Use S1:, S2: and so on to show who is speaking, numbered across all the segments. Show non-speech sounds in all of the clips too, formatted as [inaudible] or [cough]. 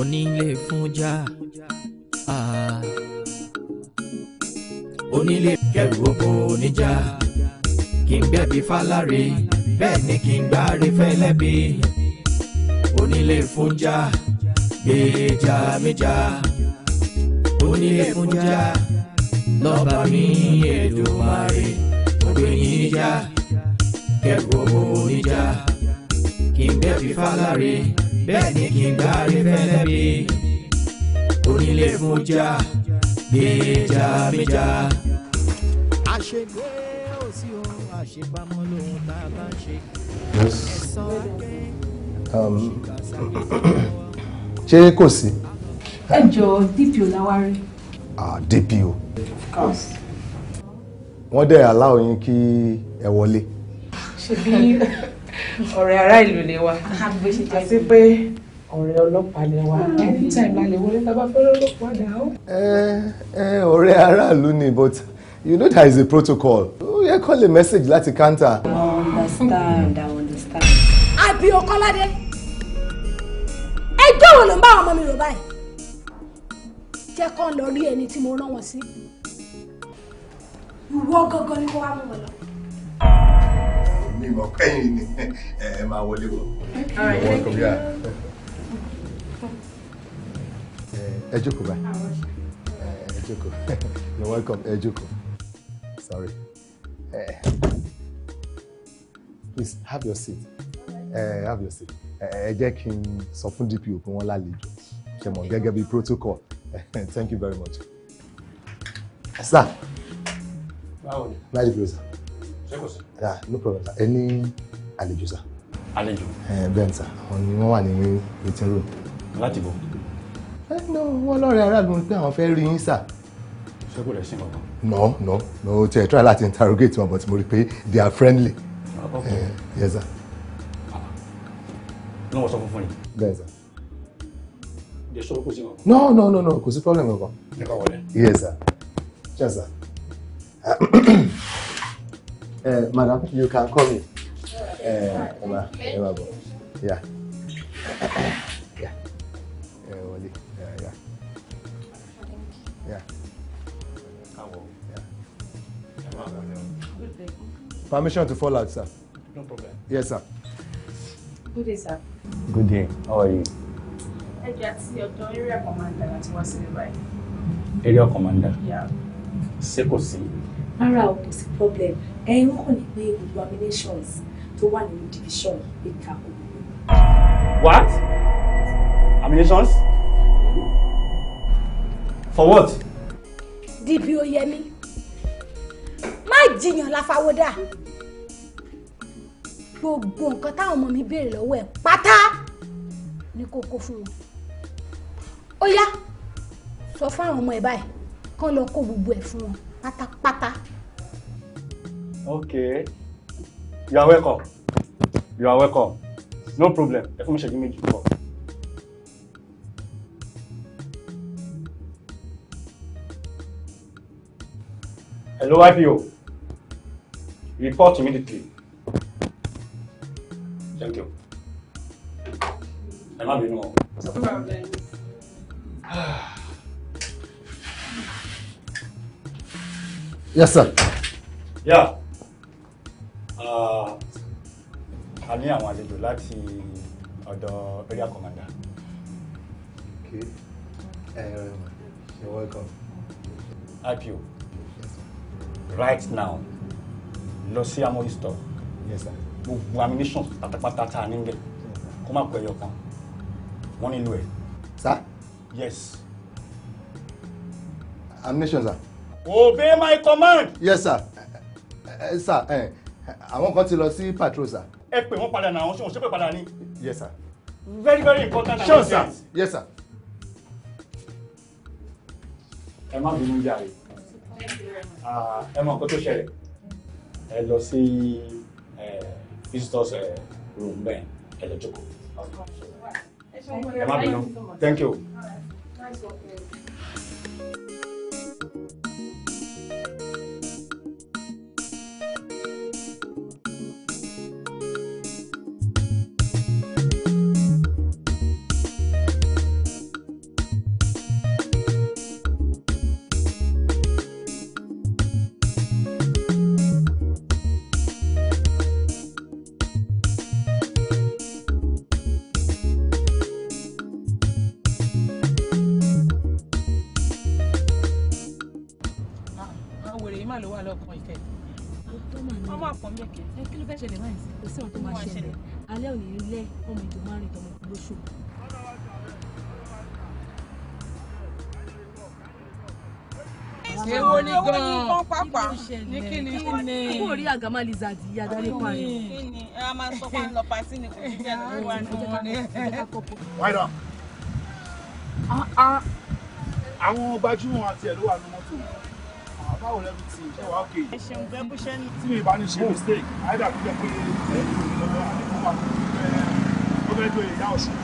S1: onílé fúnjà onílé kẹrù oko oníjà kí n gbẹ̀bí fálárì bẹ́ẹ̀ ni kí n gbáre fẹ́lẹ́bí onílé fúnjà gbèjà méjà onílé fúnjà lọ́ba mi Èdùmàrè ògbéyìn níjà kẹrù oko oníjà kí n gbẹ̀bí fálárì bẹ́ẹ̀ ni kì í gbá fẹ́lẹ́ bí onílé fún já méjà méjà. àṣegbé ò sí o àṣepamọ́ lóhun tá a bá ń ṣe
S2: um, ṣé kò sí.
S3: ẹ jọ DPO láwárí.
S2: ah DPO. of course. wọ́n dẹ̀ aláwọ̀ yín kí ẹ wọlé.
S3: ṣe ọ̀rẹ́ ará ìlú lè wa àti pé ọ̀rẹ́ ọlọ́pàá lè wa ah, anytime la lè wọlé tá a bá fẹ́ lọ́pàá dà ó. ẹ ẹ ọ̀rẹ́
S2: ni but you know that is a protocol ó yẹ call a message láti counter. I
S4: understand I understand. àbí ọkọládé ẹjọ́ wo ló ń bá àwọn ọmọ mi rò báyìí jẹ́ kó lọ rí ẹni tí mo rán wọn sí ìwọ gangan ni kó wá mú wọn lọ
S2: mi mọ̀ pẹ́yìn ni ẹ máa wọlé wọ. ẹ jókòó bá ẹ jókòó [laughs] you're welcome ẹ jókòó sorry please have your seat uh, have your seat ẹ jẹ́ kí n sọ fún DPO pé wọ́n lálejò ṣe mọ̀ gẹ́gẹ́ bí protocol [laughs] thank you very much. sir báwo ni. láì dúró sir yeah no problem sir ẹni àlejò sir. àlejò. ẹ eh, bẹ́ẹ̀ sir àwọn ni wọ́n wà ní waiting room. láti bọ̀. ẹ eh, ní wọn lọ́ọ̀rẹ́ aráàlú pé àwọn fẹ́ rí yín sir. ṣé kò lè ṣe nǹkan kan. no no no tí ẹ try láti interrogate wọn but mo rí i pé they are friendly. Ah, ok uh, yes sir.
S5: ní ah. wọ́n sọ fún fún yìí. bẹ́ẹ̀ sir. they sọ pé kò sí nǹkan.
S2: no no no no kò sí problem kankan.
S5: ẹ wọlé. yes sir.
S2: yes sir. Uh, madam, you can call me. Uh, Yeah. yeah. Uh, Wally. Yeah, yeah. Permission to fall out, sir. No problem. Yes, sir. Good day, sir. Good day. How are you?
S3: Ẹ jẹ́ your area commander láti wá sí báyìí.
S6: Area commander? Yeah. Ṣé kò sí?
S4: Rárá problem ẹ̀yin kàn ní pé gbogbo nominations tó wà nínú division pé ká kó
S6: what? nominations? for what?
S4: dìbì oyèmí má jiyàn láfàwọ́dà gbogbo nǹkan táwọn ọmọ mi béèrè lọ́wọ́ ẹ̀ pátá ní kókó fún wọn ó yá sọ fún àwọn ọmọ ẹ̀ báyìí kán lọ kó gbogbo ẹ̀ fún wọn pátápátá
S1: okay you are welcome
S6: you are welcome no problem ẹ fún mi ṣẹ́jú méjì pọ̀.
S7: hello ipo report immediately
S2: thank you ẹ má bínú o.
S5: yes sir. yeah. Uh, a ní àwọn àlejò láti ọ̀dọ̀ area commander.
S2: Eh, you're welcome. IPO. Yes, right now lọ sí amóyí store. Yes, sir. gbogbo ammunition pátápátá tá a ní bẹ̀ kó má pẹ́ ẹyọ kan wọ́n nílò ẹ̀. sir. yes. ammunition sir. obey my command. yes sir. uh, sir. Uh, àwọn kan ti lọ sí patrol sir.
S6: ẹ pè wọ́n padà náà àwọn ṣé wọ́n ṣe pé padà ni. yes sir. very very important and sure, sir. yes sir. ẹ má bínú jàre ah, ẹ mọ nǹkan tó ṣẹlẹ̀ ẹ lọ sí visitors room bẹ́ẹ̀ ẹ lọ jókòó
S8: ẹ má bínú thank you. Nice
S4: èwo ni gan pápá ní kí ni kí ni. kó o rí àgàmà liza di ní parí. kí ni
S3: ẹ máa sọ fún lọ pàtí ni kò ní jẹ́ lọ́wọ́
S2: àwọn gbajúmọ̀ àti ẹ̀ wà ní mọ́tò báwo lẹ́nu ti ṣe wá òkè. ẹ ṣeun bẹ́ẹ̀ bó ṣe ní. tí mi bá ní ṣe mistake àìdá kó jẹ́ pé ẹ̀ ẹ̀ ló wà ní kó wà ìyá ọ̀ṣun.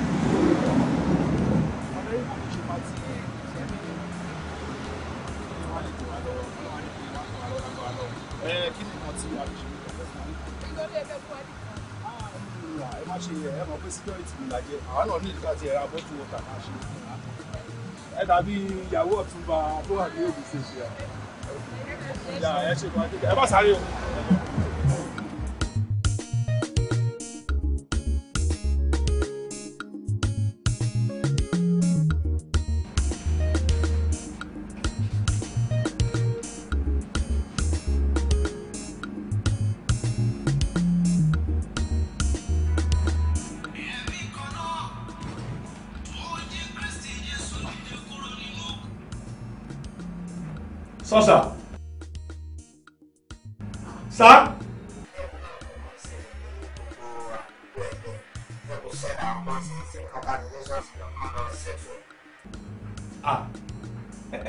S2: security ìyàwó ọ̀túnba tó wà ní ògùn fèsì ṣe
S6: kọ́ ẹ bá sáré o. sọ sà. sà.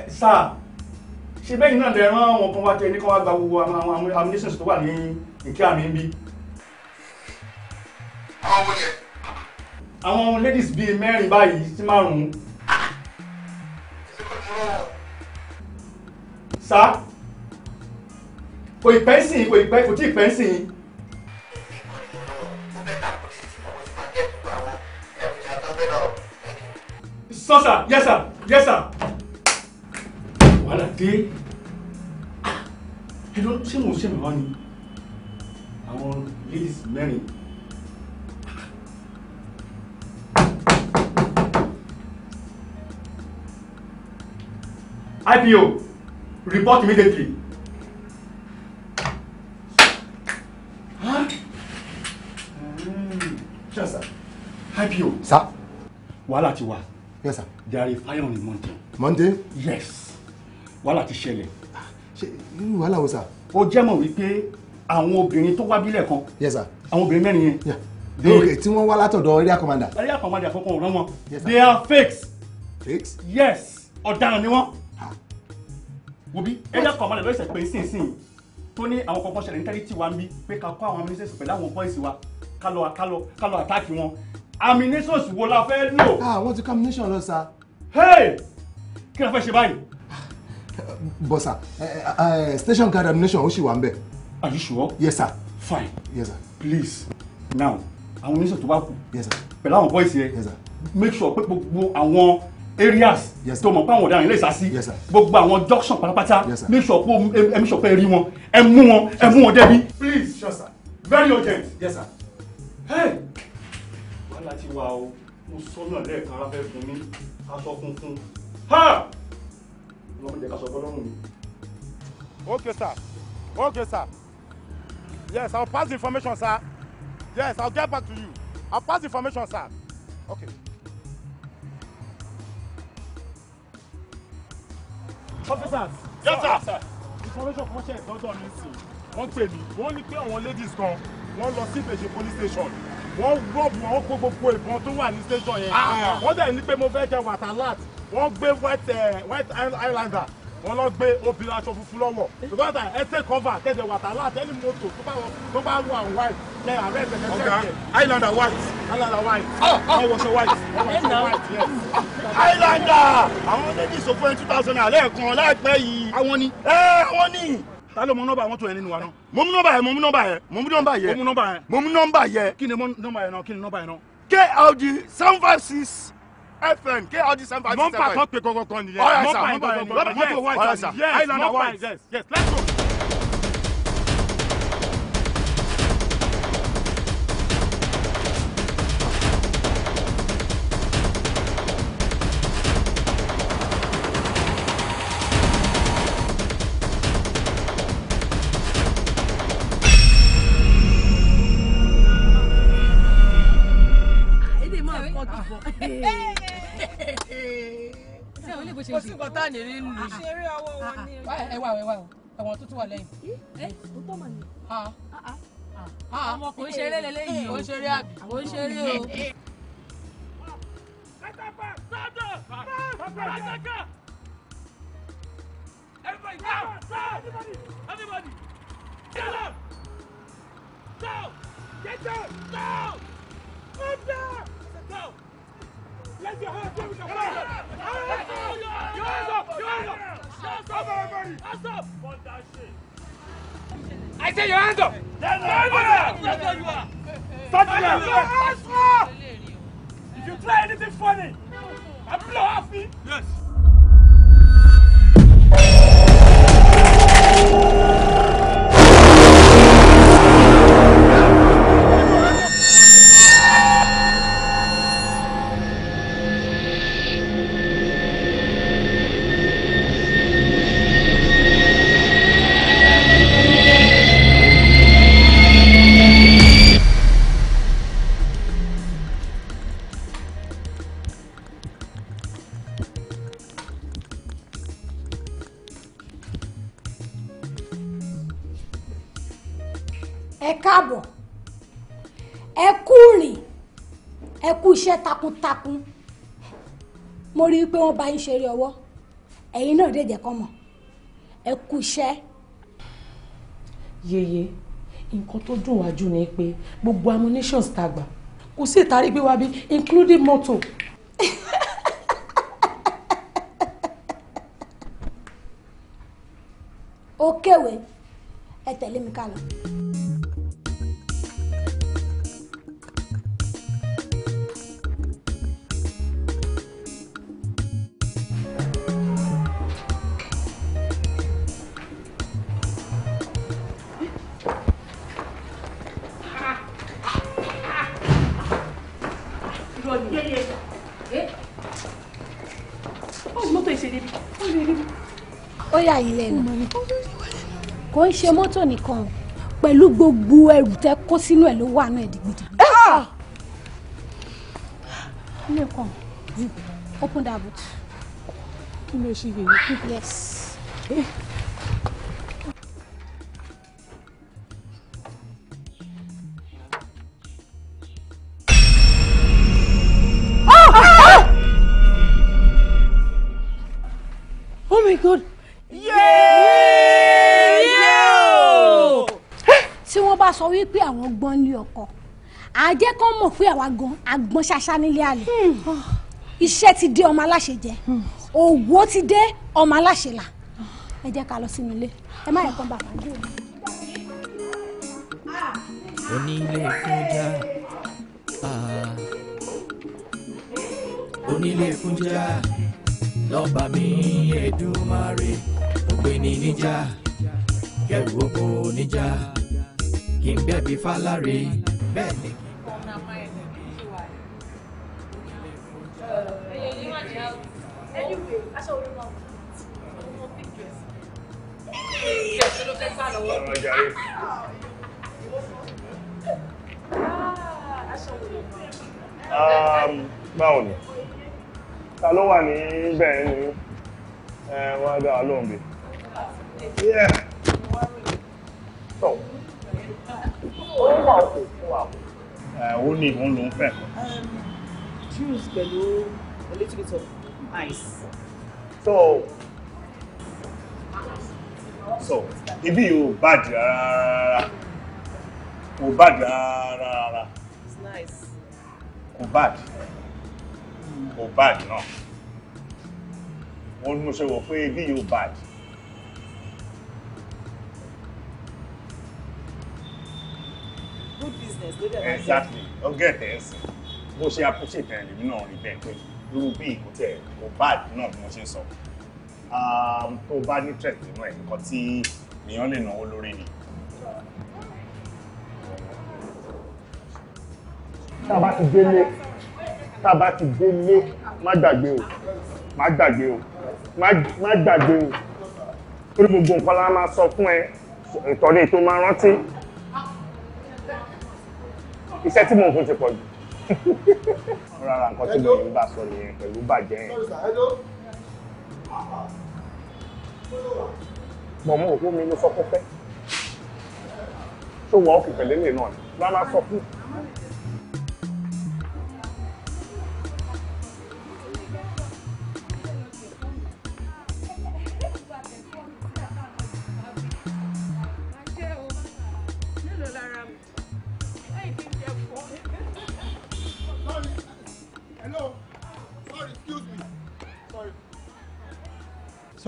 S6: sà ṣe
S2: bẹ́yìn náà lè rán àwọn kan wá tẹ ní kán wá gba gbogbo àwọn amúnisẹ́sì tó wà ní ìkí àmì ń bí. àwọn ladies bíi mẹ́rin báyìí sí márùn-ún kò ì pẹ́ sìn kò ì pẹ́ kò tí ì pẹ́ sìn.
S6: sọ sà yes sà yes sà. wàhálà dé ẹ lọ ṣé mo ṣe mi wá ni àwọn leads mẹ́rin.
S2: IPO report immediately. wàhálà ti wà. yes sir. there are fire on the mountain. mountain. yes wàhálà ti ṣẹlẹ̀. ṣe irú wàhálà wo sà. o jẹ́ mọ̀ wípé àwọn obìnrin tó wá bílẹ̀ kan. yes sir. àwọn obìnrin mẹ́rin yẹn. yeah okay tí wọ́n wá látọ̀dọ̀ area commander. area commander fọkàn ọ̀rọ̀ wọn. yes sir. they are fakes. fakes. yes ọ̀daràn ni wọ́n. wo bí area commander lọ́sẹ̀ pé sínsìn tó ní àwọn kọ̀ọ̀kan ṣẹlẹ̀ nítorí tí wàá ń bí pé ká kó àwọn ministers pẹ̀lú àwọn boys wa ká lọ ká lọ ká lọ àtáàkì wọn amination wo la fẹ́ lò. àwọn ah, ti combination lọ sa. kí la fẹ́ ṣe báyìí. bọ́sà eh, eh, eh, station card amination ó sì wà ń bẹ̀. are you sure. yes sir. fine. yes sir. please now àwọn oníṣòwò tó bá kù. yes sir. pẹ̀lú àwọn boys yẹn. yes sir. make sure pé gbogbo àwọn areas Yes, sir. tó mọ̀ pé àwọn ọ̀daràn ilé ìsásí gbogbo àwọn junction pátápátá make sure pé ẹ make sure pé ẹ rí wọn ẹ mú wọn ẹ mú wọn débi. please sure sir very urgent. yes sir.
S6: Hey wàhálà wà o mo sọ́nà lẹ́ẹ̀kan ráfẹ́ fún mi aṣọ funfun ha lọ́mọ jẹ́ ká sọ mi.
S2: okay sir okay sir yes i will pass the information sir yes i will get back to you i will pass the information sir okay. officers. yes sir. information kan ṣe ìtọ́jú ọ̀nà ìsìn wọ́n pè mí wọ́n ní pé àwọn ladies kan wọ́n lọ sí ìbèjì police station wọ́n rọ́ọ̀bù wọn kó gbogbo ìbọn tó wà ní station yẹn ah. wọ́n dẹ̀ ní pé mo fẹ́ jẹ wàtà láti wọ́n gbé white eh, islander wọ́n lọ gbé obìnrin aṣọ funfun lọ́wọ́ because ẹ take cover kẹ́dẹ̀ wàtà láti ẹni mọ́tò tó bá wà white kẹ́ ààrẹ ẹ̀sẹ̀ kẹ́kẹ́ yẹn. islander white. islander white. ẹ ah, ah. wọṣọ white. ẹ wọṣọ white yes. islander àwọn méjì sọ fún ẹ two thousand alẹ́ kan láìpẹ́ yìí. àwọn ni. ẹ eh, àwọn ni ta ló mọ nọ́mbà mọ́tò yẹn nínú wa náà. mo mú nọ́mbà yẹn mo mú nọ́mbà yẹn mo mú nọ́mbà yẹn. mo mú nọ́mbà yẹn. mo mú nọ́mbà yẹn.
S5: kí ni nọ́mbà yẹn náà kí ni nọ́mbà yẹn náà.
S2: klg seven five six fm klg seven five six fm. nọ́mbà kan pe kankan kan nìyẹn. ọ̀rẹ́ sà nọ́mbà yẹn nọ́mbà yẹn nọ́mbà yẹn yes nọ́mbà yẹn yes let's go.
S3: ṣeré nù. àṣeré ọwọ́ wọn ni. ẹ wà ẹ wà ẹ̀wọ̀n tó tún wà lẹ́yìn. ẹ o tọ́ mà ní.
S9: ọmọ kò ń ṣeré
S3: lélẹ́yìí o ṣeré àbí o ṣeré o. Everybody
S8: down! Down! Everybody! Everybody! Get up! Down! Get down! Down! Move down! Down! I say your hands up. That's what you are. That's what you are. If you try anything funny, I blow off me. Yes.
S4: iṣẹ́ takuntakun mo rí i pé wọ́n bá yín ṣeré ọwọ́ ẹ̀yin náà dé jẹ́ kọ́ mọ̀ ẹ kú iṣẹ́. yeye nǹkan tó dùn wájú ni pé gbogbo ammunitions tá gbà kò sí ìtarí gbé wá bí including moto. ó kéwèé ẹ tẹ̀lé mi ká lọ. yín lẹ́nu kò ń ṣe mọ́tò nìkan pẹ̀lú gbogbo ẹrù tẹ́ kó sínú ẹ̀ ló wà náà dìgbìdìgbì. Ah! ilé kan you open that boot. kí ló ṣe yẹ yes. Eh. wípé àwọn gbọ́n lé ọkọ àjẹ́ kan mọ̀ pé àwa gan agbọ́n ṣaṣá nílé àlè hmm. iṣẹ́ ti dé ọmọ aláṣẹ jẹ hmm. òwò ti dé ọmọ aláṣẹ là ẹ jẹ́ ká lọ sínú ilé ẹ má yẹ kán bàbá dé
S1: òní. onílé fúnjà onílé ah. fúnjà lọ́ba mi Èdùmàrè ògbéni níjà kẹrù oko níjà kì í bẹ̀bí fáláre bẹ́ẹ̀ ni.
S2: Um, báwo ni ta ló wà ní bẹ́ẹ̀ ni eh, wọ́n á gbà wá lóhùn bí onímọ̀ ọkọ̀ ní ìwọ̀n ló ń fẹ́. Um, juice pẹ̀lú a little bit of ice. so so ibi yìí ò bàjẹ́ rárá kò bàjẹ́ rárá kò bàjẹ́ kò bàjẹ́ náà wọ́n ní mo ṣe wọ̀ pé ibi yìí ò bàjẹ́.
S4: good business ló dẹ̀ máa
S2: exactly ó gẹ̀ tẹ̀ ẹ́ sìn bó ṣe appreciate ẹ̀ lèmi náà rí bẹ́ẹ̀ pé irú bí kò tẹ̀ kò bad náà bí wọ́n ṣe sọ tó bá ní trẹ̀t nínú ẹ̀ nǹkan tí èèyàn lè náwó lórí ni. tá a bá ti délé tá a bá ti délé má gbàgbé o má gbàgbé o má gbàgbé o torí gbogbo nǹkan la máa sọ fún ẹ ìtọ́ni tó máa rántí iṣẹ́ tí mò ń fún ti pọ̀ jù [laughs] rárá nǹkan tí mo ń bá sọ nìyẹn pẹ̀lú bàjẹ́ yẹn. mọ̀mọ́ òkú mi ló sọ pé pẹ́ tó wọ́ọ̀kì pẹ̀lẹ́lẹ̀ náà ni wọ́n sọ fún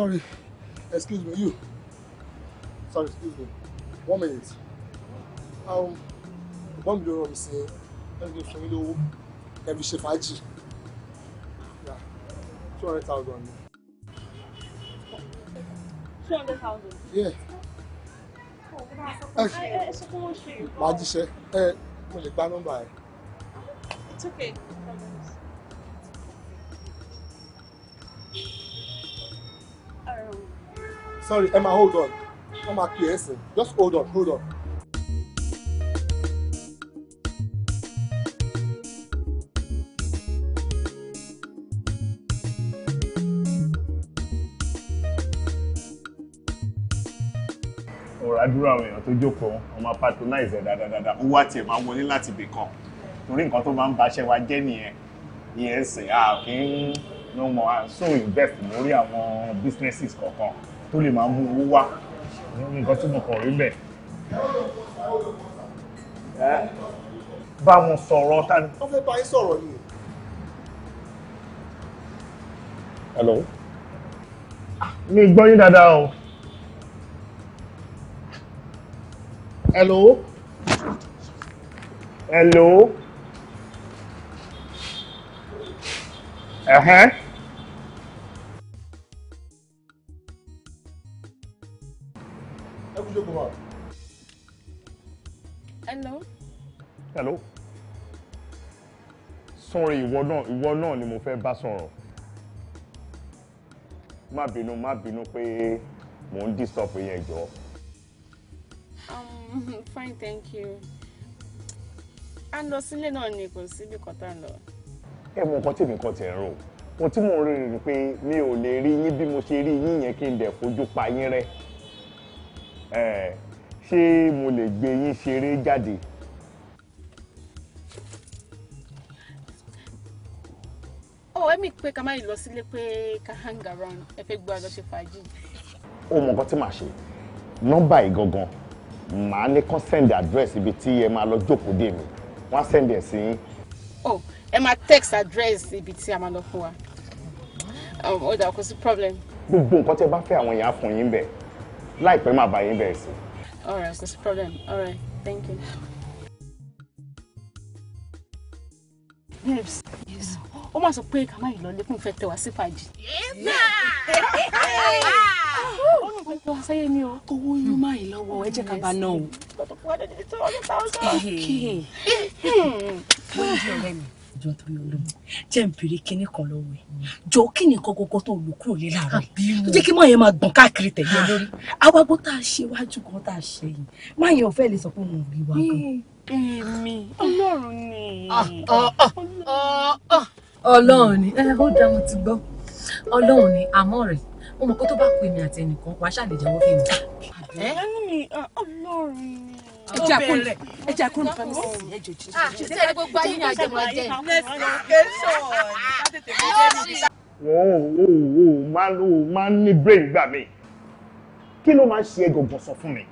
S2: Sorry. Excuse me, you. Sorry, excuse me. One minute. Um, one million rọ mi sí ẹ. Let's go fún mi lówó. Ẹ fi Yeah. Two hundred thousand.
S3: Two hundred thousand? Yeah. Ẹ oh, ṣe kí wọ́n ṣe.
S2: Màá jíṣẹ́. Ẹ mo lè gba nọ́mbà It's okay. sorry Emma hold on wọ́n máa pè é just hold on hold on. àdúrà àwọn èèyàn tó jókòó wọn máa patronize ẹ dáadáa owó àti ẹ̀ máa wọlé láti ibì kan torí nǹkan tó máa ń baṣẹ́ wa jẹ́ nìyẹn ìyẹn ṣe à ló mọ̀ à so invest lórí àwọn businesses kọ̀ọ̀kan tó lè máa mú owó wá nǹkan tí mo kàn rí bẹ́ẹ̀. bá wọn sọ̀rọ̀ ta ni. wọ́n fẹ́ bá yín sọ̀rọ̀ yìí. hello. mi gbọ́ yín dáadáa o. hello. hello. Uh-huh. sọ̀rọ̀ ìwọ náà ìwọ náà ni mo fẹ́ bá sọ̀rọ̀ má bínú má bínú pé mò ń disturb yẹn jọ.
S3: Um, fine thank you a lọ sílé náà ni kò síbi kan tá a lọ.
S2: ẹ mọ nǹkan tèmi kan tẹ̀ ń rò mo tí mò ń rìn rìn pé mi ò lè rí yín bí mo ṣe rí yín yẹn kí n dẹ̀ fojú pa yín rẹ́ ṣé mo lè gbé yín ṣeré jáde.
S3: ó ẹ̀mí pé ká má yìí lọ sílé pé ká hang around ẹ fẹ́ gbọ́ àjọṣe fàájì.
S2: ó mọ nǹkan tí màá ṣe nọ́mbà yìí gangan màá ní kán send address ibi tí ẹ máa lọ jókòó dé mi wọ́n á send ẹ̀ sí yín.
S3: ó oh, ẹ máa text address ibi tí a máa lọ fún wa ó dà kó sí problem.
S2: gbogbo nǹkan tí ẹ bá fẹ́ àwọn èèyàn fún yín bẹ̀ láìpẹ́ máa bá yín bẹ̀rẹ̀ sí.
S3: all kò sí problem all thank you. Yes. yes ó mà sọ pé kàmá ìlọlé kún fẹ́ tẹ wá sí fàájì. ó ní ìfẹ́ tẹ wá sáyé ni o. owó yín máa yìí lọ́wọ́ ẹ jẹ́ ká bá ná o.
S4: Hmm. jọ torí olómi jẹ́ n bèrè kinní kan lọ́wọ́ ẹ̀ jọ kinní kan gbogbo tó lù kúrò lé láàárọ̀ yìí jẹ́ kí mọ̀ọ́yẹn máa gbọ̀n káàkiri tẹ̀lé lórí awágbó tá a ṣe wájú kan tá a ṣe yìí máyẹn ò fẹ́ lè sọ pé òun ò rí wa gan.
S3: èmi ọlọ́run ni. Ah, ah, ah, ọlọ́run ni ẹ ó dá wọn ti gbọ́ ọlọ́run ni àmọ́ rẹ̀ mo mọ̀ pé tó bá pè mí àti ẹnìkan wàá ṣàlè jẹ́wọ́ fún mi.
S8: Uh, ọlọ́run ni ẹjẹ àkóńtò ẹjẹ àkóńtò fẹmi sí
S4: i ẹjọ jíjẹ.
S8: ṣíṣe gbogbo ayé ni àjẹmọ jẹ.
S2: wọ́n ò ò ò máa ń ní brain gbà mí kí ló máa ń ṣe é gbọ̀ngàn sọ fún mi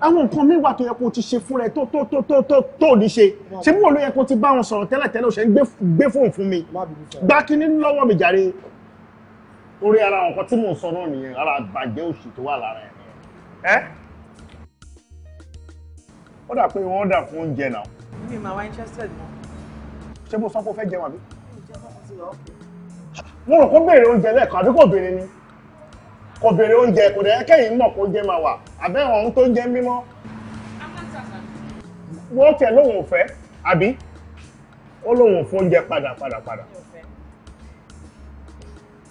S2: àwọn nǹkan mi wà tó yẹ kó ti ṣe fún rẹ tó tó tó tó tó tó ní ṣe ṣe mú olóyè kó ti bá wọn sọ̀rọ̀ tẹ́lẹ̀ tẹ́lẹ̀ ó ṣe ń gbé fóònù fún mi gbá kínní lọ́wọ́ mi jàre orí ara àwọn nǹkan tí mò ń sọ náà nìyẹn ara bàjẹ́ òṣì tó wà lára ẹ̀ ẹ́ ó dà pé wọ́n dà fún oúnjẹ náà. mi máa
S3: wá interested mọ́.
S2: ṣé mo sọ pé o fẹ́ jẹun àbí. mo rò kó béèrè oúnjẹ lẹ́ẹ̀kan àbí kò béèrè ni kò béèrè oúnjẹ kò dẹ̀ kẹ́yìn mọ̀ kó jẹ́ máa wà àbẹ́wọ̀n ohun tó jẹ́ mímọ́ wọ́n tẹ̀ lóhùn ò fẹ́ àbí ó lóhùn ò fún oúnjẹ padà padà padà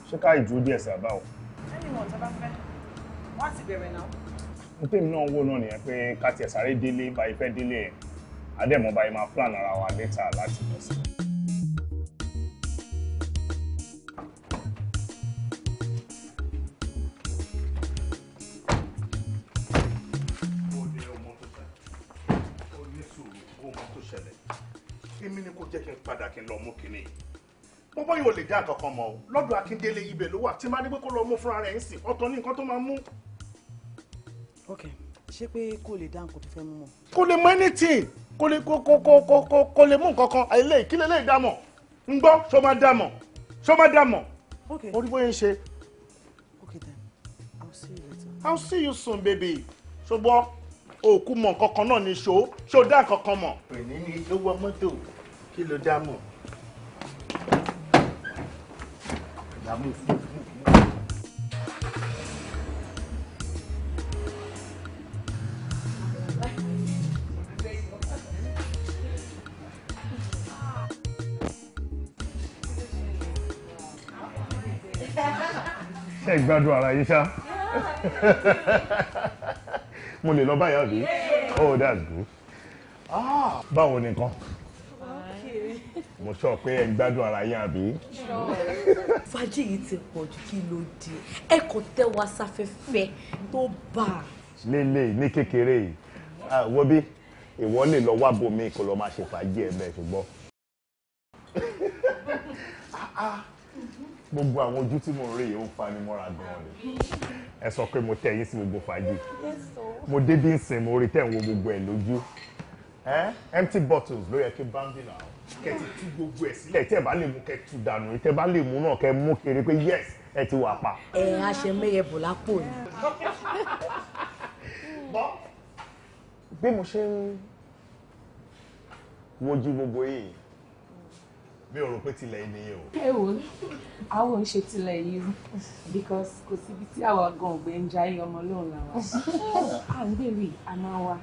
S2: ṣé ká ìdúró díẹ̀ sí àbá o.
S8: ẹni mọ̀ tó bá fẹ́ wọ́n ti bẹ̀rẹ̀ náà.
S2: n tèmi náà wò náà nìyẹn pé ká tiẹ̀ sáré délé báyìí fẹ́ délé ẹ̀ adẹ́mọ̀ báyìí máa plan ara wa létà láti lọ sí i. jẹ́ kí n padà kí n lọ mú kinní wọ́n bọ́ yóò lè dá kankan mọ́ o lọ́dọ̀ Akíndélé ibẹ̀ ló wà tí má dégbé kó lọ mú fúnra rẹ̀ ń sìn ọ̀tọ̀ ní nǹkan tó máa mú.
S3: ok ṣé pé kò lè dá nǹkan tó fẹ́ mú mọ́.
S1: kò lè mọ
S2: anything kò lè kò kò kò kò kò kò lè mú nǹkan àìlè kí lè dá mọ̀ ń gbọ́ ṣó máa dá mọ̀ ṣó máa dá mọ̀ orí bóyá ń ṣe.
S9: ok then i'll see you
S2: later. i'll see you soon baby ṣùgbọ́n òkú mọ̀ kankan náà ní ṣó ṣó dá kankan mọ̀. pè ní ní ló mọ́tò kí ló dá mọ̀. ṣe ìgbádùn ara yìí ṣá mo lè lọ báyà bí oh that's good ah, báwo nìkan mo sọ pé ẹ gbádùn ara yín àbí.
S3: fàájì yìí ti pọ̀ jù kí ló dé ẹ kò tẹ́ wa sáfẹ́fẹ́ tó bá a.
S2: lélẹ̀ ní kékeré wọ́n bí ìwọ lè lọ wá bomi kó lọ́ọ́ máa ṣe fàájì ẹ̀ bẹ́ẹ̀ ṣùgbọ́n. gbogbo àwọn ojú tí mo rí yìí ó ń fani mọ́ra gan-an ni ẹ sọ pé mo tẹ̀ yín sí gbogbo fàájì mo débi ń sìn mo rí tẹ̀ ń wo gbogbo ẹ̀ lójú empty bottles ló yẹ kí bambina kẹ́ ti tú gbogbo ẹ̀ sílẹ̀ tẹ́ bá lè mú kẹ́ tú dànù tẹ́ bá lè mú náà kẹ́ mú kéré pé yes ẹ ti wà pa.
S3: ẹ á ṣe mẹyẹ bò lápò ni. bí mo ṣe ń
S2: wojú gbogbo yìí mi ò rò pé tilẹ̀ yìí nìyẹn o.
S3: ẹ wò ó àwọn ò ń ṣe tilẹ̀ yìí o because kò síbi tí àwa gan ògbẹ́ ń jayé ọmọ lóun làwa à ń gbèrè àmọ́ wa.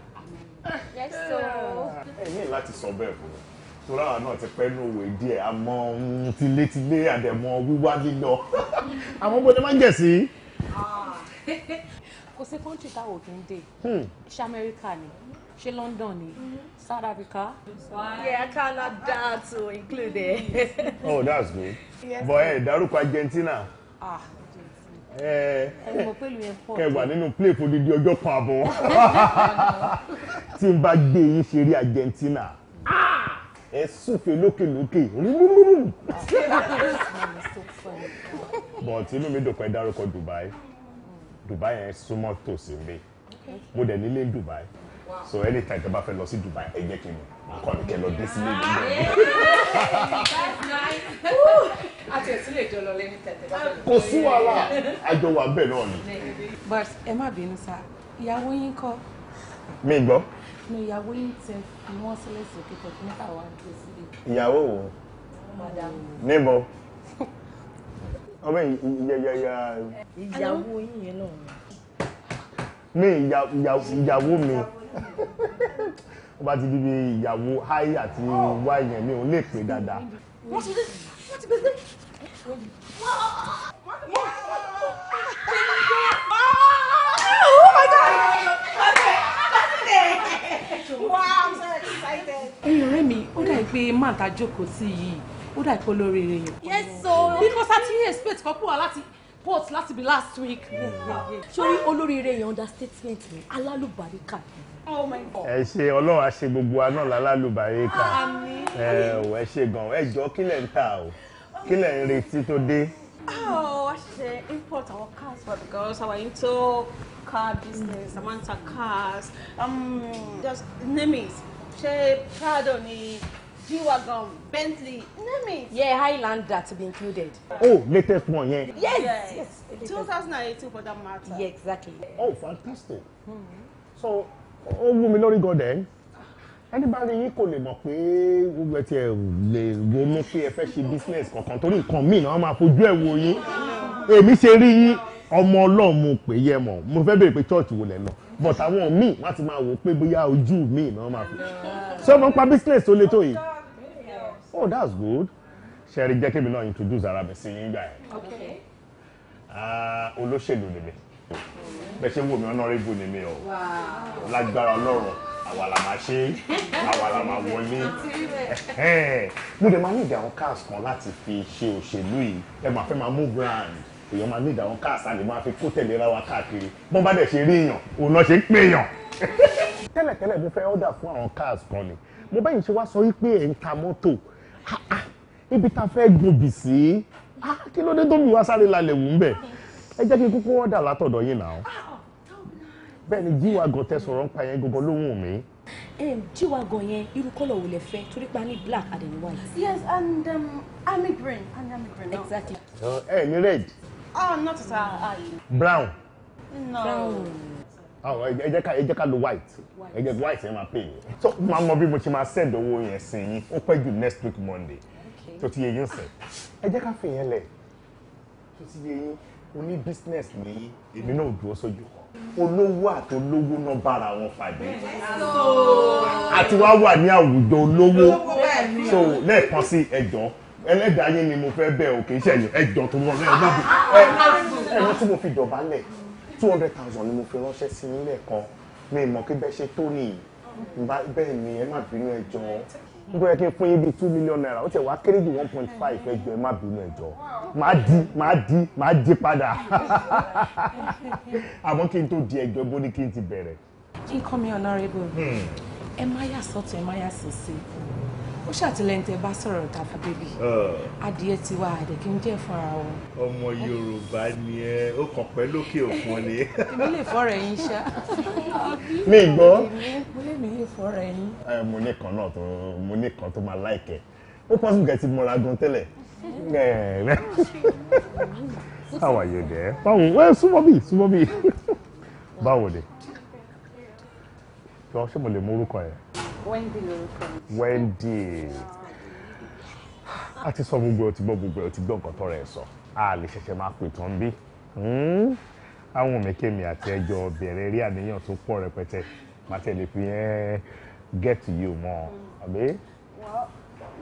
S3: ẹ ní
S2: láti sọ bẹ́ẹ̀ fún mi torí àwọn náà ti pẹ́ ní òwe díẹ̀ àmọ́ tilétilé àdẹ̀mọ́ wíwá lílọ [laughs] àmọ́ bó máa ń jẹ̀ sí.
S3: Ah. kò sí kọ́ńtì táwọn òkè ń dé hmm. ṣé amẹ́ríkà ni ṣé london ni south africa. yeah canada include included. [laughs] oh
S2: that's good. bọ̀ ẹ̀ eh, dárúkọ argentina. ah eh, kẹwàá nínú play fún dídí ọjọ́ kan àbọ̀ [laughs] tí n bá gbé yín ṣe rí argentina. Ah! ẹ súfè lókèlókè rúrúrú. but inú mi dùnkàn ẹ dárúkọ Dubai Dubai yẹn súnmọ́ tòsí mi mo dẹ̀ nílé Dubai so anytime tẹ́ bá fẹ́ lọ sí Dubai ẹ jẹ́ kí n kọ́ mi kẹ́ lọ dé sílé mi
S8: lọ.
S3: kò sí wàhálà
S2: àjọ wà bẹ́ẹ̀ náà ni.
S3: but ẹ má bínú sá ìyàwó yín kọ́. mi gbọ́ ní ìyàwó yìí tẹ fi wọ́n sílẹ̀ sókè tẹ̀kí níta wà á dé sílé.
S2: ìyàwó wo. níbo. ọmọ ìyàyàyà. ìyàwó yìí yẹn náà. mi ìyàwó mi ó bá ti di bí ìyàwó háì àti wá yẹn mi ò lè pè dáadáa.
S8: wọ́n ti dé wọ́n ti dé dé. Oh my God! wow i'm so excited.
S4: ẹ̀yin ọ̀rẹ́ mi
S3: ó dà pé máa ta jókòó sí yìí ó dà pé olórí rẹ yẹn.
S8: yes so. because i ti
S3: expect kan pọ̀ láti port láti be last week. sori olóríire yẹn understatement
S4: ni alálùbáríkà. Oh ẹ
S2: ṣe ọlọ́run á ṣe gbogbo wa náà lálálùbáríkà ẹ ò ẹ ṣe gan ẹ jọ kílẹ̀ ń tà o kílẹ̀ ń retí tó dé.
S3: ọ̀ oh, wá ṣe import our cars for because our into car business I want to cars um, just name it ṣe Prado ni G-Wagon, Bentley, name it. Yeah, Highlander to be included.
S2: Oh, latest one, yeah. Yes,
S3: yes. yes. yes. 2018 for that matter. Yeah, exactly. Oh, fantastic. Mm-hmm. So,
S2: ó wú mi lórí gan Anybody yìí kò lè mọ̀ pé gbogbo ẹ̀ tí ẹ lè ronú pé ẹ fẹ́ ṣe business kankan torí nǹkan míì náà máa fojú ẹ̀ wò yín. Èmi ṣe rí yín ọmọ ọlọ́run pè yẹ mọ̀ mo fẹ́ bèrè pé church wo lẹ̀ lọ but àwọn míì wọ́n ti máa wò pé bóyá ojú míì náà máa fi ṣé ọmọ ń pa business tó le tó yìí oh that's good ṣẹ́rí jẹ́ kébì náà introduce ara mi sí yíngbà ẹ̀ ah, olóṣèlú nìmi bẹ́ẹ̀ ṣe wò mí honorable nìmi o lágbára ọlọ́run àwa la máa ṣe
S9: àwa la máa wọlé
S2: mo dẹ̀ máa ní ìdí àwọn cars kan láti fi ṣe òṣèlú yìí ẹ máa fẹ́ máa move round èèyàn máa ní ìdáwọn káàsà lè máa fi kó tẹ̀lé ra wa káàkiri bọ́n bá dẹ̀ ṣe rí èèyàn òun náà ṣe ń pè èèyàn. [laughs] tẹ́lẹ̀tẹ́lẹ̀ mo fẹ́ ọ́dà fún àwọn káàsì kan ni mo bẹ́yìn ṣe wá sọ wípé ẹ̀ ń ta mọ́tò ibi tá a fẹ́ gbòbì sí kí ló dé tó mi wá sáré lálẹ́ wù ń bẹ̀ ẹ jẹ́ kí n kúkú ọ́dà látọ̀dọ̀ yín náà bẹ́ẹ̀ ni jíwa gan tẹ sọ̀rọ̀ ń pa yẹn gbogbo lóhùn mi.
S4: jíwa gan yẹn irú kọ́lọ̀ wo lẹ fẹ́ torí pa ní black and white. yes and um, army green and army green. exactly.
S2: ẹ ní red.
S3: Oh, not at all. Brown. No. Brown oh,
S2: àwọn ẹ jẹ́ ká ẹ jẹ́ ká white ẹ jẹ́ white ẹ my pain. so my mọ bí mo ṣe send the yẹn sí yín ó pẹ́ next week monday Okay. So today you sẹ̀ ẹ jẹ́ ká fi yẹn lẹ̀ tó ti yẹ yín oní business nìyí èmi náà dúró sójú kan olówó àti olówó náà bára wọn pàdé àti wá wà ní àwùjọ olówó so lẹ́ẹ̀kan sí ẹjọ́ ẹlẹ́dàá yín ni mo fẹ́ bẹ̀ ò kì í ṣẹ̀yìn ẹjọ́ tó wọlé ẹ má bẹ ẹ ẹ rántí mo fi dọ̀bálẹ̀ two hundred thousand ni mo fi ránṣẹ́ sí yín lẹ́ẹ̀kan mi mọ̀ kí bẹ́ẹ̀ ṣe tó nìyí bẹ́ẹ̀ ni ẹ má bínú ẹjọ́ nítorí kí n fún yín bíi two million naira ó ti wá kéré jù one point five ẹjọ́ ẹ má bínú ẹjọ́ máa di máa di máa di padà [laughs] àmọ́ kí n tó di ẹjọ́ bó ní kí n ti bẹ̀rẹ̀.
S3: nǹkan mi honorable hmm. ẹ má yà sọ́tún ẹ má yà sọ́sí ó ṣàtìlẹ́yìn tẹ bá sọ̀rọ̀ ta fún ah. adìẹ ti wá àdè kí n jẹ́ fúnra wọn.
S2: ọmọ yorùbá ni ẹ ó kàn pẹ́ lókè òkun ni. [laughs]
S3: èmi lè fọ́ra ẹyin ṣá.
S8: mi gbọ́. mo lè mi lè fọ́ra ẹyin.
S2: mo ní kan náà tó mo ní kan tó máa láìkẹ́ ó pọ́sibú kẹ́ ti mọ̀ra gan tẹ́lẹ̀. [laughs] How are you there? Báwo wẹ́ súnmọ́ bí súnmọ́ bí [laughs] báwo ni? Jọ ṣé mo lè mú orúkọ yẹn?
S3: Wendy lorúkọ
S2: mi. Wendy a ti sọ gbogbo ẹ ti gbọ́ gbogbo ẹ ti gbọ́ nǹkan tọrọ ẹ sọ a lè ṣẹ̀ṣẹ̀ máa pè tán bí hmm? àwọn mẹkẹmi àti ẹjọ bẹ̀rẹ̀ rí àníyàn tó pọ̀ rẹpẹtẹ màá tẹlẹ fi ẹ gẹẹtì you mọ àbí.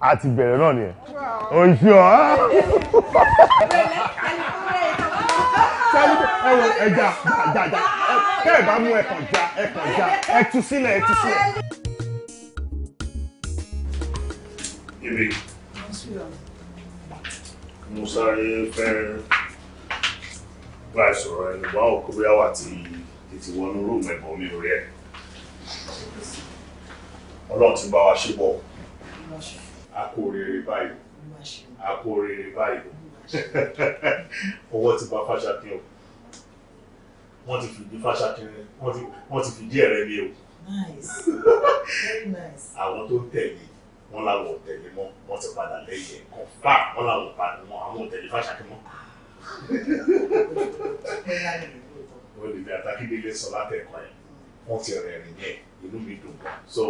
S2: a ti bẹ̀rẹ̀ náà nìyẹn o ṣe ọ.
S8: ẹ wo ẹja jaja tẹ ẹ bá mú ẹ kàn já ẹ
S2: kàn já ẹ tú sílẹ̀ ẹ tú sílẹ̀. ibi mo sáré fẹ́ bá ẹ sọ̀rọ̀ ẹni wá òkú bí àwọn àti tètè wọnú rúùmù ẹ̀bọ̀n mi ò rí ẹ̀ ọlọ́run ti bá wa ṣe bọ̀ akó rere báyìí akó rere báyìí ọwọ́ [laughs] ti bá Fáṣákin o wọ́n ti fìdí Fáṣákin wọ́n ti fìdí ẹ̀rẹ́ mi o àwọn tó ń tẹ̀lé wọ́n làwọn ò tẹ̀lé mọ́ wọ́n ti padà lẹ́yìn ẹ̀ kọ́ńtà wọ́n làwọn ò padà mọ́ àwọn ò tẹ̀lé Fáṣákin mọ́ olùdí ah. [laughs] àtàkìdílé sọ látẹ̀kọ́ yẹn wọ́n ti rẹ̀ yẹn inú mi dùn gan so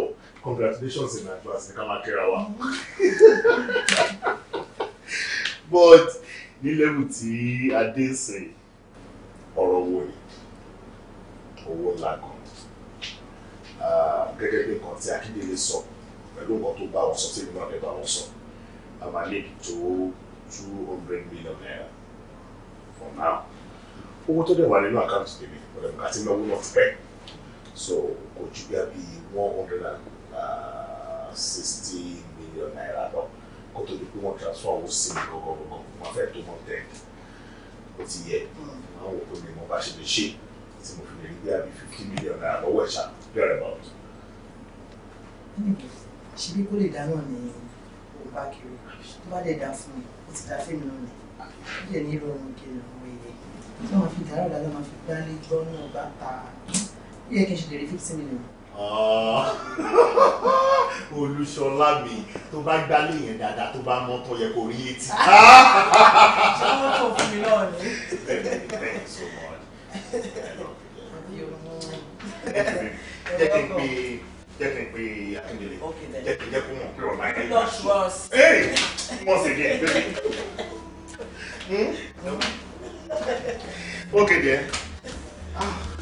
S2: congratulations in advance ní ká máa wa [laughs] but ní lẹ́wù tí adé ń sìn ọ̀rọ̀ owó ni owó ńlá gan gẹ́gẹ́ bí nǹkan tí akíndélé sọ pẹ̀lú nǹkan tó bá wọn sọ tí èmi náà lè bá wọn sọ a máa lè tó two hundred million naira for now owó tó dẹ̀ wà nínú àkáǹtì tèmi ọ̀dọ̀ nǹkan tí náà wúlò fẹ́ẹ́ so kò ju bí àbí one hundred and sixty million naira lọ kó tó di pé wọ́n transfer owó sí mi gangan gangan wọ́n fẹ́ tó mọ̀ tẹ́ ó ti yẹ àwọn òkú ni mo bá ṣe lè ṣe tí mo fi lè rí bí àbí fifty million naira lọ́wọ́ ẹ̀ṣà bẹ̀rẹ̀ bá wọn. ṣe bí kò lè dáná ni o bá kiri tó bá dẹ̀ dá fún mi ó ti dá fẹ́mi náà ni ó dẹ̀ ní ìrọ̀rùn kiri àwọn èèyàn tí wọ́n fi dàrú dáná máa fi gbálẹ̀ gbọ́ náà bá ta yẹ e a gente dele lè rí fifty million. Ah! [laughs] olùṣọlá mi tó bá gbálé yẹn dáadáa tó bá mọ tó yẹ kó rí etí.
S8: ṣé [laughs] wọ́n tó fún mi náà ni. jẹ́ kí n pe
S2: jẹ́ kí n pe akíndélé jẹ́ kí n jẹ́ kó mọ̀ pé ọ̀la yẹn yóò ṣe. ee wọ́n sì ní ẹ̀ bẹ́ẹ̀. Hmm? okay there.
S9: Ah.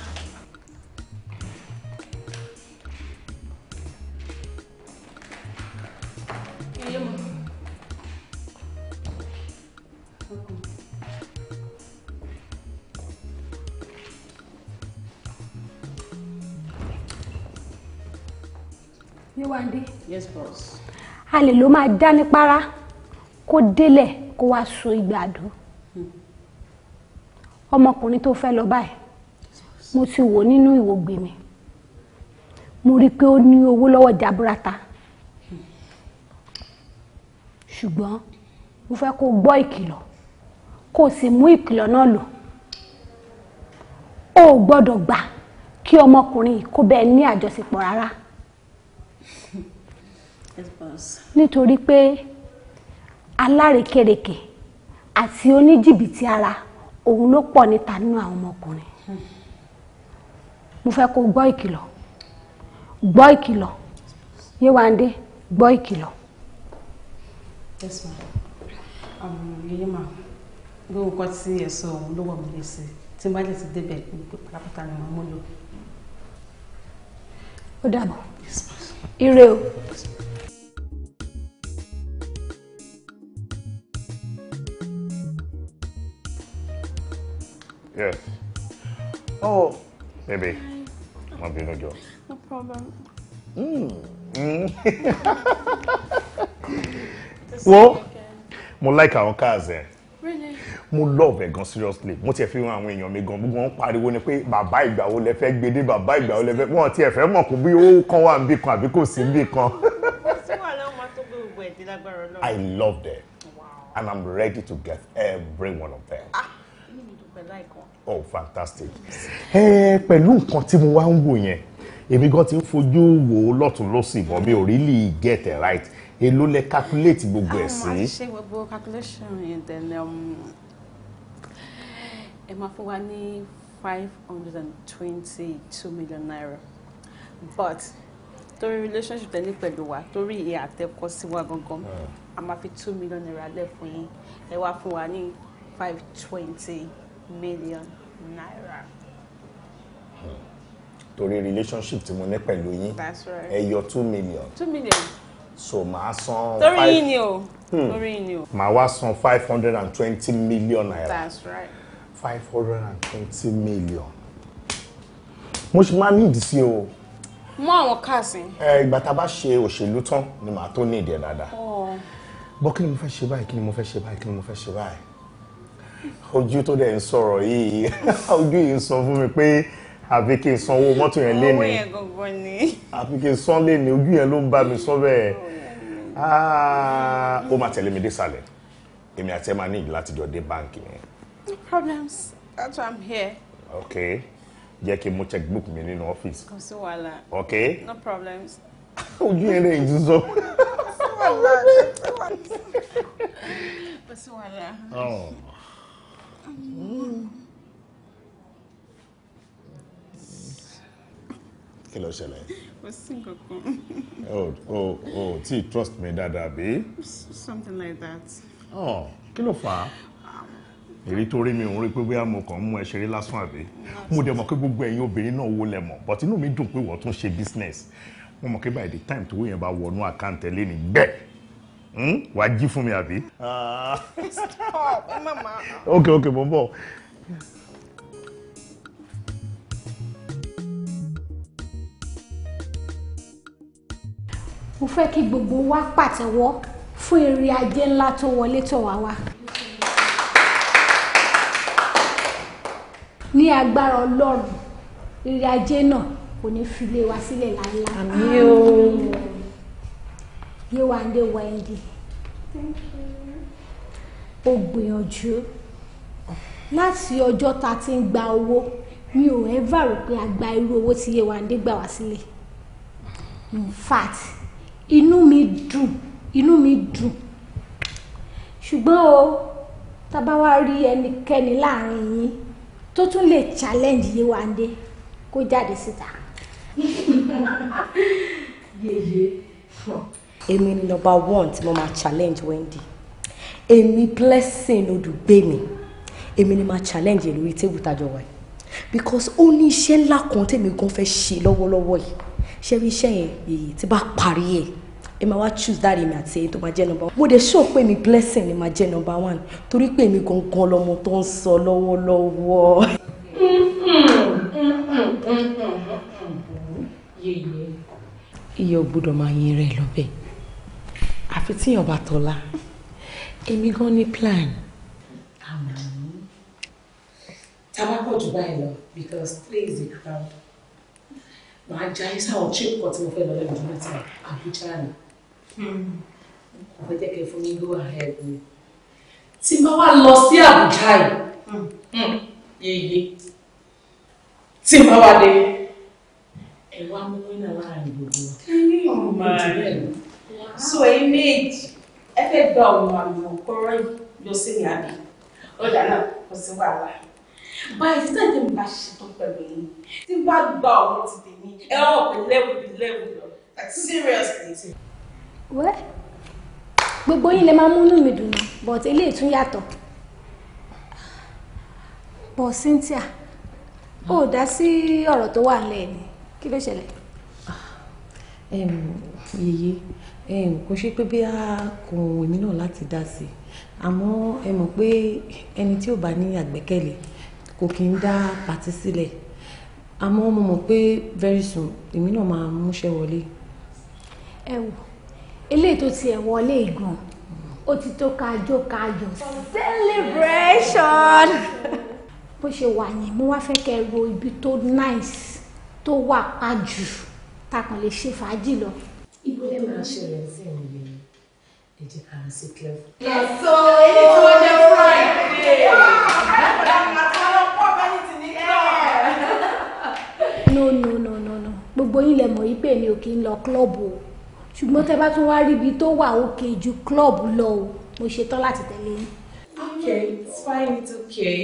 S4: Yéwándé. Yes, boss. A lè ló máa dá ní para kó délẹ̀ kó wá so ìgbàdo. Hmm. Ọmọkùnrin tó fẹ́ lọ báyìí, mo ti wò nínú ìwògbè mi. Mo rí i pé ó ní owó lọ́wọ́ jaburata. Ṣùgbọ́n mo fẹ́ kó gbọ́ ìkìlọ̀ kó o sì mú ìkìlọ̀ náà lò. O gbọ́dọ̀ gbà kí ọmọkùnrin kó bẹ́ẹ̀ ní àjọṣepọ̀ rárá nítorí pé alárekereke àti oníjìbìtì ara òun ló pọ̀ níta nínú àwọn ọmọkùnrin mo fẹ́ kó gbọ́ ìkìlọ̀ gbọ́ ìkìlọ̀ Yéwándé gbọ́ ìkìlọ̀.
S3: yes ma àwọn um, yeye ma gbogbo nǹkan tí ẹ sọ òun ló wọ̀ mí lé sí tí n bá lè ti débẹ̀ gbogbo ni màá mú lò.
S4: ó dàbọ̀ ire o. Yes,
S9: Yes. Oh. Baby, be bínú
S2: jọ.
S8: No problem. Hmm.
S2: [laughs] Wo? Mo like our cars eh? Really? Mo love ẹ̀ gan seriously. Mo tiẹ̀ fi hàn àwọn èèyàn mi gan. Gbogbo wọn pariwo ni pé bàbá ìgbàwo lẹ fẹ́ gbede, bàbá ìgbàwo lẹ fẹ́. Wọ́n tiẹ̀ fẹ́ mọ̀ kó bí owó kan wà níbì kan àbí kò sí níbì kan. I love them. Wow. And I'm ready to get every one of them. Ah, mi ò dùn pẹ̀lú àìkọ́ oh fantastic ẹ pẹ̀lú nǹkan tí mo wá ń wò yẹn èmi gan ti ń fojú wò ó lọ́tún lọ́sìn bọ́ mi ò really get it right èló lẹ calculate gbogbo ẹ̀ sí. àwọn àti
S3: gbogbo calculation yẹn then um, ẹ máa fún wa ní five hundred and twenty-two million naira but torí relationship tẹ̀lé pẹ̀lú wa torí ìyá àtẹ́kọ́ sí wa gangan hmm. a máa fi two million naira lẹ̀ fún yín ẹ wá fún wa ní five twenty million naira.
S2: torí relationship tí mo ní pẹ̀lú yín ẹ yọ two million. two million. so màá san. torí yín
S3: ni o. Hmm. torí yín ni o.
S2: màá wá san five hundred and twenty million naira.
S3: that's right.
S2: five hundred and twenty million. mo ṣe máa ní ìdísí o
S3: mú àwọn káàsì.
S2: ẹ ìgbà tá a bá ṣe òṣèlú tán ni màá tó ní ìdí ẹ dáadáa. Oh. bọ́ kí ni mo fẹ́ ṣe báyìí kí ni mo fẹ́ ṣe báyìí kí ni mo fẹ́ ṣe báyìí ojú tó dẹ̀ ń sọ̀rọ̀ yìí [laughs] ojú yìí ń sọ fún mi pé àfi kí n sanwó mọ́tò yẹn lé ní àfi kí n san lé ní ojú yẹn ló ń bá mi sọ bẹ́ẹ̀ ah, ó máa tẹ̀lé mi dé sàlẹ̀ èmi àti ẹ máa ní ìdí láti dé báǹkì mi.
S8: no problems that's why i'm here.
S2: okay jẹ́ kí n mú checkbook mi nínú ọ́fíìsì. kò
S3: sí
S8: wàhálà. okay. no problems.
S2: [laughs] ojú yẹn lè ń sọ.
S8: kò sí wàhálà kò sí wàhálà.
S2: Oh kí ló ṣẹlẹ̀. kò sí nǹkan kan. o o tí trust me Dada, bí.
S8: something like that.
S2: Oh, kí ló fà á. èrí tó rí mi òun rí pé bóyá mo kàn ń mú ẹ ṣeré lásán àbí mo dẹ̀ mọ̀ pé gbogbo ẹ̀yin obìnrin náà wo lẹ̀ mọ̀ but inú mi dùn pé wọ́n tún ṣe business mo mọ̀ pé by the time tó yẹn bá wọnú àkáǹtẹ̀ lé ní bẹ́ẹ̀ Hmm? wàá jí fún mi àbí.
S8: Ah. stop ẹ má máa.
S2: ok ok mo ń bọ̀.
S4: mo fẹ́ kí gbogbo wa pàtẹ́wọ́ fún eré ajé ńlá tó wọlé tọ̀ wá wá. ní agbára ọlọ́run eré ajé náà kò ní fi lé wa sílẹ̀ láéláé. àmín o. Yéwándé Wendy. Thank you. O gbìyànjú láti ọjọ́ tá ti ń gba owó mi ò ẹ́và rò pé a gba irú owó tí Yéwándé gbà wá sílẹ̀. In fact, inú mi dùn inú mi dùn ṣùgbọ́n o tá bá wá rí ẹnikẹ́ni láàrin yín tó tún lè challenge Yéwándé kó jáde síta. [laughs] yeye èmi ni number one tí mo máa challenge Wendy èmi blessing olùgbé mi èmi ni máa challenge ẹ lórí tébù tájọ wáyé because ó ní iṣẹ́ ńlá kan tèmi gan fẹ́ ṣe lọ́wọ́lọ́wọ́ yìí ṣé rí iṣẹ́ yẹn èyí tí bá parí ẹ̀ ẹ máa wá choose dáre mi àti èyí tó máa jẹ́ number one mo dẹ̀ sọ pé mi blessing ni máa jẹ́ nọmba one torí pé èmi gangan lọmọ tó ń sọ lọ́wọ́lọ́wọ́.
S3: Mm-hmm. Mm-hmm. Mm-hmm. iyọ̀ gbọ́dọ̀ máa yin rẹ̀ lọ́bẹ̀ àfi tíyàn bá tọ́lá èmi gan ní plan. tábà pọ̀ jù báyìí lọ because three is a crowd màá já ẹ sáwọn chip kan tí mo fẹ́ lọ lẹ́nu ọdún mẹ́ta Àbújá ni kò fẹ́ jẹ́ kí n fún mi go ahead ni tí n bá wá lọ sí Àbújá yìí yeye tí n bá wá dé ẹ wá mú wínà láàrin gbogbo wa. ẹ ní ọmọ ìdílé so ẹ̀yin méjì ẹ fẹ́ gba òun àlùmọ̀ kọ́rọ́ yọ sí ní àbí ọjà náà kò sí wàhálà báyìí títà ní mi bá ṣetán pẹ̀lú yín tí n bá gba òun ti tèmi ẹ ọ̀ pé lẹ́wù bí lẹ́wù lọ like seriously.
S4: what? gbogbo yín lè máa múnú mi dùn but eléyìí tún yàtọ̀ but Cynthia ó dá sí ọ̀rọ̀ tó wà ńlẹ̀ ni kí ló ṣẹlẹ̀. Ah,
S3: um, yèyé kò ṣe pé bí a kò èmi náà láti dá sí i àmọ́ ẹ mọ̀ pé ẹni tí ò bá ní àgbẹ́kẹ̀lé kò kí ń dá pàtí sílẹ̀ àmọ́ mo mọ̀ pé very soon èmi náà máa múṣẹ́ wọlé.
S4: ẹ wò eléyìí tó tiẹ̀ wọlé gan ó ti tó kájọ kájọ celebration bó ṣe wà yẹn mo wá fẹ́ kẹ́ ro ibi tó nice tó wà pa jù tá a kàn lè ṣe fàájì lọ ibo lè máa ṣẹlẹ̀ sí ìrìn yẹn ẹ jẹ́ ká lọ sí club. friday. no no no no no gbogbo yín lè mọ̀ yí pé mi ò kí ń lọ klọ́ọ̀bù o ṣùgbọ́n tẹ́ bá tún wá rí ibi tó wà òkè ju klọ́ọ̀bù lọ o mo ṣetán láti tẹ̀lé yín. okay it's fine it's okay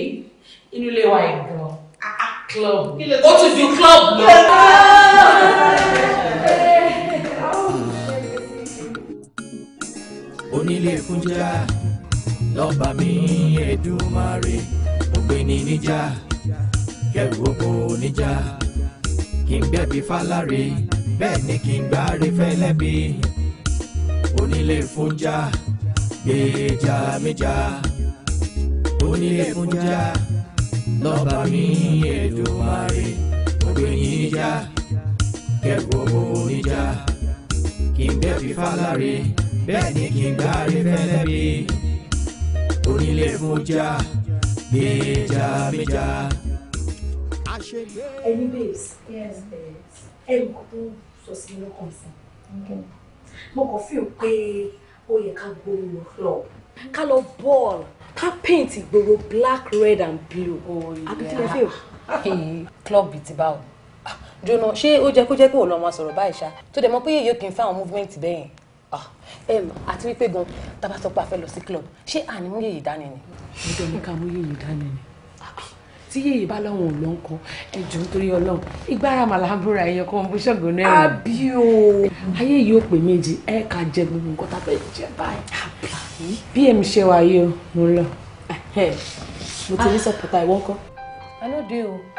S3: inú ilé wa yìí gan-an ah, ah, club ó tún ju club lọ. onílé
S1: fúnjà lọ́ba mi Èdùmàrè ògbéni níjà kẹrù oko níjà kí n gbẹ̀bí fáláre bẹ́ẹ̀ ni kí n gbáre fẹ́lẹ́bí onílé fúnjà gbèjà méjà onílé fúnjà lọ́ba mi Èdùmàrè ògbéni níjà kẹrù oko níjà kì í bẹ́ẹ̀ fífa láre bẹ́ẹ̀ ni kì í gbá rí fẹ́lẹ́ bí onílé fún já méjà méjà.
S3: ẹni babes ẹnì kan tó
S4: sọ sí inú kan sí mo kàn fíìmù pé ó yẹ ká gbóhùn lọ club ká lọ bọ́ọ̀lù ká paint ìgboro black red and
S3: blue oh, àbí kí lè fi [laughs] o. club bíi ti Ah, jona ṣé ó jẹ kó jẹ pé òun lọ máa sọ̀rọ̀ báyìí ṣá tó dẹ̀ mọ̀ pé yíyó kì í fáwọn movement bẹ́yẹn ah, àti wípé gan tábà sọ pé a fẹ́ lọ sí club ṣé àní mú yèyè dání ni. níbẹ̀ ni ká mú yèyè dání ni tí yèyè bá lọ́wọ́ ò lọ ń kọ́ ẹjọ́ nítorí ọlọ́run ìgbára màlábúra ẹ̀yẹ kan bó ṣọ̀gbọ́n náà. àbí o ayé yìí ó pè méjì ẹ ká jẹ gbogbo nǹkan tá a fẹ́ jẹ báyìí. bí èmi ṣe wà o mo lọ mo ti ní sọpọtà ìwọ́kọ́. i no o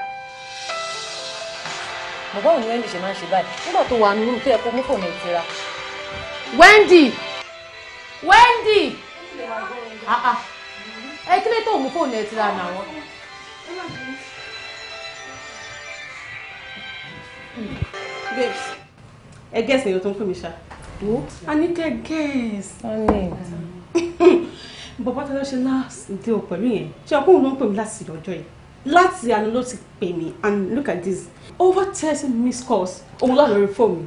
S3: mo báwo ni Wendy ṣe máa ń ṣe báyìí nígbà tó wà nínú tó yẹ kó mú kò ní ìtura. Wendy
S4: Wendy ah, ah. ẹ kí lè tó mú fóònù ẹ tira nà wọn.
S3: babes ẹ gẹ́sì èyí tó ń pè mí ṣá. a ní kẹ́ gẹ́sì. bàbá tó lọ ṣe láàsì dé o pẹ̀lú yẹn ṣé ọkùnrin ló ń pè mí láti ìdọ́jọ́ yìí láti àná ló ti pè mí and look at this over thirty missed calls òun lọ́nà orí fóònù.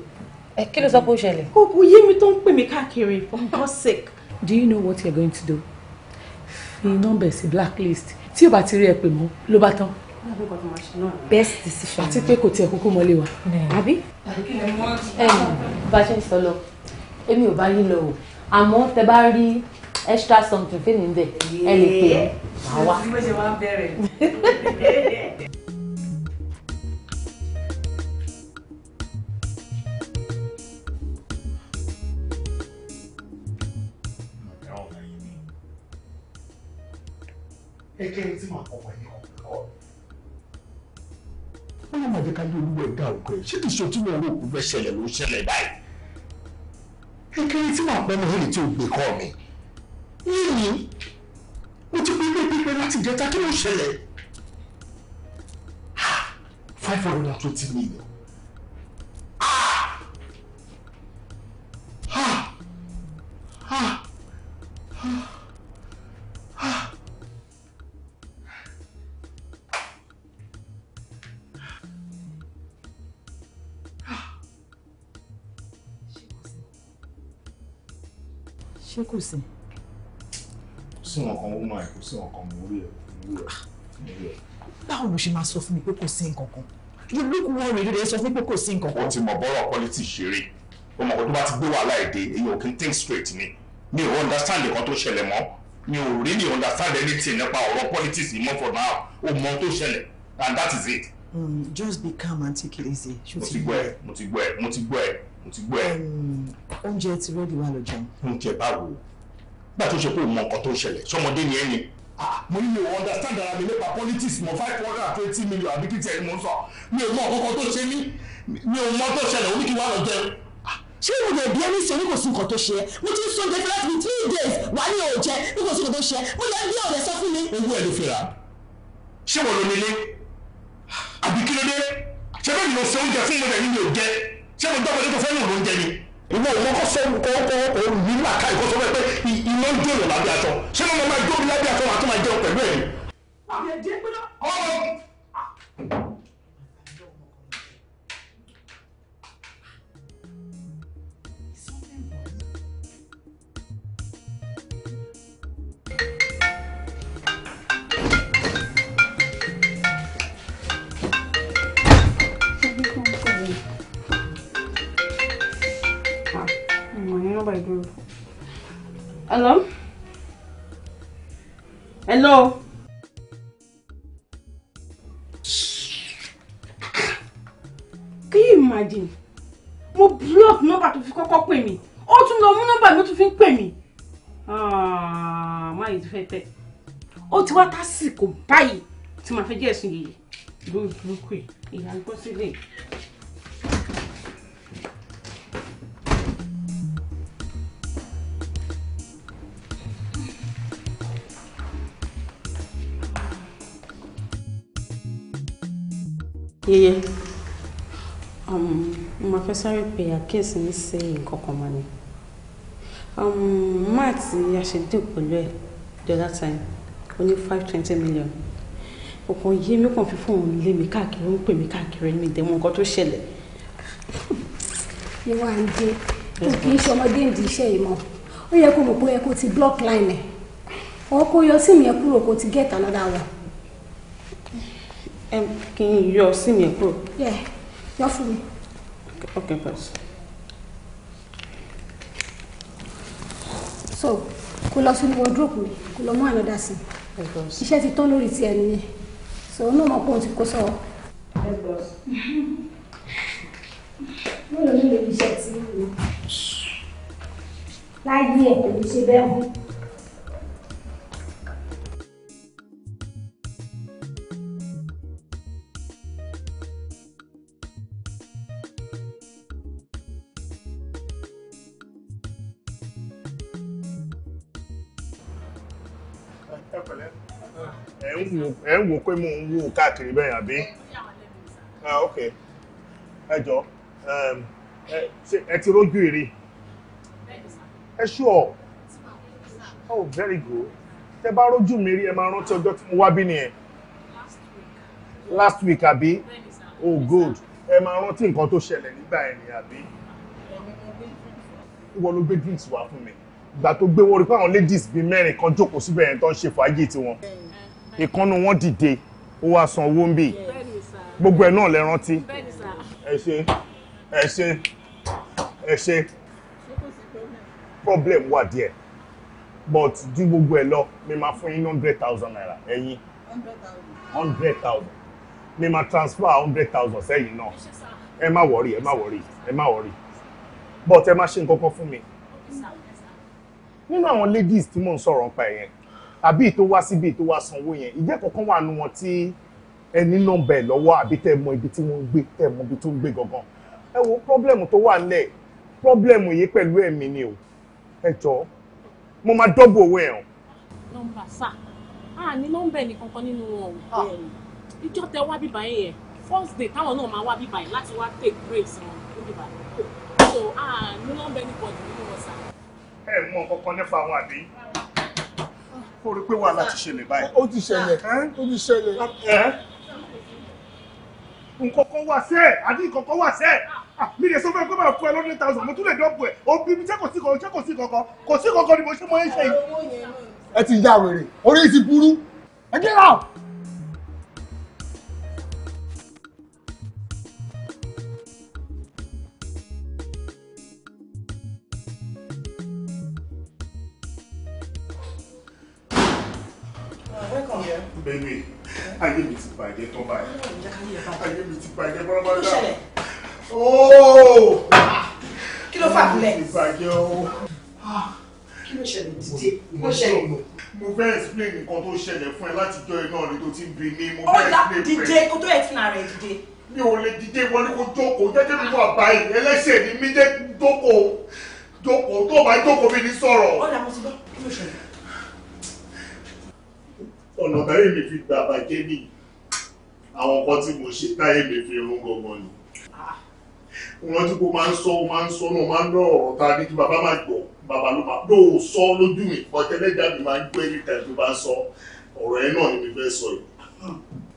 S3: ẹ kí ló sọ pé ó ṣẹlẹ̀. kókó yé mi tó ń pè mí káàkiri for God's sake. do you know what you are going to do? fi nọ́mbẹ̀ sí blacklist tí o bá ti rí ẹ pè mọ́ ló bá tán. best decision. àti pé kò tiẹ̀ kúkú mọ́lé wa. àbí. ẹ̀yin bá a ṣe ń sọ lọ èmi ò bá yín lọ o àmọ́ tẹ bá rí extra something fẹ́ ní bẹ̀ ẹ lè pè é máa wá. bí mo ṣe máa ń bẹ̀rẹ̀.
S2: ẹjẹ tí màá kọ̀ wọ̀nyí ọ̀pọ̀. wọ́n yà máa jẹ́ ká lé olúwa ẹ̀dá òkú ẹ̀ ṣé kìí tí wọ́n rò kú ṣẹlẹ̀ ló ṣẹlẹ̀ báyìí. ẹjẹ tí màá pẹ́ mọ́ ẹ̀rì tí ò gbé kọ́ mi. Wíìmí, mo ti pín pín pín láti ìjẹta kí ló ṣẹlẹ̀? Five hundred and twenty million.
S8: ṣé
S3: kò sí
S2: sí nǹkan kan woman kò sí nǹkan kan mo rí ẹ mo ẹ.
S3: báwo ló ṣe máa sọ fún mi pé kò sí nǹkan kan you look worried lórí ẹ sọ fún mi pé kò sí nǹkan kan.
S2: o ti mọ bọ́rọ̀ quality ṣeré o mọ̀ pé tó bá ti gbé wàhálà èdè èyí ò kí n think straight ni mi ò understand nǹkan tó ṣẹlẹ̀ mọ́ mi ò really understand anything nípa ọ̀rọ̀ politics yìí mọ́ for now o mọ tó ṣẹlẹ̀ and that is it. Um, just be calm and take it easy. mo ti gbọ́ ẹ mo ti gbọ́ ẹ mo ti gbọ́ ẹ mo ti gbọ́ ẹ.
S8: Um, oúnjẹ ti rẹ́ẹ̀dì wà lọ
S2: oúnjẹ báwo gbà tó ṣe pé o mọ nǹkan tó ń ṣẹlẹ̀ sọmọdé ni ẹ ni. Ah, mo ní mi ò understand ara mi nípa politics mo five hundred and twenty million àbí kìtì ẹni mo ń sọ mi ò mọ ọ̀kọ́kọ́ tó ṣe mí mi ò mọ tó ṣẹlẹ̀ oníkì wà lọ jẹun.
S8: Ah, ṣé ìwọ lè bí ẹni sọ̀rọ̀ kò sí nǹkan tó ṣe ẹ́ mo ti ń sọ jẹ́ fẹ́rẹ́ fún three days wà ní òòjẹ́ bí kò sí nǹkan tó ṣe ẹ́ mo lè bí ọ̀rẹ́ sọ fún mi. owó ẹ̀ ló fi rà ṣé wọ́n lo nílé àbí kí ló dé ṣé bẹ́ẹ̀ ni mo ṣe oúnjẹ fún mo dẹ̀ ní mi ò jẹ
S2: ṣé mo gbọ́ ìwọ ìwọ kọ sọ kọ kọ kọ nílò àká ìkọ sọ pé iná ń jòyàn lábẹ́
S8: aṣọ ṣé wọn máa jó lábẹ́ aṣọ àti máa jẹun pẹ̀lú ẹ. àmì ẹ̀jẹ̀ pé náà.
S3: nọ́mbà ìdúró. hello. hello.
S4: can you imagine mo block nọ́mbà tó fi kọ́kọ́ pè mí ó tún lọ mú nọ́mbà mi ó tún fi ń pè mí
S3: ah, má yìí fẹ́ tẹ̀ ó ti wá tásìkò báyìí tí màá fẹ́ jẹ́ ẹ̀sùn yìí lórí burúkú yìí ìyá gbọ́ sílẹ̀ yìí. yẹyẹ um máa fẹ́ sáré pé àkíyèsí mi ṣe nǹkan kan mọ́ ni máà um, tí a ṣe dé pẹ̀lú ẹ̀ the other time ó ní five twenty million ọkàn yé mi kàn fi fóun lé mi káàkiri ó ń pè mí káàkiri mi dẹ̀ mọ nǹkan tó ṣẹlẹ̀.
S4: ìwà ń dé o kì í ṣọmọdé ìdí iṣẹ́ yìí mọ́ ó yẹ kó mọ̀ pé ó yẹ kó ti block line ẹ̀ ọ̀ kó yọ sí mi ẹ̀ kúrò kó ti get another one ẹ kí
S3: n see me, bro?
S4: Yeah, you're yọ fún mi. ok pass. so kó lọ sínú wọ́dúrópù mi kó lọ mú ànádà sí i iṣẹ́ ti tán only. ti ẹ̀ nìyẹn so no more points òun ti kó sọ̀rọ̀. ẹ gbọ́ mélòó mélòó iṣẹ́ tí mo láyé ẹ̀ kò ní ṣe bẹ́ẹ̀
S2: ẹ ń wò pé mò ń wò káàkiri bẹ́ẹ̀ àbí ah, ok ẹ jọ um, ẹ ti rójú ìrì ẹ ṣùọ oh very good tẹ bá rójú mi rí ẹ máa rántí ọjọ́ tí mo wá bí nìyẹn last week àbí oh good ẹ máa rántí nǹkan tó ṣẹlẹ̀ nígbà yẹn ni àbí ìwọ ló gbé drinks wá fún mi ìgbà tó gbé wọn rí pé àwọn ladies bíi mẹ́rin kan jókòó síbẹ̀ yẹn tó ń ṣe fàájì tiwọn ìkànnù wọn dìde ó wá san owó ń bì
S9: gbogbo ẹ̀ náà lẹ rántí
S2: ẹ ṣe ẹ ṣe ẹ ṣe problem wà díẹ̀ but ju gbogbo ẹ̀ lọ mi máa fún yín hundred thousand naira ẹ̀yin hundred thousand mi máa transfer hundred thousand sẹ́yìn náà ẹ má wọrí ẹ má wọrí ẹ má wọrí but ẹ má ṣe nǹkan kan fún mi nínú àwọn ladies tí mò ń sọ̀rọ̀ nípa ẹ̀ àbí ìtò wá síbi ìtò wá sanwó yẹn ìjẹ́ kankan wà nù wọn tí ẹni nọ́mbà ẹ̀ lọ́wọ́ àbí tẹ́ mọ ibi tí wọ́n ń gbé tẹ́ mọ ibi tó ń gbé gangan ẹ wo pọ́blẹ́mù tó wà nílẹ̀ pọ́blẹ́mù yìí pẹ̀lú ẹ̀mí ni o ẹ jọ mo máa dọ́bù owó ẹ̀ hàn.
S3: nọ́mbà sá a ní nọ́mbà ẹnì kankan nínú wọn ò ah. bẹ́ẹ̀ ni ìjọ tẹ wá bíbá yẹn yẹn first day táwọn náà máa wá bíbá yẹn láti wá take breaks wọn bíbá yẹn so a ní nọ́mbà ẹnì kan nínú wọn sá.
S2: ẹ mọ kankan nípa àwọn àbí kó rí pé wàhálà ti ṣẹlẹ̀ báyìí. ó ti ṣẹlẹ̀ ó ti ṣẹlẹ̀. nǹkan kan wà sẹ́ẹ̀ àbí nǹkan kan wà sẹ́ẹ̀ mi lè sọ fún ẹ pé máa kó ẹ lọ́dún thousand mo tún lè dọ́pù ẹ òbí mi ṣé kò sí kankan ṣé kò sí kankan kò sí kankan ni mo ṣe mọ ẹ ṣe ẹ ti ya wèrè orí ti burú ẹ gẹ́ràn. bẹ́lẹ̀ ayé mi ti bàjẹ́ tán báyìí ayé mi ti bàjẹ́ pátápátá ooo kí ló fà lẹ̀ ayé mi ti bàjẹ́ o. Ah, kí ló ṣẹlẹ̀ títí ó ṣẹlẹ̀. mo fẹ́ explain nǹkan tó ṣẹlẹ̀ fún ẹ látijọ́ iná rẹ tó ti ń bi ní mo fẹ́ explain fún ẹ. ó dá dìde kó tó
S3: ẹ̀sìn ara ẹ̀ dìde.
S2: mi ò lè dìde wọlé kó jókòó jẹ́jẹ́ mi wà báyìí ẹlẹ́sẹ̀ ni mí jẹ́ jókòó jókòó tó bá jókòó mi ní sọ̀rọ̀. ọ̀dà mo ti gbọ́ kí ló ṣẹlẹ̀ ọ̀nà táyé mi fi gbà bàjẹ́ mi àwọn nǹkan tí mo ṣe táyé mi fi rún gangan ni ìrántí ah. kó máa ń sọ ó máa ń sọ náà máa ń dán ọ̀rọ̀ ta ní kí bàbá máa gbọ́ bàbá ló máa ló sọ lójú mi ọ̀tẹ́lẹ́dá mi máa ń gbé níta tó bá sọ ọ̀rọ̀ ẹ náà ni mi fẹ́ sọ yìí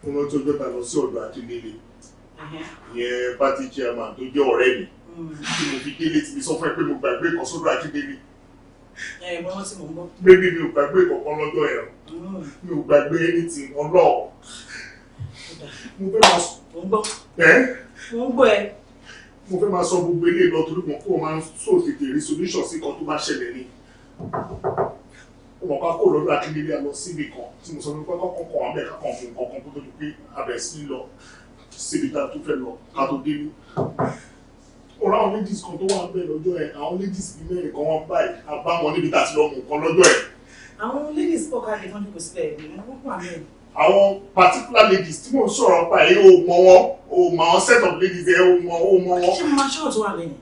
S2: ìrántí ọjọ́ ta lọ sí ọ̀dọ̀ Akíndélé ìyẹn pátí chairman tó jẹ́ ọ̀rẹ́ mi mm. tí mo fi délé ti fi sọ fún ẹ pé mo gbàgbé kan sódò Akíndélé bébí mi ò gbàgbé kankan lọ́jọ́ yẹn mm. mi ò gbàgbé anything ọlọ́ọ̀ mo fẹ́ máa sọ. mo ń gbọ́. ẹ́ mo ń gbọ́ ẹ. mo fẹ́ máa sọ gbogbo eléyìí lọ torí mo kó o máa ń sọ tètè rí solution sí kan tó bá ṣẹlẹ̀ ni wọn ká kó lọ́dọ̀ akíndélé lọ síbi kan tí mo sọ fún kọ́kọ́ kọ́kọ́ abẹ́ kankan fún kankan tó tó di pé abẹ́ sí lọ síbi tá a tó fẹ́ lọ ká tó dé ní ọ̀rọ̀ àwọn ladies kan tó wà bẹ́ẹ̀ lọ́jọ́ ẹ̀ àwọn ladies ní mẹ́rin kan wọ́n báyìí àbá wọn níbi tá a ti lọ mú nǹkan lọ́jọ́ ẹ̀.
S8: àwọn ladies pọ̀ ká lè wọ́n ní kò sílẹ̀ èdè wọn wà mẹ́rin.
S2: àwọn particular ladies tí mò ń sọ̀rọ̀ pa ẹ̀ ò mọ wọn ò mọ àwọn set of ladies ẹ̀ ò mọ ò mọ wọn. ṣé mo máa ṣọ́ọ̀tù wà lẹ́yìn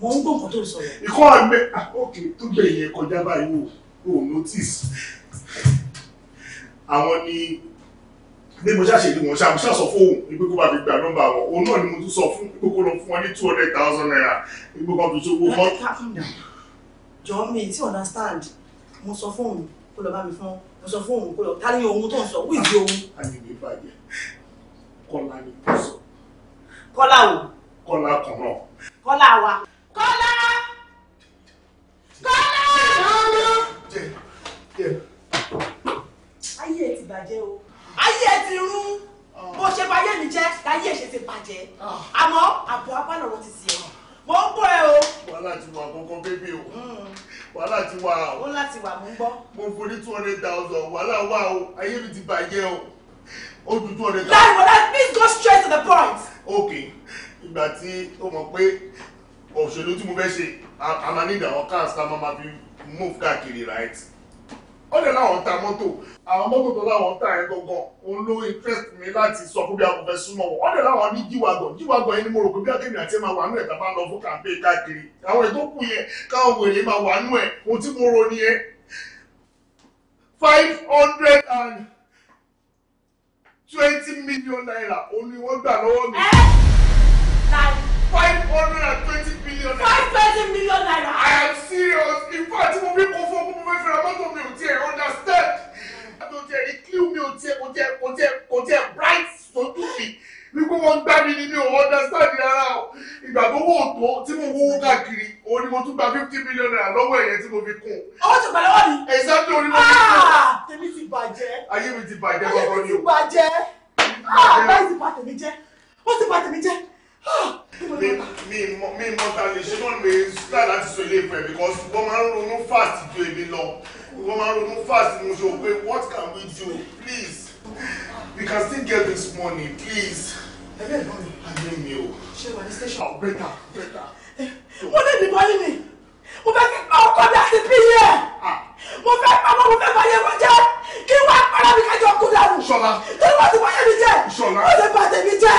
S2: mo ń gbọ́ nǹkan tó sọ yẹn. ikọ́ àgbẹ̀ òkè ah, tó gbẹ̀yìn kọjá báyìí wò ò notice àwọn ni ní mo ṣàṣe ìdí mo ṣá mo ṣàṣọ fóun ìgbé kó bá fi gba nọ́mbà wọn òun náà ni mo tún sọ fún ìgbé kó lọ fún wọn ní two hundred thousand naira ìgbé kan fi ṣòwò mọ.
S3: jọ̀ọ́ mi tí understand
S2: mo sọ fóun kó lọ bá mi fún mo sọ fóun kó lọ ta ni ohun tó ń sọ wíìdì ohun. àyèmí bàjẹ́ kọ́lá ni mo sọ. kọ́lá wo. kọ́lá kan náà.
S4: kọ́lá wa. kọ́lá. kọ́lá. ayé ti bàjẹ́ o ayé ẹ ti rú bó ṣe bá yé mi jẹ́ láyé ẹ̀ ṣe ti bàjẹ́ ah. àmọ́ àbọ̀ abálọ̀rọ̀ ti sì ẹ̀
S2: mo ń bọ̀ ẹ o. wàhálà ti wà kọ́kọ́ bébí o hmm. wàhálà ti wà o. ó
S3: láti wà mú gbọ́.
S2: mo fún two hundred thousand wàhálà wà o ayé mi ti bàjẹ́ o ó ju two hundred thousand. láìwọ that means go straight to the point. ok ìgbà tí o mọ̀ pé òṣèlú tí mo fẹ́ ṣe àmà ní ìdáwọ́ cars tá a máa fi move káàkiri right ọ lè na ta mọ́tò àwọn mọ́tò tó láwọn ta yẹn gangan òun ló interest mi láti sọ fún bí a kò fẹ́ súnmọ́ wọn ó lè láwọn ní yẹn ni mo rò pé bí akéwì àti ẹ̀ máa wà nú ẹ̀ tá a bá lọ fún kàńpé káàkiri àwọn ètò kù yẹn káwọn wèrè máa wà nú mo five hundred and twenty million naira òun ni wọ́n gbà mi.
S8: ẹ
S2: five hundred and twenty billion naira. five twenty million naira. I am serious in fact mo fi kó fún mo fẹ́ ra mọ́tò mi ò tiẹ̀ understand mi ò tiẹ̀ include mi ò tiẹ̀ kò tiẹ̀ kò tiẹ̀ kò tiẹ̀ bright sójú mi wípé wọ́n gbá mi ni mi ò understand rárá o ìgbà tó wò tó tí mo wúwo káàkiri òun ni mo tún gba fifty million naira lọ́wọ́ ẹ̀yẹ tí mo fi kún. owó ti gbà lọ́wọ́ mi. ẹ̀sẹ̀ tó ní mo fi kún. Ah!
S8: tèmi ti bàjẹ́.
S2: ayé mi ti bàjẹ́ bàbá mi
S8: o. ayé mi ti ah! bàjẹ́.
S4: ah báyìí ti bà tèmi jẹ́
S2: ó ti bà tèmi jẹ́ mi mi mi mọ ta mi sílá láti sọ ilé ìfẹ́ because wọ́n máa ń ronú fast ju èmi lọ wọ́n máa ń ronú fast mo sọ pé what can we do please we can still get this money please. ẹgbẹ́ ìbọn mi. ayé mi o. ṣé wà ní station. ọ bẹ́tà
S8: bẹ́tà. mo lè dìbò yín ni mo fẹ́ kí ọkọ mi àti bí yẹ ah. mo fẹ́ pamọ́ mo fẹ́ bàyẹ̀ wọ́n jẹ́ kí wọ́n apara mi kájọ kú dànù. sọlá. tí wọ́n ti wáyé mi jẹ́. sọlá. ó lè bàtẹ̀ mi jẹ́.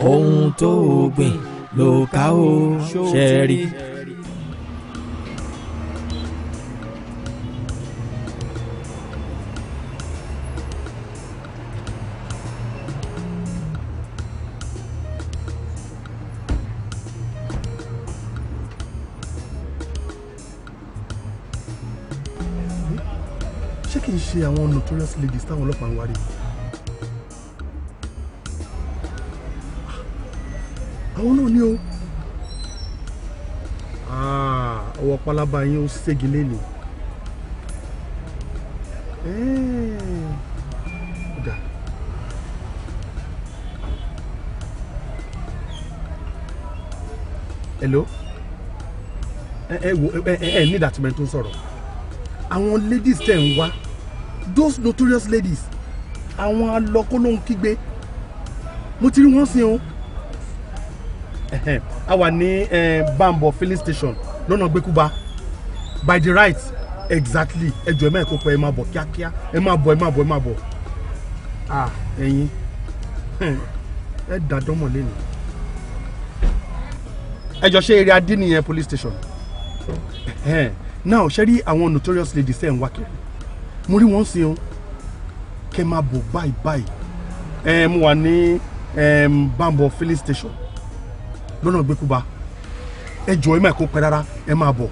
S1: ohun tó o gbìn ló ká o ṣe rí.
S2: ṣé kìí ṣe àwọn notorious ladies táwọn ọlọ́pàá ń wárí yìí. àwọn náà ni o ah, ọwọ́ pálábá yín ó ségi lélẹ̀ eh, ọ̀dà hello ẹ ẹ wo ẹ ẹ ní ìdàtúmẹ̀ tó ń sọ̀rọ̀ àwọn ladies tẹ̀ ń wá those notorious ladies àwọn alọ́kólóhùn kígbe
S6: mo ti rí wọ́n sin o.
S2: Eh, a wà ní eh, bambo filling station lọ́nà gbẹ́kúba by the right exactly ẹjọ́ ẹ máa kó pẹ́ ẹ máa bọ̀ kíákíá ẹ máa bọ̀ ẹ máa bọ̀ ẹ máa bọ̀ ah ẹ̀yin ẹ dàdánmọ̀ lẹ́nu ẹjọ́ ṣe eré adé nìyẹn police station now ṣe rí àwọn notorious ladies ẹ̀ ń wá kiri mo rí wọn sí o kẹ́ máa bọ̀ báyìí báyìí eh, mo wà ní bambo filling station lọ́nà gbẹ́kúba ẹ jọ ẹ má kó pẹ́ rárá ẹ máa bọ̀.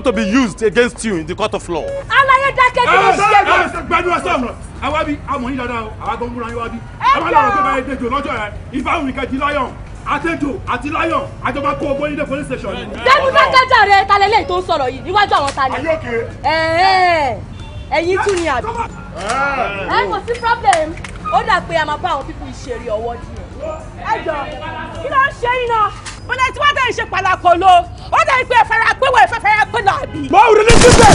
S2: going to be used against you in the court of law.
S6: alaye dákẹ́ kí ló ṣe é. àwọn sọ gbẹdú ọsẹ ọmọ àwa bí amọ̀ yín dáadáa o àwa gbọ́n múra yín wá bí. àwa làwọn tó bá yẹ dẹjọ lọ́jọ́ yẹn ìfáwọn nìkan di láyọ̀ àtẹjọ àti láyọ̀ àjọba kó o bóyin dé police station. dẹ́nu dákẹ́
S8: jàre ta lélẹ̀ tó ń sọ̀rọ̀ yìí níwájú àwọn ta ni. ẹ̀yin tún ni
S3: àbí.
S9: ẹ kò
S8: sí problem ó dà pé a máa bá àwọn pípọ̀ ìṣeré ọwọ́ díẹ̀. ẹ jọ kí ló ń ṣe yín náà bọ́lá tí wọ́n tẹ̀ ń ṣe pàlàkọ̀ lo ó dẹ̀ ń pé ẹ fara pé wọ́n ẹ fẹ́ mo rìn ní sísè.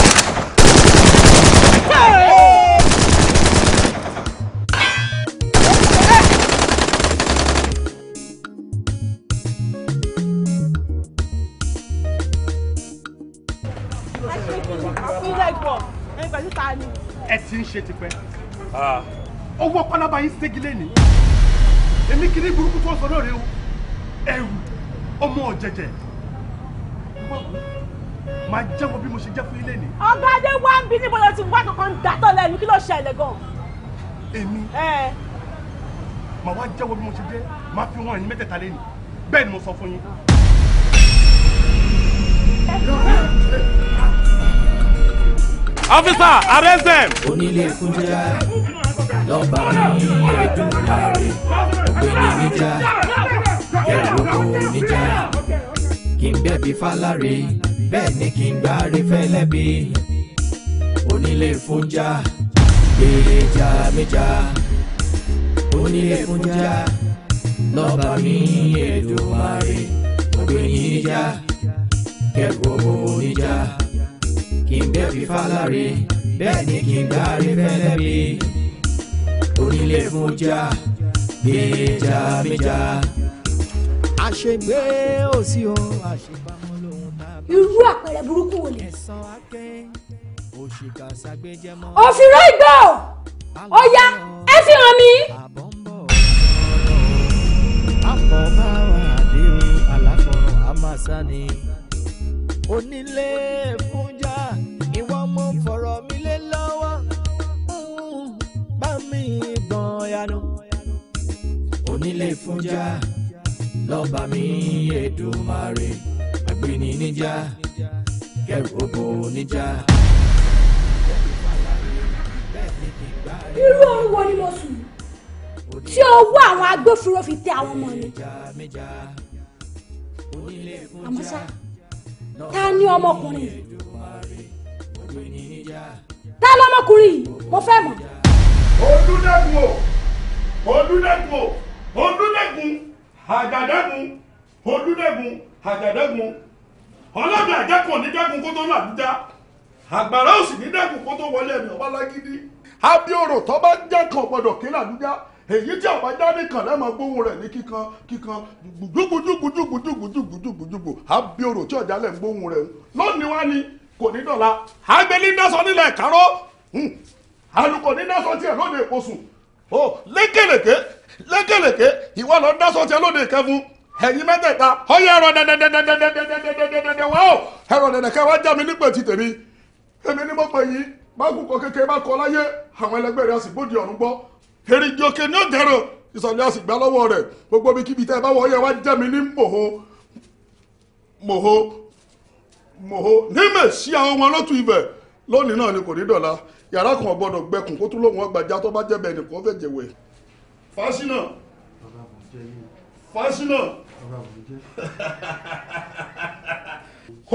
S8: ẹ
S2: ti ń ṣe tipẹ́ owó pálábá yín ségi lẹ́nìí èmi kiri burúkú tó sọ lóore o ẹrù ọmọ ọ̀jẹ̀jẹ̀ máa jẹ́ wọn bí mo ṣe jẹ́ fún ilé ni. ọ̀gá adé wá ń bí níbo ló ti wá kankan dàtọ̀ lẹ́nu kí ló ṣẹlẹ̀ gan. èmi màá wá jẹ́ wọn bí mo ṣe jẹ́ máa fi wọn ẹ̀yìn mẹ́tẹ̀ẹ̀ta lẹ́nu bẹ́ẹ̀ ni mo sọ fún yín.
S5: ọ́fíìsà arrest them. onílé kúnjá lọ́ba ní ẹ̀dùn
S1: láàrin ògbẹ́ni níjà ẹ̀rọ kò níjà kí n bẹ̀bí fálárì bẹ́ẹ̀ ni kí n gbáre fẹ́lẹ́bí onílé fúnjà gbèrè jà méjà onílé fúnjà lọ́ba mi Èdùmàrè ògbéni níjà kẹ́kọ̀ọ́ níjà kí n bẹ́ẹ̀ fi fáláre bẹ́ẹ̀ ni kí n gbáre fẹ́lẹ́bí onílé fúnjà gbèrè jà méjà àṣegbé òsì o àṣepamọ́ irú àpẹẹrẹ burúkú wò lè. òfìró
S4: ìgbọ́ ó ẹ fi hàn mí.
S1: onílé fúnjà ìwọ mo fọ̀rọ̀ mi lé lọ́wọ́ hmm, bá mi gbọ̀n yanu. onílé fúnjà lọ́ba mi Èdùmàrè pè ní níjà kẹrù òbò níjà.
S4: irú ohun wo ni mo sùn tí ọwọ́ àwọn agbófinró fi tẹ
S1: àwọn ọmọ mi àmọ́ ṣá ta ni ọmọkùnrin
S4: ta lọmọkùnrin yìí mo fẹ́ mọ̀. olùdẹ́gun o olùdẹ́gun o olùdẹ́gun
S2: àjàdẹ́gun olùdẹ́gun àjàdẹ́gun ọlọ́dọ̀ àjẹkùn nídẹ́kùn kó tó lọ àbújá àgbàrá òsì nídẹ́kùn kó tó wọlé ẹ̀mí ọba lágídí. abioro tó bá jẹ́ kan gbọ́dọ̀ kí làbújá èyí tí ọba jáde kan lẹ́mọ̀ gbóhùn rẹ̀ ní kíkan kíkan gbùdúgbùdúgbùdúgbùdúgbùdúgbùdúgbù abioro tí ọjà lẹ̀ ń gbóhùn rẹ̀ lónìí wá ni kò ní dọ̀la agbẹ́lí dásọ nílẹ̀ kárọ́ hmm. alukò ní dásọ tiẹ̀ lóde èkó sùn lékeleke lékeleke ìwọ lọ dásọ tiẹ̀ lóde ìkẹfun ẹ̀yin mẹ́tẹ̀ẹ̀ta ọyẹ ẹ̀rọ dẹdẹdẹdẹdẹdẹdẹdẹdẹdẹ wá o ẹ̀rọ dẹdẹkẹ wá mi nípa ti tèmi èmi ni mo pè yín mágùn kọ kékeré bá kọ láyé àwọn ẹlẹgbẹ rẹ̀ àsìgbòdì ọ̀run gbọ́ èrìjì òkè ní òjẹrò ìsọ̀lẹ̀ àsìgbà lọ́wọ́ rẹ̀ gbogbo bí kíbi tẹ́ ẹ bá wọ ọyẹ wá já mi ní mòho mòho mòho ní mèsì àwọn ọmọ lónìí náà ni kò ní yàrá kan gbẹkùn kó tún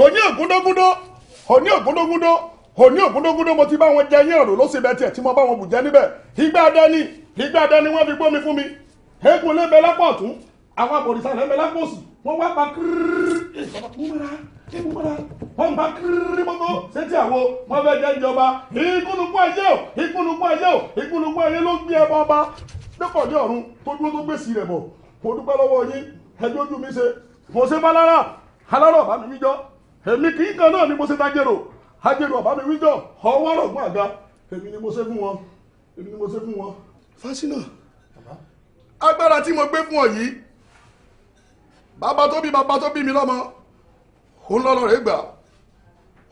S2: òní ògúndógúndó òní ògúndógúndó òní ògúndógúndó mo ti bá wọn jẹ yín ọ̀rọ̀ ló sì bẹ tiẹ̀ tí mo bá wọn bù jẹ́ níbẹ̀ ìgbà dání ìgbà dání wọ́n fi gbómi fún mi eégún lé bẹ lápá ọ̀tún àwọn àbòrìṣà lẹ́ bẹ lápá òsì wọ́n wá pa kírírí
S6: múra múra
S2: wọ́n pa kírírí mọ́tò sétí àwo wọ́n fẹ́ jẹ́ ìjọba ìkúnnùkú ayé o ìkúnnùkú ayé o ìkúnnùkú ayé ló gbé ẹbọ ọba dẹ́kọ̀ọ́dẹ́ ọ̀run tó dúró tó gbèsè rẹ̀ bọ̀ mo dúpẹ́ lọ́wọ́ yín ẹjọ́ ojú mi ṣe mo ṣe bá lára alárọ̀ ọ̀bá mi wíjọ́ èmi kì í kan náà ni mo ṣe dájèrò ajèrò ọ̀bá mi wíjọ́ ọwọ́ rọ̀gbọ́n àga èmi ni mo ṣe fún wọn èmi ni mo ṣe fún wọn. fásinà agbára tí mo gbé fún ọ yìí bàbá tó bí bàbá tó bí mi lọ́mọ òun lọ́lọ́ rẹ̀ gbà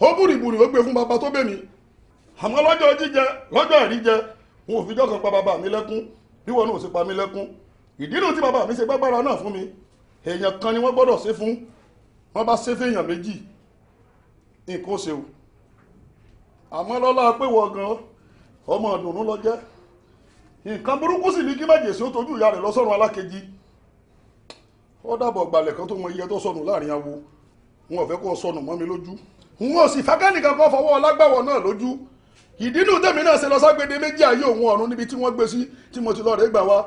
S2: ó búrìbùrì ó gbé fún bàbá tó bẹ̀ mí àmọ́ lọ́jọ́ jíjẹ lọ́jọ́ ìríjẹ n ò fijọ́ kan pa bàbá mi lẹ́kún bí wọn náà ò sì pa mí lẹ́kún ìdí náà tí bàbá mi ṣe gbàgbára náà fún mi èèyàn kan ni wọ́n gbọ́dọ̀ ṣe fún wọ́n bá ṣe fèèyàn méjì nǹkan ṣe o àmọ́ lọ́lá pé wọ́n gan ọmọ ìdùnnú lọ jẹ́ nǹkan burúkú sì ní kí májèsí ó tójú ìyá rẹ̀ lọ́sọ̀rùn alákejì ó dàbọ̀ gbalẹ̀ kan tó mọ iye tó sọnù láàrin awo wọn ò fẹ́ kó sọnù mọ́ mi lójú wọn ò sì fákànìkan kan fọwọ́ ọlágbàwọ̀ náà lójú ìdínú tèmi náà ṣe lọ ságbede méjì ayé òun ọ̀run níbi tí wọ́n gbé sí tí mo ti lọ rẹ̀ gbà wá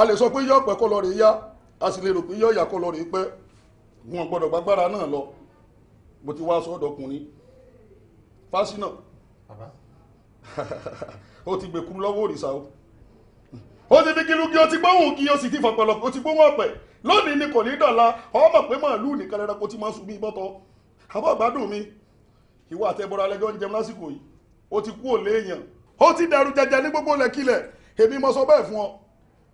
S2: a lè sọ pé yọ ọ̀pẹ̀ kọ́ lọ rẹ̀ yá a sì lè rò pé yóò yà kó lọ rèé pé wọn gbọ́dọ̀ gbàgbára náà lọ bó ti wá sọ́dọ̀kùnrin fásínà [laughs] ó ti gbè kúrú lọ́wọ́ òrìṣà o ó ti di kílúkí ó ti gbóhùn kí ó sì ti fọ̀pọ̀lọ̀ ó ti gbóhùn ọ̀pẹ̀ lónìí ni kò ní dọ̀la ọmọ pé màálù nìkan lẹ́ra kó ti máa sunbí bọ́tọ̀ àbọ̀ gbádùn mi ìwọ àtẹ̀bọ̀rọ̀ alẹ́jọ́ ń jẹun lásìkò yìí ó ti kú òlé èèyàn ó ti dàrú jẹjẹ ní gbogbo lẹ́kílẹ̀ èmi mo sọ bẹ́ẹ̀ fún ọ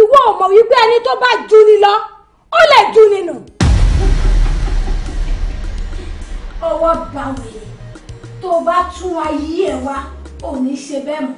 S4: ìwọ ò mọ̀ wípé ẹni tó bá jù ni lọ ó lè jù ni nù. ọwọ́ bá wèrè tó bá tún ayé ẹ̀ wá ò ní ṣe bẹ́ẹ̀ mọ́.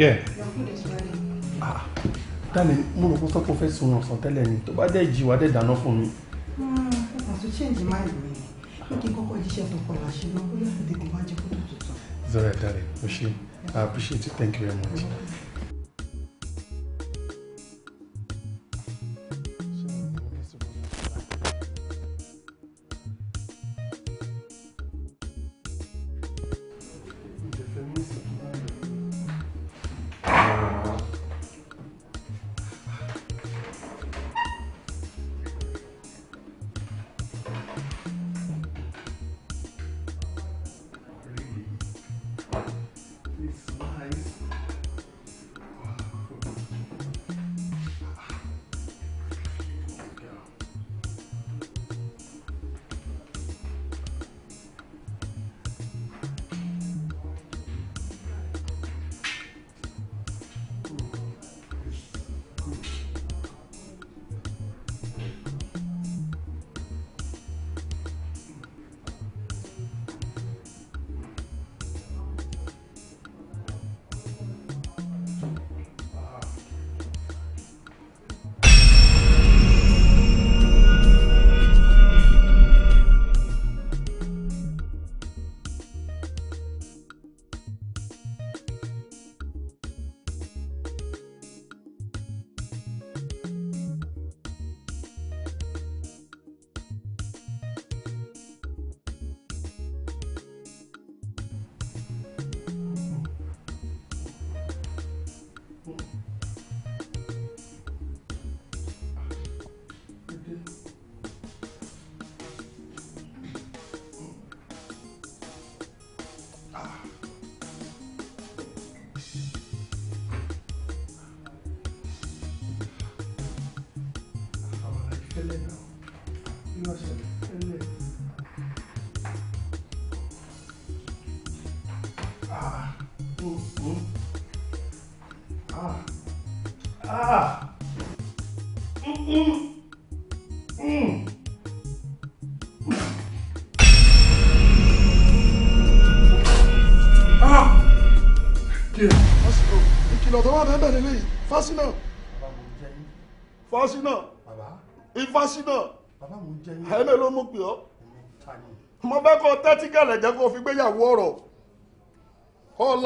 S6: Yeah. Ah, darling, mo rò pé sọ pé o fẹ́
S2: sun ọ̀sán tẹ́lẹ̀ ni. Tó bá dẹ̀ jí wa dẹ̀ dáná fún mi. Ọ̀sán ah, tó change mind mi. Ó kí n kọ́kọ́ jíṣẹ́ tó kọ̀ láṣẹ náà. Ó yẹ kí n tètè kó má jẹ́ kó darling, o ṣe. I appreciate it. Thank you very much. Mm -hmm.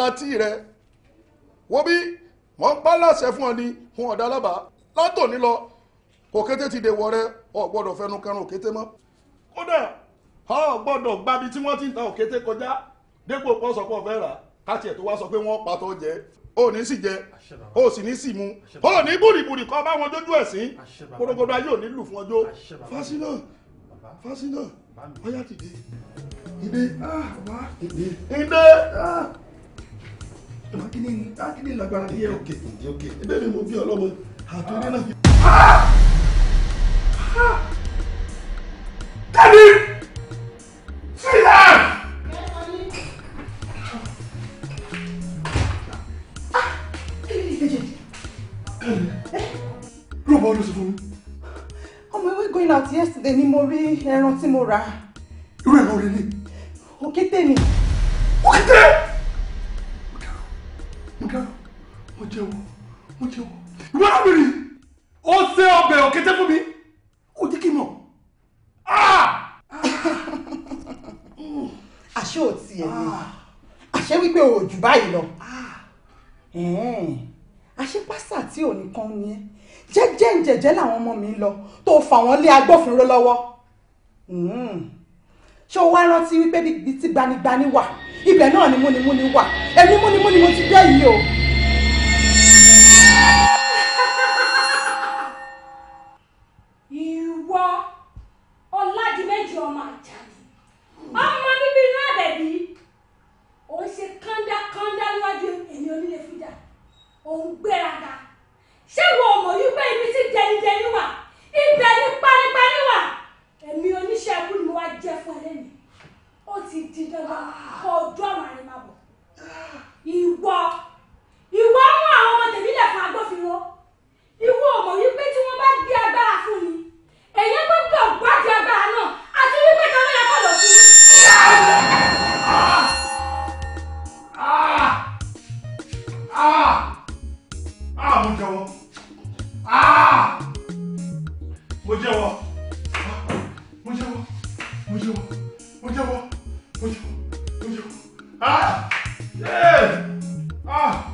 S2: ọmọọtí rẹ wo bí wọ́n ń pa láṣẹ fún ọ ní fún ọ̀dà alábàá látòní lọ òkété ti dèwọ̀ rẹ ọ gbọ́dọ̀ fẹnu kẹrun òkété mọ́ kódà ọ gbọ́dọ̀ gbábi tí wọ́n ti ń ta òkété kọjá dégbò pọ́sọ̀pọ̀ fẹ́ rà káàtì ẹ̀ tó wá sọ pé wọ́n pàtó jẹ ó ní sì jẹ ó sì ní sì mu o ní búrìbúrì kọ́ bá wọn dójú ẹ̀sìn kórógódó ayé ò ní lù fún ọjọ́ fásinà fásinà ọyá ti dé ìdè ìdè. Ah, akíní akíní lágbára díẹ̀ òkè òkè òkè ẹ̀bẹ̀ mi mo bí ọlọ́mọ àtúndé náà fi. tẹ́lí
S9: sílẹ̀.
S4: rúbọ ló sọ fún mi. ọmọ going out yesterday ni mo rí ẹran tí mo rà.
S8: irú ẹ̀rọ rẹ ni. òkété ni. òkété
S2: mo jẹ́wọ́ mo jẹ́wọ́ ìwọ lóbìnrin ó ṣe ọbẹ̀ òkété fún mi ó jẹ́ kí n mọ̀. Ah! [laughs] àṣé ò tiẹ̀ ni àṣé wípé o ò jù báyìí lọ ah! àṣé pásítà tí ò ní kan ni ẹ jẹ́jẹ́ ìjẹ̀jẹ́ làwọn ọmọ mi lọ tó fà wọ́n lé agbófinró lọ́wọ́ hmm. ṣé o wá rántí wípé bíi ti gbanigbani wà ibẹ̀ náà ni múnimúni wà ẹni múnimúni mo ti dé
S8: yìí o
S4: ìwọ ọ̀làdìmẹ́jì ọmọ àjàlè ọmọ bíbí inú àbẹ̀bí ò ń ṣe kándákándá níwájú èmi onílé fídà ò ń gbéraga ṣé ìwọ ọmọ yìí pé ibi tí dẹnidẹni wà ibẹ̀ ni paríparí wà èmi oníṣẹ́ ẹkú ni mo wá jẹ́ fún ẹ lẹ́nu ó ti di dandan kó o dún àwọn àrèmábọ̀ ìwọ ìwọ ah
S8: yeah ah.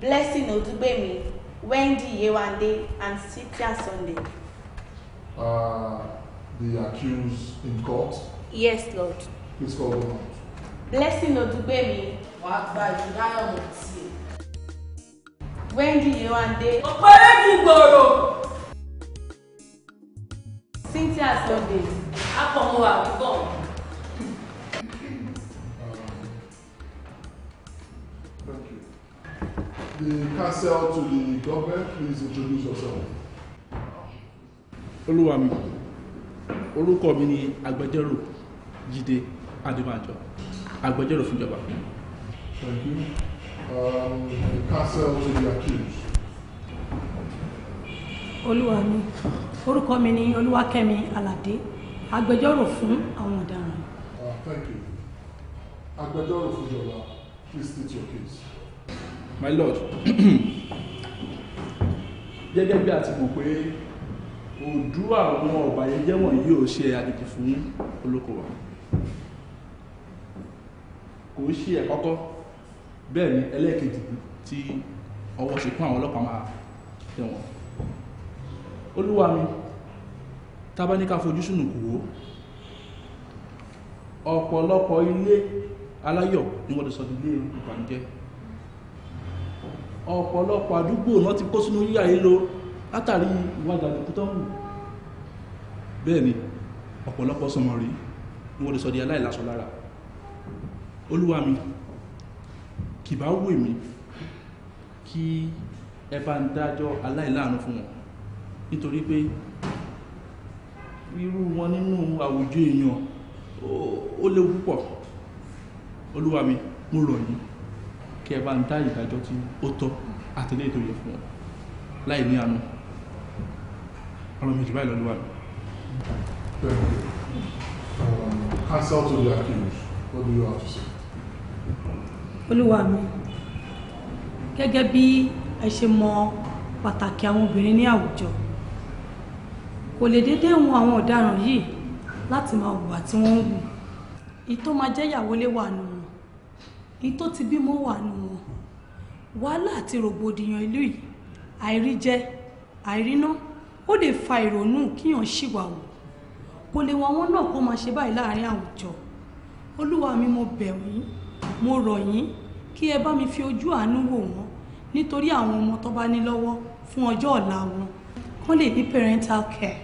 S3: blessing odugbemi wendy yewande and cynthia sunday.
S6: Uh, the accused in court. yes lord. please call them
S3: blessing odugbemi. wàá gba ìdáyọ̀ mọ̀ sí
S8: i. wendy yewande. ọ̀pẹ̀rẹ̀ kì í gbòòrò. cynthia sunday.
S9: akọ̀mọ̀wá gbọ́n.
S6: the council to the government, please introduce yourself. Olúwa mi, orúkọ mi ni agbẹjọ́rò Jídé Adébánjọ, agbẹjọ́rò fúnjọba. Thank you.
S7: Um, the
S2: council to the accused.
S4: Olúwa mi, orúkọ mi ni Olúwakẹ́mi Alade. agbẹjọ́rò fún àwọn ọ̀daràn.
S6: Uh, thank you. Agbẹjọ́rò fúnjọba, please state your case my lord [clears throat] gẹ́gẹ́ bí a ti mọ̀ pé òdúrà àwọn ọ̀bàyéjẹ́ wọ̀nyí ò ṣe àjèjì fún olóko wa kò ṣe ẹ̀kọ́kọ́ bẹ́ẹ̀ ni ẹlẹ́ẹ̀kejì tí ọwọ́ ṣe kún àwọn ọlọ́pàá máa tẹ̀wọ̀n olúwa mi tábáníkà fojú sùnù kù wó ọ̀pọ̀lọpọ̀ ilé aláyọ̀ ni wọ́n ti sọ ilé ìbànújẹ́ ọ̀pọ̀lọpọ̀ àdúgbò náà ti kó sínú yíyà yìí lọ látàrí ìwà àjàdùkú tó ń wù bẹ́ẹ̀ ni ọ̀pọ̀lọpọ̀ sọmọ rí ní wọ́n lè sọ di aláìláṣọ lára olúwa mi kì bá wù mí kí ẹ bá ń dájọ́ aláìláàánú fún wọn nítorí pé irú wọn nínú àwùjọ èèyàn ó léwu púpọ̀ olúwa mi mo rọ̀ yín kí ẹ bá ń dá ìdájọ́ tí ó tọ́ àtẹlé ètò yẹ fún ọ láì ní àánú ọ̀rọ̀ méjì báyìí lọ́lọ́wà Counsel to the accused, what do you have to say?
S4: Olúwa mi, gẹ́gẹ́ bí ẹ ṣe mọ pàtàkì àwọn obìnrin ní àwùjọ, kò lè dédé wọn àwọn ọ̀daràn yìí láti máa hùwà tí wọ́n ń hù. Ìtó máa jẹ́ ìyàwó léwà nù ní tó ti bímọ wà nù wọn wàhálà àti rògbòdìyàn ìlú yìí àìríjẹ àìríná ó lè fa ìrònú kíyàn ṣìwàwò kò lè wọn wọn náà kó máa ṣe báyìí láàrin àwùjọ olúwa mi mo bẹ̀ yín mo rọ̀ yín kí ẹ bá mi fi ojú àánú wò wọ́n nítorí àwọn ọmọ tó bá ní lọ́wọ́ fún ọjọ́ ọ̀la wọn kán lè ní parental care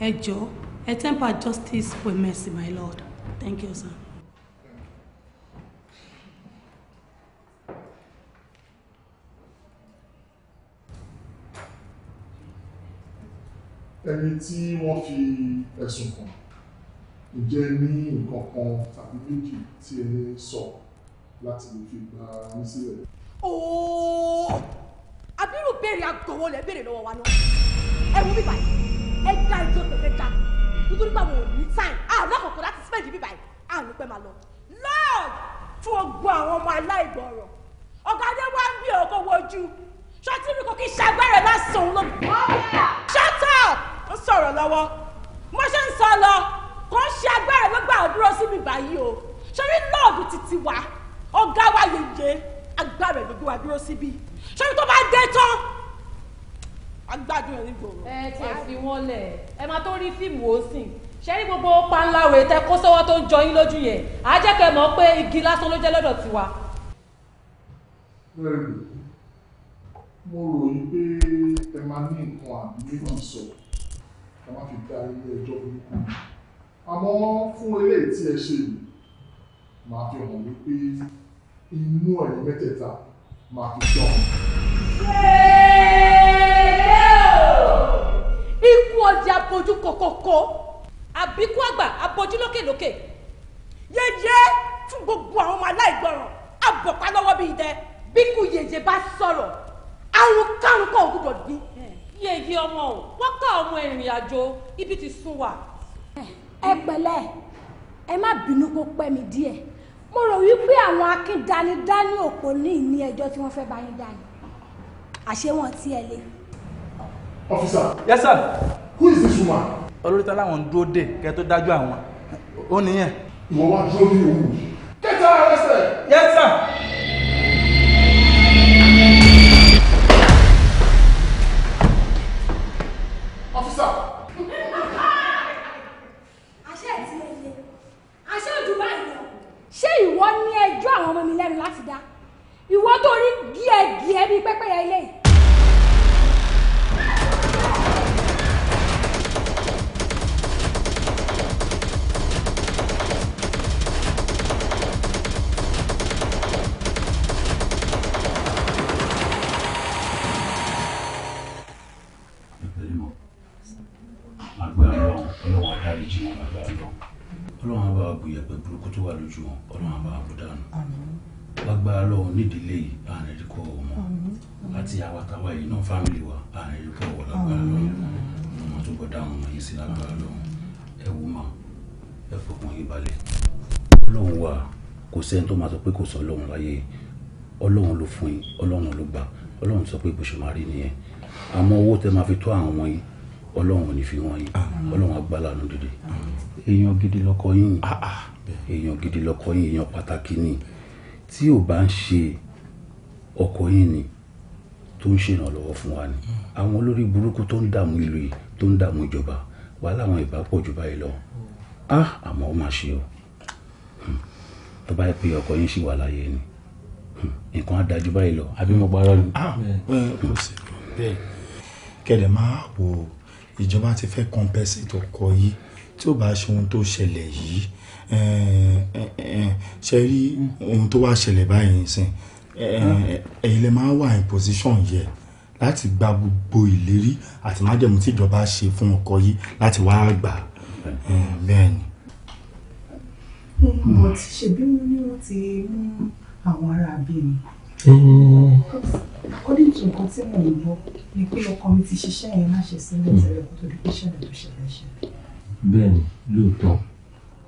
S4: ẹ jọ̀ọ́ ẹ temper justice for mercy my lord thank you sir.
S2: ẹni tí wọ́n fi ẹ̀sùn kàn ǹjẹ́ ní nǹkan kan tàbí méjì tí ẹni sọ láti lè fi gba ní sílẹ̀.
S4: ooo béèrè agọwọ lẹ béèrè lọ́wọ́ wa náà ẹ bíbá ẹ dá ẹjọ́ tẹfẹ dá nítorí báwo ò ní time àná kòkó láti spend bíbá yìí àánú pẹ́ máa lọ lord fún ogun àwọn ọmọ aláìgbọràn
S8: ọ̀gá dé wá ń bí òkò wojú ṣọtí mi kò kí ṣàgbára lásán lóbi. shut up ń sọ̀rọ̀ lọ́wọ́ mo ṣe ń sọ lọ kò ń ṣe agbára gbégbá òdúró síbi báyìí o ṣorí lọ́ọ̀bù títí wa ọ̀gá wa yeye agbára
S3: gbogbo wa dúró síbi ṣorí tó bá dé tán agbádùn ẹ̀ nígboro. ẹ tiẹ̀ fi wọ́n lẹ̀ ẹ máa tó rí fíìmù ó sìn ṣe rí gbogbo panláwe tẹ kó sọ́wọ́ tó ń jọ yín lójú yẹn á jẹ́ kẹ́ mọ̀ pé igi lásán ló jẹ́ lọ́dọ̀ tiwa.
S2: mo rò ó pé ẹ máa ní nǹkan àbí mímọ̀ sọ ká má fi dá ilé ẹjọ́ burúkú àmọ́ fún eléyìí tí ẹ ṣe yìí máa fi hàn wípé inú ẹ̀yìn mẹ́tẹ̀ẹ̀ta máa fi dán.
S8: Oh!
S3: ikú ọjà abojú kọkọkọ àbíkú àgbà abojú lókèlókè yẹyẹ fún gbogbo àwọn ọmọ aláìgbọràn àbọ̀pá lọ́wọ́ bíi dẹ bí kú yẹyẹ bá sọ̀rọ̀ àrùn kárùn kan ò gbọdọ̀ gbin yéèyé ọmọ o wọ́n ká ọmọ ìrìn àjò ibi ti sún wa.
S4: ẹ pẹ̀lẹ́ ẹ má bínú kó pẹ́ mi díẹ̀ mo rò wípé àwọn akíndani dání òpó ní ìní ẹjọ́ tí wọ́n fẹ́ bá yín dání àṣé wọn ti ẹ lé.
S6: officer. yes sir. who is this woman. olórí tá láwọn ń dúró dè kẹ́ tó dájú àwọn ó nìyẹn. ìwọ wá dúró ní òwú. get her arrested. yes sir.
S4: àwọn ọmọ mi lẹ́nu láti dá ìwọ tó rí gíẹ̀gíẹ̀ bíi pẹ́pẹ́yẹ eléyìí
S5: ọlọ́run àbá wa bùyà pé burúkú tó wà lójú wọn ọlọ́run àbá wa bù dànù lágbára lọ́wọ́ nídìílé yìí àárín ẹ̀rí kọ́ ọmọ àti àwàtàwà yìí náà fámìlì wa àárín ẹ̀rí kọ́ ọwọ́ lágbára lọ́wọ́ ọmọ tó gbọ́dọ̀ àwọn ọmọ yìí sí lágbára lọ́wọ́ ẹ wù mà ẹ fọkàn yìí balẹ̀ ọlọ́run wa kò sẹ́ni tó máa sọ pé kò sọ ọlọ́run láyé ọlọ́run ló fún yín ọlọ́run ló gbà ọlọ́run sọ pé bó ṣe máa rí nìyẹn àmọ́ owó tẹ máa fi tó àwọn yìí ọlọ́run ò ní fi wọ́n yín ọlọ́run agbálànú dìde èèyàn gidi lọ́kọ yín ah, ah. èèyàn gidi lọ́kọ yín èèyàn pàtàkì ni tí ò bá ń ṣe ọkọ yín ni tó ń ṣèrànlọ́wọ́ fún wa ni hmm. àwọn olórí burúkú tó ń dààmú ìlú yìí tó ń dààmú ìjọba wàhálà àwọn ìbá pọ̀ jù báyìí lọ hmm. ah àmọ́ ó mà ṣe o hmm. tó bá yẹ pé ọkọ yín ṣì wà láyé ni nǹkan á dájú báyìí lọ àbí mo parọ́ ni. Ah, kẹ̀dẹ̀ máa wò ó
S2: ìjọba ti fẹ́ compensate ọkọ yìí tí ó bá ṣe ohun tó ṣẹlẹ̀ yìí ṣe rí ohun tó wá ṣẹlẹ̀ báyìí nìsín ẹ̀yin lè máa wà in position yẹ láti gba gbogbo ìlérí àti májẹ̀mú tí ìjọba ṣe fún ọkọ yìí láti wá gbà bẹ́ẹ̀ ni.
S8: mo ti ṣe bí wọ́n ti mú àwọn ará bí mi.
S5: Hmm
S8: according to nǹkan tí mò ń gbọ́ ni pé ọkọ mi ti ṣiṣẹ́ yẹn má ṣe sílẹ̀
S2: hmm. tẹ́lẹ̀ kó tó di pé ṣẹlẹ̀ tó ṣẹlẹ̀ ṣẹlẹ̀.
S5: bẹ́ẹ̀ni lóòótọ́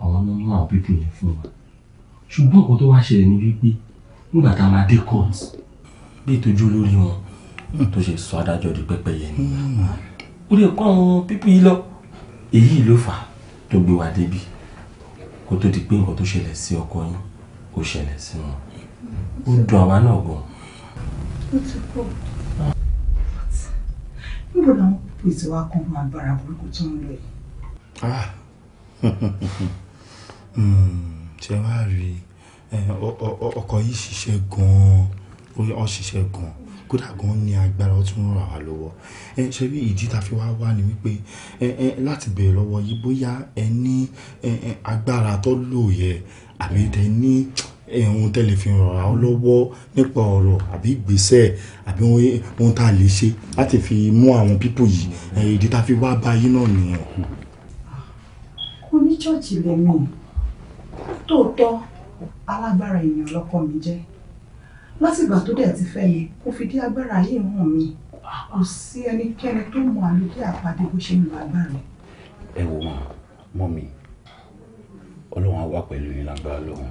S5: àwọn ló mú àwọn pípé fún wa ṣùgbọ́n nǹkan tó wá ṣẹlẹ̀ ni wípé nígbà tá a máa dé court bí ìtọ́jú olórí wọn hmm. tó ṣe sọ adájọ́ di pẹ́pẹ́yẹ ni hmm. ó lè kọ́ àwọn pípé yìí lọ èyí ló fà á tó gbé wa débi kó tó di pé nǹkan tó ṣẹlẹ̀ sí ọkọ yín ó ṣẹlẹ̀ sí wọn ó dùn àwa náà gan-an
S8: ó ti kọ́. níbo làwọn pípé tí wàá
S3: kàn fún agbára burúkú tó ń lọ yìí.
S5: Ah. [laughs]
S2: Hmm, ṣé wàá rí ọkọ̀ yìí ṣiṣẹ́ gan-an ó ṣiṣẹ́ gan-an kódà gan ní agbára ó tún ràn wá lọ́wọ́ ṣe bí ìdí tá fi wá wá ni wípé láti bẹ̀rẹ̀ lọ́wọ́ yìí bóyá ẹ ní agbára tó lò yẹ àbí tẹ ní ohun tẹ́ lè fi ràn án lọ́wọ́ nípa ọ̀rọ̀ àbí ìgbésẹ̀ àbí ohun tá a lè ṣe láti fi mú àwọn pípò yìí ìdí tá a fi wá bá yín náà nìyẹn.
S3: oníṣọ́ọ̀tì lèmi tóòtọ́ alágbára èèyàn lọ́kọ mi jẹ́ látìgbà tó dẹ̀
S4: ti fẹ́ mi kò fi dé agbára yìí hàn mí kò sí ẹnikẹ́ni tó mọ àlùdí àpàdé bó ṣe ń lo agbára.
S5: ẹ wo mọ mi Ọlọ́run á wà pẹ̀lú yín lágbára lọ́hùn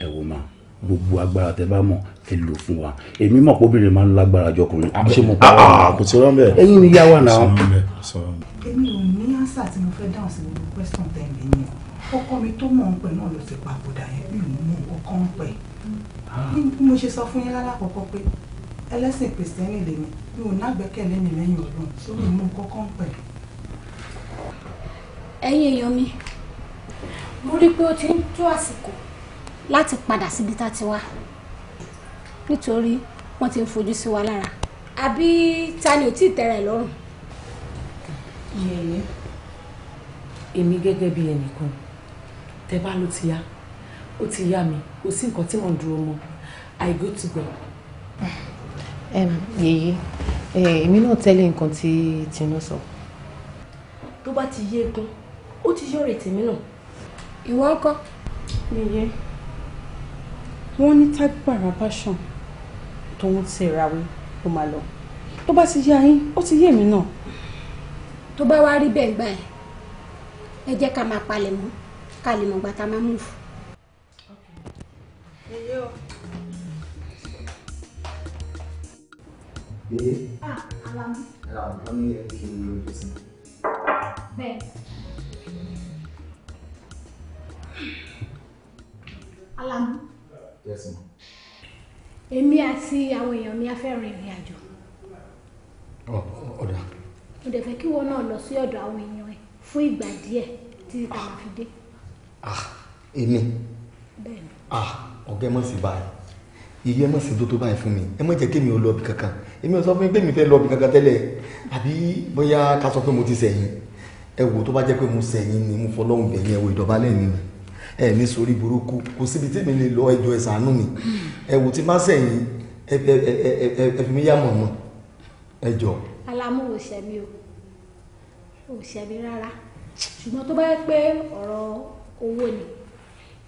S5: ẹ wò máa gbogbo agbára tẹ bá mọ ẹ lò fún wa èmi mọ̀ pé obìnrin máa ń lágbára jọ ọkùnrin àbí ṣe mo pa wà kò sí rán bẹ́ẹ̀ ẹ̀yin ni yá wà náà.
S4: èmi ò ní ánsà tí mo fẹ́ dáhùn sí gbogbo question tẹ̀ mí yẹn ọkọ mi tó mọ̀ ń pẹ̀ náà ló ti pa àbùdá yẹn mi ò mú ọkọ ń pẹ̀ bí mo ṣe sọ fún yín lálàkọ́kọ́ pé
S2: ẹlẹ́sìn kìrìsìtẹ́nì lèmi mi ò nágbẹ́kẹ̀lé mi lẹ́yìn ọlọ́run sórí mú kọ́kọ́ ń pẹ̀.
S4: ẹ̀yin èèyàn mi mo rí pé ó ti ń tó àsìkò láti padà síbi tá a ti wá nítorí wọ́n ti ń fojú sí wa lára àbí ta ni ò tí ì tẹ́ra ẹ̀ lọ́rùn.
S3: yẹ̀yẹ́ èmi gẹ́gẹ́ bí ẹnìkan tẹ́ bá ló ti yá ó ti yá mi kò sí nǹkan tí wọ́n dúró mọ́ i go to go. yèyé èmi náà tẹ́lẹ̀ nǹkan tí tinú sọ.
S4: tó bá ti yé egun ó ti yọ̀rẹ̀ tèmi náà. ìwọ ń kọ́. yèyé
S3: wọ́n ní tágbára bá ṣàn tòun ti
S4: ràwé ó máa lọ tó bá ti yá yín ó ti yé mi náà. tó bá wá rí bẹ́ẹ̀ gbà ẹ́ ẹ jẹ́ ká máa palẹ̀ mọ́ ká lè mọ̀gbà tá a máa múfù. Ah, Alamu. Yes, ma. Èmi àti àwọn èèyàn mi á fẹ́ rin ìrìn àjò. Oh, ọ̀dà. Mo dẹ̀ fẹ́ kí wọn náà lọ sí ọ̀dọ̀ àwọn èèyàn ẹ̀ fún ìgbà díẹ̀ títí tá máa fi dé.
S2: Ah, èmi. Bẹ́ẹ̀ni. Ah, ọ̀gá ẹ mọ̀ sí báyìí. Iye ẹ mọ̀ sí tó tó báyìí fún mi. Ẹ má jẹ́ kémi ò lọ ibì kankan. Èmi ò sọ fún mi pé mi fẹ́ lọ ibì kankan tẹ́lẹ̀. Àbí bóyá ká sọ pé mo ti sẹ̀yìn. Ẹ wò tó bá jẹ́ pé mo sẹ̀yìn ni mo fọlọ́hùn bẹ̀yìn ẹ wò ìdọ̀bálẹ̀ mi ẹ ní sórí burúkú kò síbi tí mi lè lọ ẹjọ́ ẹ ṣàánú mi ẹ wò tí má sẹ́yìn ẹ fi mí yá mọ̀mọ́ ẹ jọ.
S4: Alamu ò ṣẹ̀mí o ò ṣẹ̀mí rárá ṣùgbọ́n tó bá yẹ pé ọ̀rọ̀ owó ni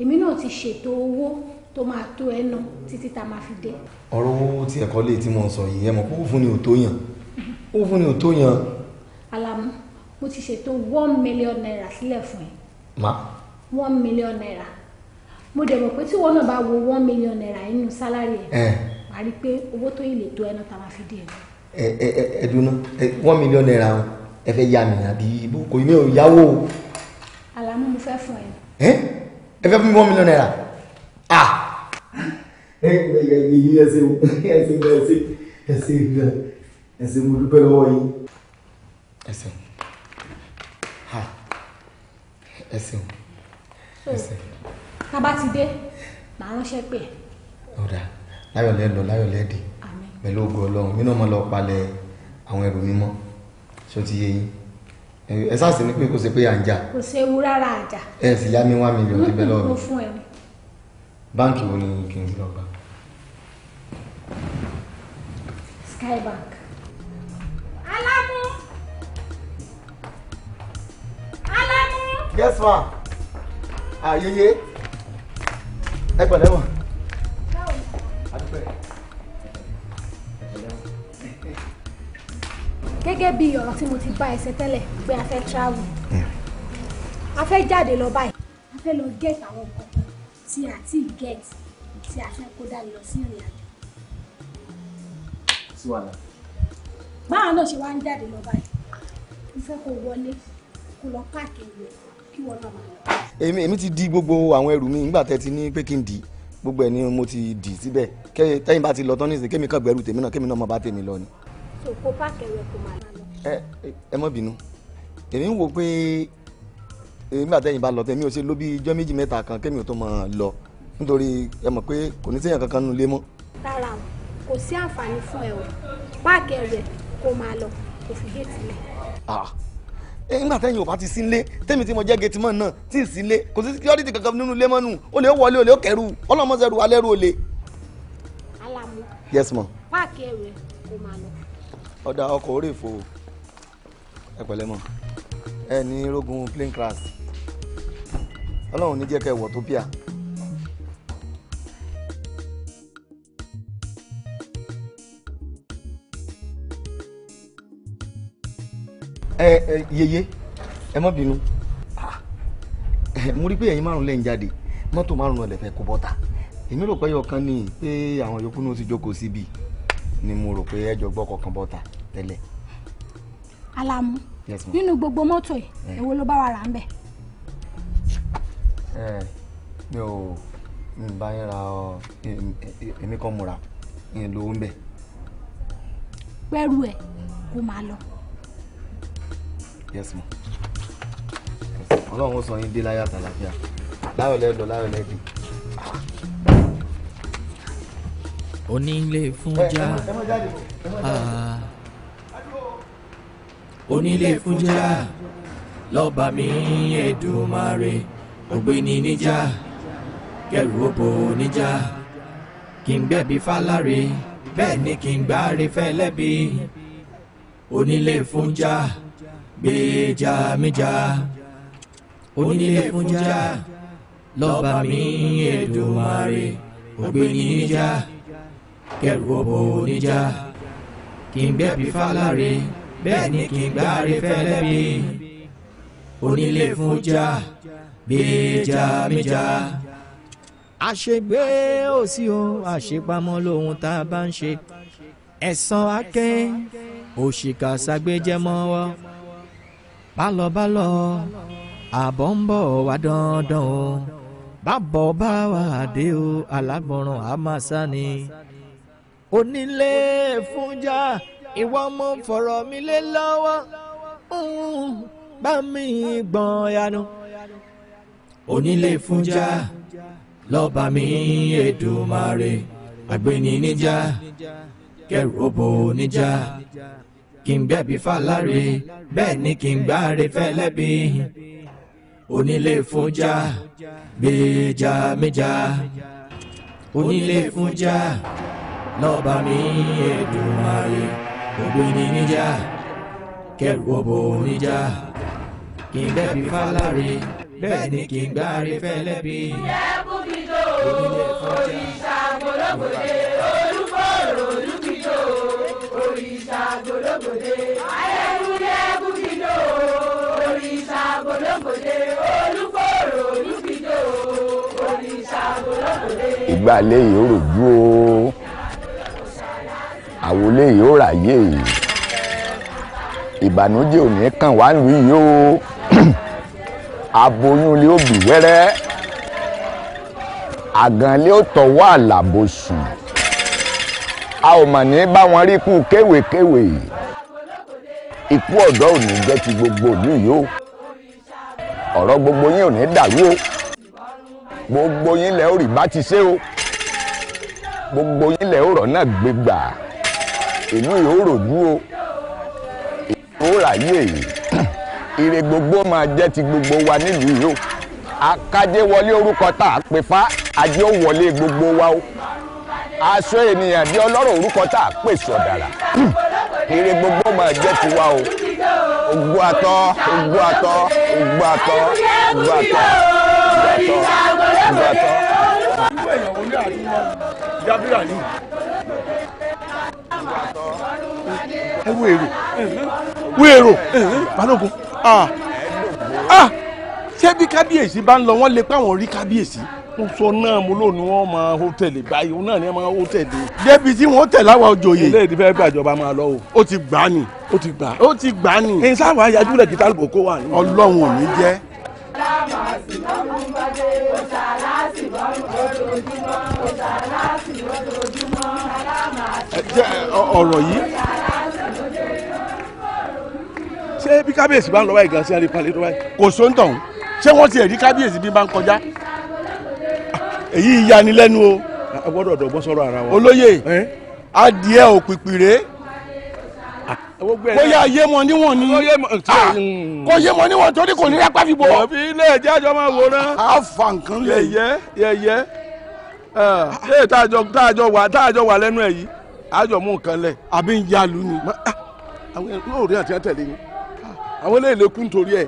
S4: èmi náà ti ṣètò owó tó máa tó ẹ náà títí tá a máa fi dé.
S2: ọ̀rọ̀ owó tí ẹ̀kọ́ lè tí mo sọ yìí ẹ mọ̀ kó fún ni ò tó yàn ó fún ni ò tó yàn.
S4: Alamu mo ti ṣètò one million naira sílẹ̀ fún ẹ. má one million naira mo dẹ̀ mọ̀ pé tí wọn náà bá wo one million naira nínú sálárì ẹ̀ wàá eh. rí i pé owó tó yìí lè tó ẹnu tá a máa fi dé ẹ̀.
S2: ẹ ẹ ẹ ẹ dunu one million naira ẹ fẹ́ yá mi àbí ibo kò ní ìyàwó.
S4: àlámú mo fẹ́ fún ẹ. ẹ eh?
S2: ẹ fẹ́ fún mi one million naira ah. Eh, ẹ ẹ ẹ ẹ ṣe ẹ ṣe ẹ ṣe ẹ ṣe ẹ ṣe mo dúpẹ́ lọ́wọ́ yín. ẹ ṣeun ẹ ṣeun
S4: tá a bá ti dé màá ránṣẹ́ pé ẹ̀.
S2: ọ̀dà láyọ̀lẹ́ lọ láyọ̀lẹ́ dé pẹ̀lú ògo ọlọ́run nínú ọmọ lọ palẹ̀ àwọn ẹrù mi mọ́ ṣó ti yé yín ẹ sáàsì ni pé kò ṣe pé à
S4: kò ṣe ewu rárá àjà ẹ sì yá mi wá mi lòdì bẹ́ẹ̀ lọ́wọ́ mi fún ẹ
S2: báǹkì wo ni kì í lọ gbà.
S4: Skybank. Alamu! Alamu!
S2: Yes, ma ayẹyẹ ẹ pẹ̀lẹ́ mọ̀
S4: gẹ́gẹ́ bí ọ̀rọ̀ tí mo ti bá ẹsẹ̀ tẹ́lẹ̀ pé a fẹ́ travel a fẹ́ jáde lọ báyìí a fẹ́ lọ get àwọn nǹkan tí a ti get tí a fẹ́ kó dání lọ sí ìrìn àjò. sí wàhálà. báwa náà ṣe wá ń jáde lọ báyìí mo fẹ́ kó wọlé kó lọ káàkiri kí wọn náà máa lọ
S2: èmi èmi ti di gbogbo àwọn ẹrù mi nígbà tẹ́ ti ní pé kí n dì gbogbo ẹ̀ ni mo ti dì í síbẹ̀ kẹ́ bá ti lọ tán nísìnyí kémi kàn gbẹ́rù tèmi náà kémi náà mo bá tèmi lọ ni.
S4: so kó páàkì ẹ̀rọ kò máa lọ.
S2: ẹ ẹ mọ bínú èmi ń wo pé nígbà tẹ́yìn bá lọ tẹ́mi ò ṣe ló bí ijọ́ méjì mẹ́ta kan kémi ò tó máa lọ nítorí ẹ mọ̀ pé kò ní séèyàn kankan nù lé mọ́.
S4: rárá o kò sí àǹfààní fún ẹ o páàkì kò máa lọ kò fi gé
S2: nígbà tẹ́yìn ò bá ti sí ilé tẹ́mi tí mo jẹ́ gẹ̀tì mọ́ náà tí ì sí ilé kò sí security kankan nínú ilé o lè wọlé o lè kẹrù ọlọ́mọṣẹ́rù alẹ́ rú
S4: alamu yes ma. Paaki ewe ẹ kò máa lọ.
S2: ọ̀dà ọkọ̀ orí ìfò ẹ mọ̀ ẹ ní rogun plane crash ọlọ́run ní jẹ́ kẹ́ Eh, eh, yeye ẹ má bínú ah, eh, mo rí pé ẹ̀yin márùn lẹ́yìn jáde mọ́tò márùn ọ̀lẹ̀ fẹ́ kó bọ́ta èmi rò pé ọkàn ni pé àwọn yòókù náà ti jókòó síbi ni mo rò pé ẹjọ́ gbọ kọ̀ọ̀kan Alamu nínú
S4: gbogbo mọ́tò yìí èwo ló bá wa rà ń bẹ̀.
S2: ẹ mi ò ń bá yín ra ọ èmi kan yes ma ọlọ́run sọ yín dé láyé àtàlàfíà láyọ̀ lẹ́dọ̀ láyọ̀ lẹ́dì.
S1: onílé fúnjà onílé fúnjà lọ́ba mi Èdùmàrè ògbéni níjà kẹrù òbò níjà kí n gbẹ̀bí fáláre bẹ́ẹ̀ ni kí n gbáre fẹ́lẹ́bí onílé fúnjà gbèjà méjà onílé lọ́ba mi Èdùmàrè ògbéni níjà kẹrù ọ̀bọ níjà kì í gbẹ̀bí fáláre bẹ́ẹ̀ ni kì í gbáre fẹ́lẹ́bí onílé fúnjà gbèjà méjà. àṣegbé ò o àṣepamọ́ lóhun tá a bá ń ṣe ẹ̀san akẹ́ òṣìkà ságbéjẹ́ mọ́wọ́ bálọ bálọ àbọ̀ ń bọ̀ wá dandan o bábọ̀ bá wà dé o alágbọ̀nràn àmàṣà ni onílé fúnjà ìwọ mo fọ̀rọ̀ mi lé lọ́wọ́ bá mi gbọ̀n yanu. onílé fúnjà lọ́ba mi Èdùmàrè àgbéni níjà kẹrù òbò níjà kí n gbẹ̀bí fàlàrè bẹ́ẹ̀ ni kí n gbáre fẹ́lẹ́bí onílé fúnjà gbèjà méjà onílé fúnjà lọ́ba mi Èdùmàrè ògbéni níjà kẹrù ọbọ níjà kí n gbẹ̀bí fàlàrè bẹ́ẹ̀ ni kí n gbáre fẹ́lẹ́bí. ìyá
S9: kúbi tó
S2: gbà léyìí ó rojú o àwo léyìí ó ráyè ìbànújẹ́ ò ní kàn wá lù yìí o [clears throat] aboyún lé òbí wẹ́rẹ́ àgàn lé ó tọ̀wọ́ àlàbò sùn a ò mà ní bá wọn rí kú kéwèkéwè ikú ọ̀dọ́ ò ní jẹ́ ti gbogbo ìlú yìí o ọ̀rọ̀ gbogbo yín ò dàrú o gbogbo yín lẹ́ ò rí bá ti ṣe o gbogbo yín lẹ́ ò rọ̀ náà gbé gbà ìlú ìhòòrò dúró ìhòòrà yé [clears throat] ire gbogbo máa jẹ́ ti gbogbo wa nílùú yìí o akadé wọlé orúkọ tá a pè fá ajé ó wọlé gbogbo wa o aṣọ ènìyàn bí ọlọ́rọ̀ orúkọ tá a pè sọ̀dàrà [clears throat] ire gbogbo máa jẹ́ tiwa o ògbó àtọ́ ògbó àtọ́ ògbó àtọ́ ògbó àtọ́ ìgbà tán irú èèyàn wo ní àdúgbò jábírà ní
S6: ẹ wo èrò wo èrò balógun ah. ah. ṣé bí kábíyèsí bá ń lọ wọ́n lè pé àwọn rí kábíyèsí ó sọ náà mo lónìí wọn máa hótẹ́ẹ̀lì báyìí òun náà ni wọn máa hótẹ́ẹ̀lì. débi tí wọn tẹ̀ láwa òjòyè. ilé ìdífẹ́ gbàjọba máa lọ o. ó ti gbà á nì. ó ti gbà. ó ti gbà á nì. ẹ̀yin sáà wàá yájú lẹ̀ kí tálùbọ̀ kó wà ní. ọlọ́run ò ní jẹ́ láàmú àsìkọ́nù gbọ́dé òṣà lásìkọ́nù lójoojúmọ́ òṣà lásìkọ́nù lójoojúmọ́ láàmú àsìkọ́nù ọ̀rọ̀ yìí ṣé bí kábíyèsí bá ń lọ wáyé
S2: gan sí àrípalẹ̀ tó wáyé kò sóńtàn ṣé wọ́n ti ẹ̀rí kábíyèsí bí bá ń kọjá èyí yanilẹ́nu o. a gbọ́dọ̀ dọ̀gbọ́n sọ̀rọ̀ ara wa. olóyè adìẹ
S6: òpìpìrè bóyá yé mọ níwọ̀n ni kò yé mọ ah! ah! níwọ̀n torí kò ní rápá fi bọ̀. òbí ilé ẹ̀jẹ̀ àjọ máa wò ná. a fa nǹkan lẹ. yẹyẹ yẹyẹ ẹ ah! tààjọ tààjọ wà tààjọ wà lẹ́nu ẹ yìí àjọ mú nǹkan
S2: lẹ. àbí ń yá ni. àwọn ẹ̀rọ òòrùn àti ẹ̀tẹ̀lẹ̀ ni àwọn eléyìí lè kú nítorí ẹ̀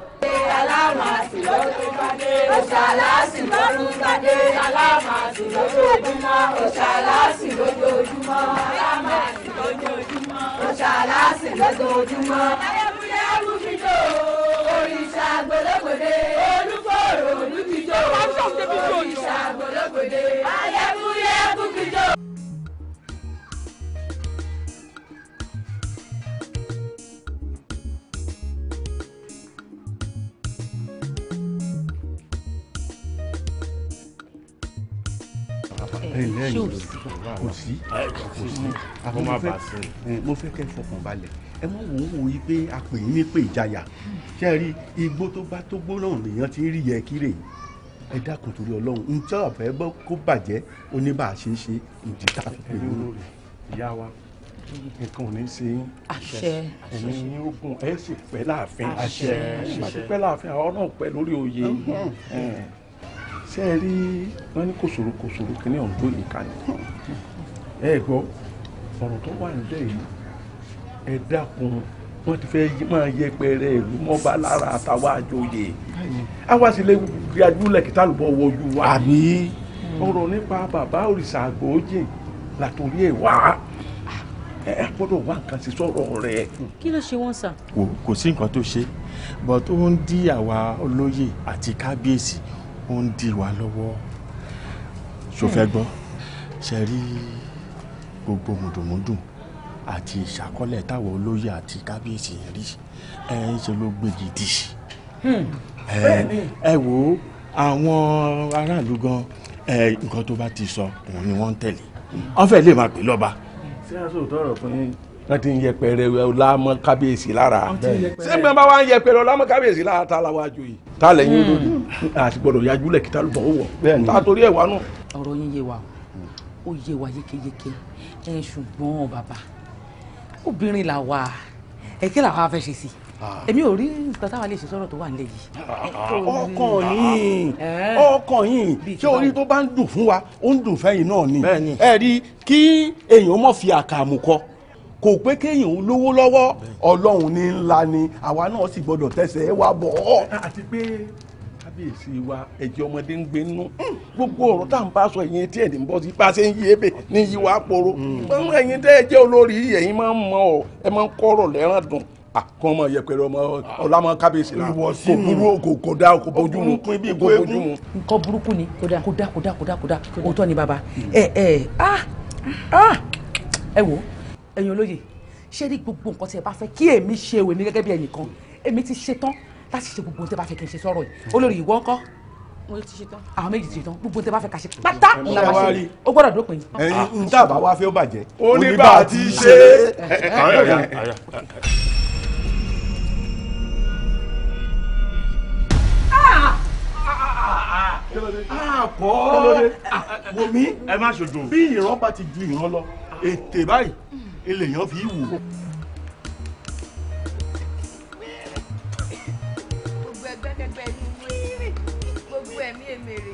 S8: sálámà sí lójoojúmọ́dé. Òṣàlá sí lójoojúmọ́dé. Sálámà sí lójoojúmọ́. Òṣàlá sí lójoojúmọ́. Sálámà sí lójoojúmọ́. Òṣàlá sí lójoojúmọ́. Ayébúyẹ́rú fi jò. Òrìṣà gbòdògbòdè. Olúfòrò olúfijò. Òrìṣà gbòdògbòdè. Ayébúyẹ́rú fi jò.
S2: ṣé ò kò sí kò sí mo fẹ́ kẹ́ fọkàn balẹ̀ ẹ mọ̀ wò ó wò yí pé a pè yín ní pé ìjayà ṣe rí igbó tó bá tó gbó náà ti rí yẹ kírè ẹ dákun torí ọlọ́run ń tẹ́ ọ̀fẹ́ gbọ́ kó bàjẹ́ oníbà ṣe é ṣe ìdí tá fi pè é
S6: ìyá wa nǹkan ò ní ṣe yín ẹ̀mí ní ogun ẹ̀ sì pẹ́ láàfin àṣẹ àṣẹ pẹ́ láàfin àwọn náà pẹ́ lórí oyè ṣe é rí wọn ní kòsòrò kòsòrò kìíní ọ̀hún tó yìí kan ẹ gbọ́ ọ̀rọ̀ tó wà nílẹ̀ yìí ẹ dákun wọ́n ti fẹ́ máa yẹpẹrẹ ìlú mọ́ba lára àtàwọn àjòyè àwa sì lè rí ajúlẹ̀ kí tálùbọ̀ wọ ojú wa. àbí. ọ̀rọ̀ nípa bàbá òrìṣà àgbòójì látòrí ẹ̀ wá ẹ ẹ gbọ́dọ̀ wá nǹkan sí sọ̀rọ̀ rẹ̀.
S3: kí ló ṣe wọ́n sà.
S2: kò sí nǹkan tó ṣe but ó ń dí àwa olóyè àti kábíyèsí ó ń dì wá lọ́wọ́ ṣó gbọ́ ṣe rí gbogbo mùdùmùdù àti ìṣàkọlẹ̀ táwọn olóyè àti kábíyèsí yẹn rí ẹ ń ṣe ló gbé gidi hmm. ẹ wo àwọn aráàlú gan
S6: nǹkan tó bá ti sọ òun ni wọ́n ń tẹ̀lé wọ́n lè máa pè lọ́ba. sí àṣọ òótọ́ ọ̀rọ̀ fún yín wọ́n ti ń yẹpẹrẹ ọlámọ kábíyèsí lára sẹ́gbẹ̀ẹ́ bá wà ń yẹpẹrẹ ọlámọ kábíyèsí lára tá a la wá jò yìí tá a lẹ́yìn olórí àti hmm. gbọ́dọ̀ yájú lẹ̀ kí tálùbọ̀ ó wọ̀ tá a torí ẹ̀ wá
S3: nù. ọ̀rọ̀ yín yé wa ó yé wa yékéyéké ẹ ṣùgbọ́n bàbá obìnrin là wà ẹ kí làwọn afẹ́ ṣe sí èmi ò rí nǹkan táwa lè ṣe sọ̀rọ̀ tó wà nílẹ̀ yìí. ọkàn yìí
S2: ọkàn yìí ṣé orí tó bá ń dùn fún wa ó ń dùn fẹ́yìn náà ni ẹ rí kí èèyàn mọ̀ fi àkàmù kọ kò pé kéèyàn ó lówó lọ́wọ́ ọlọ́run ní ńlá ni àwa náà sì gbọ́dọ̀ tẹsẹ̀ wá bọ̀ ọ́. àti pé kábíyèsí wa ẹ̀jẹ̀ ọmọdé ń gbé nú hmm. gbogbo ọ̀rọ̀
S6: tá à ń bá sọ ẹ̀yin tí ẹ̀dín bọ́ sí pàṣẹ ń yí wa poro hmm. ẹ̀yin tẹ́ ẹ olórí ẹ̀yin máa ń mọ ọ ẹ máa ń kọ́rọ̀ dùn yẹpẹrẹ ọmọ ọlámọ kábíyèsí la kò burú kò kò bójú mu kò bójú mu.
S3: burúkú ẹ̀yin olóye ṣé rí gbogbo nǹkan tí ẹ bá fẹ́ kí èmi ṣe o èmi gẹ́gẹ́ bí ẹnìkan èmi ti ṣe tán láti ṣe gbogbo nǹkan tí ẹ bá fẹ́ kí n ṣe sọ̀rọ̀ yìí olórí ìwọ ńkọ́ mo ti ṣe tán àwọn méjì ti ṣe tán gbogbo nǹkan tí ẹ bá fẹ́ ká ṣe pátá
S2: làwọn ṣe o gbọ́dọ̀ dópin. ẹ̀yin
S6: n tá bá wá fẹ́ ó bàjẹ́ ó ní bá a ti ṣe
S9: é.
S8: àpọ̀
S2: wòmí ẹ má ṣojo bí ìran ti ju ìran lọ ètè báyìí eléyàn
S6: fi wò.
S8: gbogbo ẹgbẹ́kẹgbẹ́ ni gbogbo ẹ̀mí èmèrè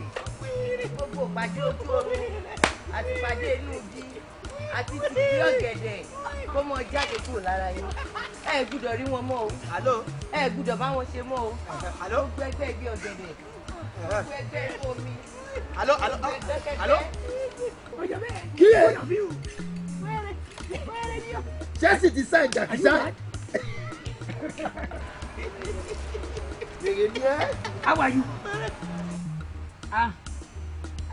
S8: gbogbo pàdé ojú omi àti pàdé inú bí àti tìbí ọ̀gẹ̀dẹ̀
S3: kó mọ jáde kúrò lára yín ẹ gbúdọ̀ rí wọn mọ́ o ẹ gbúdọ̀ bá wọn ṣe mọ́
S1: o gbogbo ẹgbẹ́ ìgbé ọ̀gẹ̀dẹ̀ gbogbo ẹgbẹ́ omi gbogbo ẹgbẹ́ kẹ́kẹ́.
S8: kí ẹ.
S2: Chelsea ti sign Jakisa. [laughs]
S3: How are you? Ah,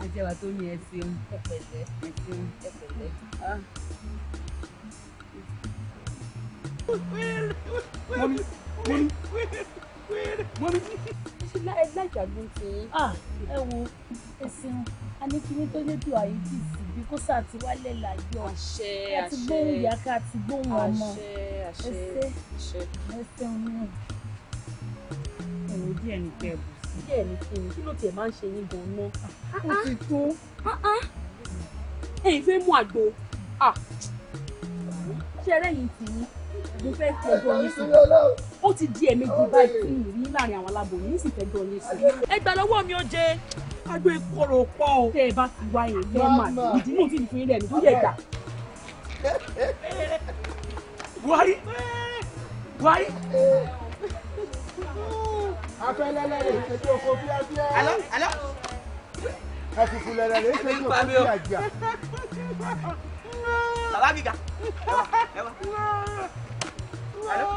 S3: àjẹwà tó ní ẹ ṣeun.
S8: Ẹ pẹ̀lẹ́. Ẹ ṣeun. Ẹ pẹ̀lẹ́.
S4: Mọ́mí, mọ́mí, mọ́mí ti láìjà gún ti yín. ẹ wo ẹsìn
S3: aníkíní tó lé dùn àyè tí ìsìnkú kó sà ti wálẹ̀ láyọ̀ àṣẹ àṣẹ ká ti gbóhùn ìyá ká ti gbóhùn ọmọ
S4: ẹsẹ ẹsẹ òun.
S3: ẹ̀rọ díẹ̀ ní kẹ́ ẹ̀ bù sí. díẹ̀ ní kí ni kí ló tiẹ̀ máa ń ṣe yín gan-an náà.
S8: Ah, ó ti tó.
S3: Ah, ah. ẹ̀yin fẹ́ mú àgbo ṣẹ́rẹ́ yìí ti yín mo fẹ́ fi ẹjọ́ yín sùn ó ti di ẹ̀ẹ̀mejì báyìí fún mi rí láàrin àwọn aláboyún ní ìsìnkú ẹjọ́ yín sùn.
S8: ẹ lọ́wọ́ mi ó jẹ agbó ìkorò pọ̀ o. ẹ bá ti wá èyí mà ìdí
S3: náà ti fi ilẹ̀ nígbó yẹ̀gbà.
S8: Buhari Buhari. afẹ́lẹ́lẹ́ lè ṣe tí fíafíà. alo alo. ẹ fùfù lẹ̀lẹ̀ lè ṣe fíafíà bàbá gíga
S2: ẹ wá ẹ wá.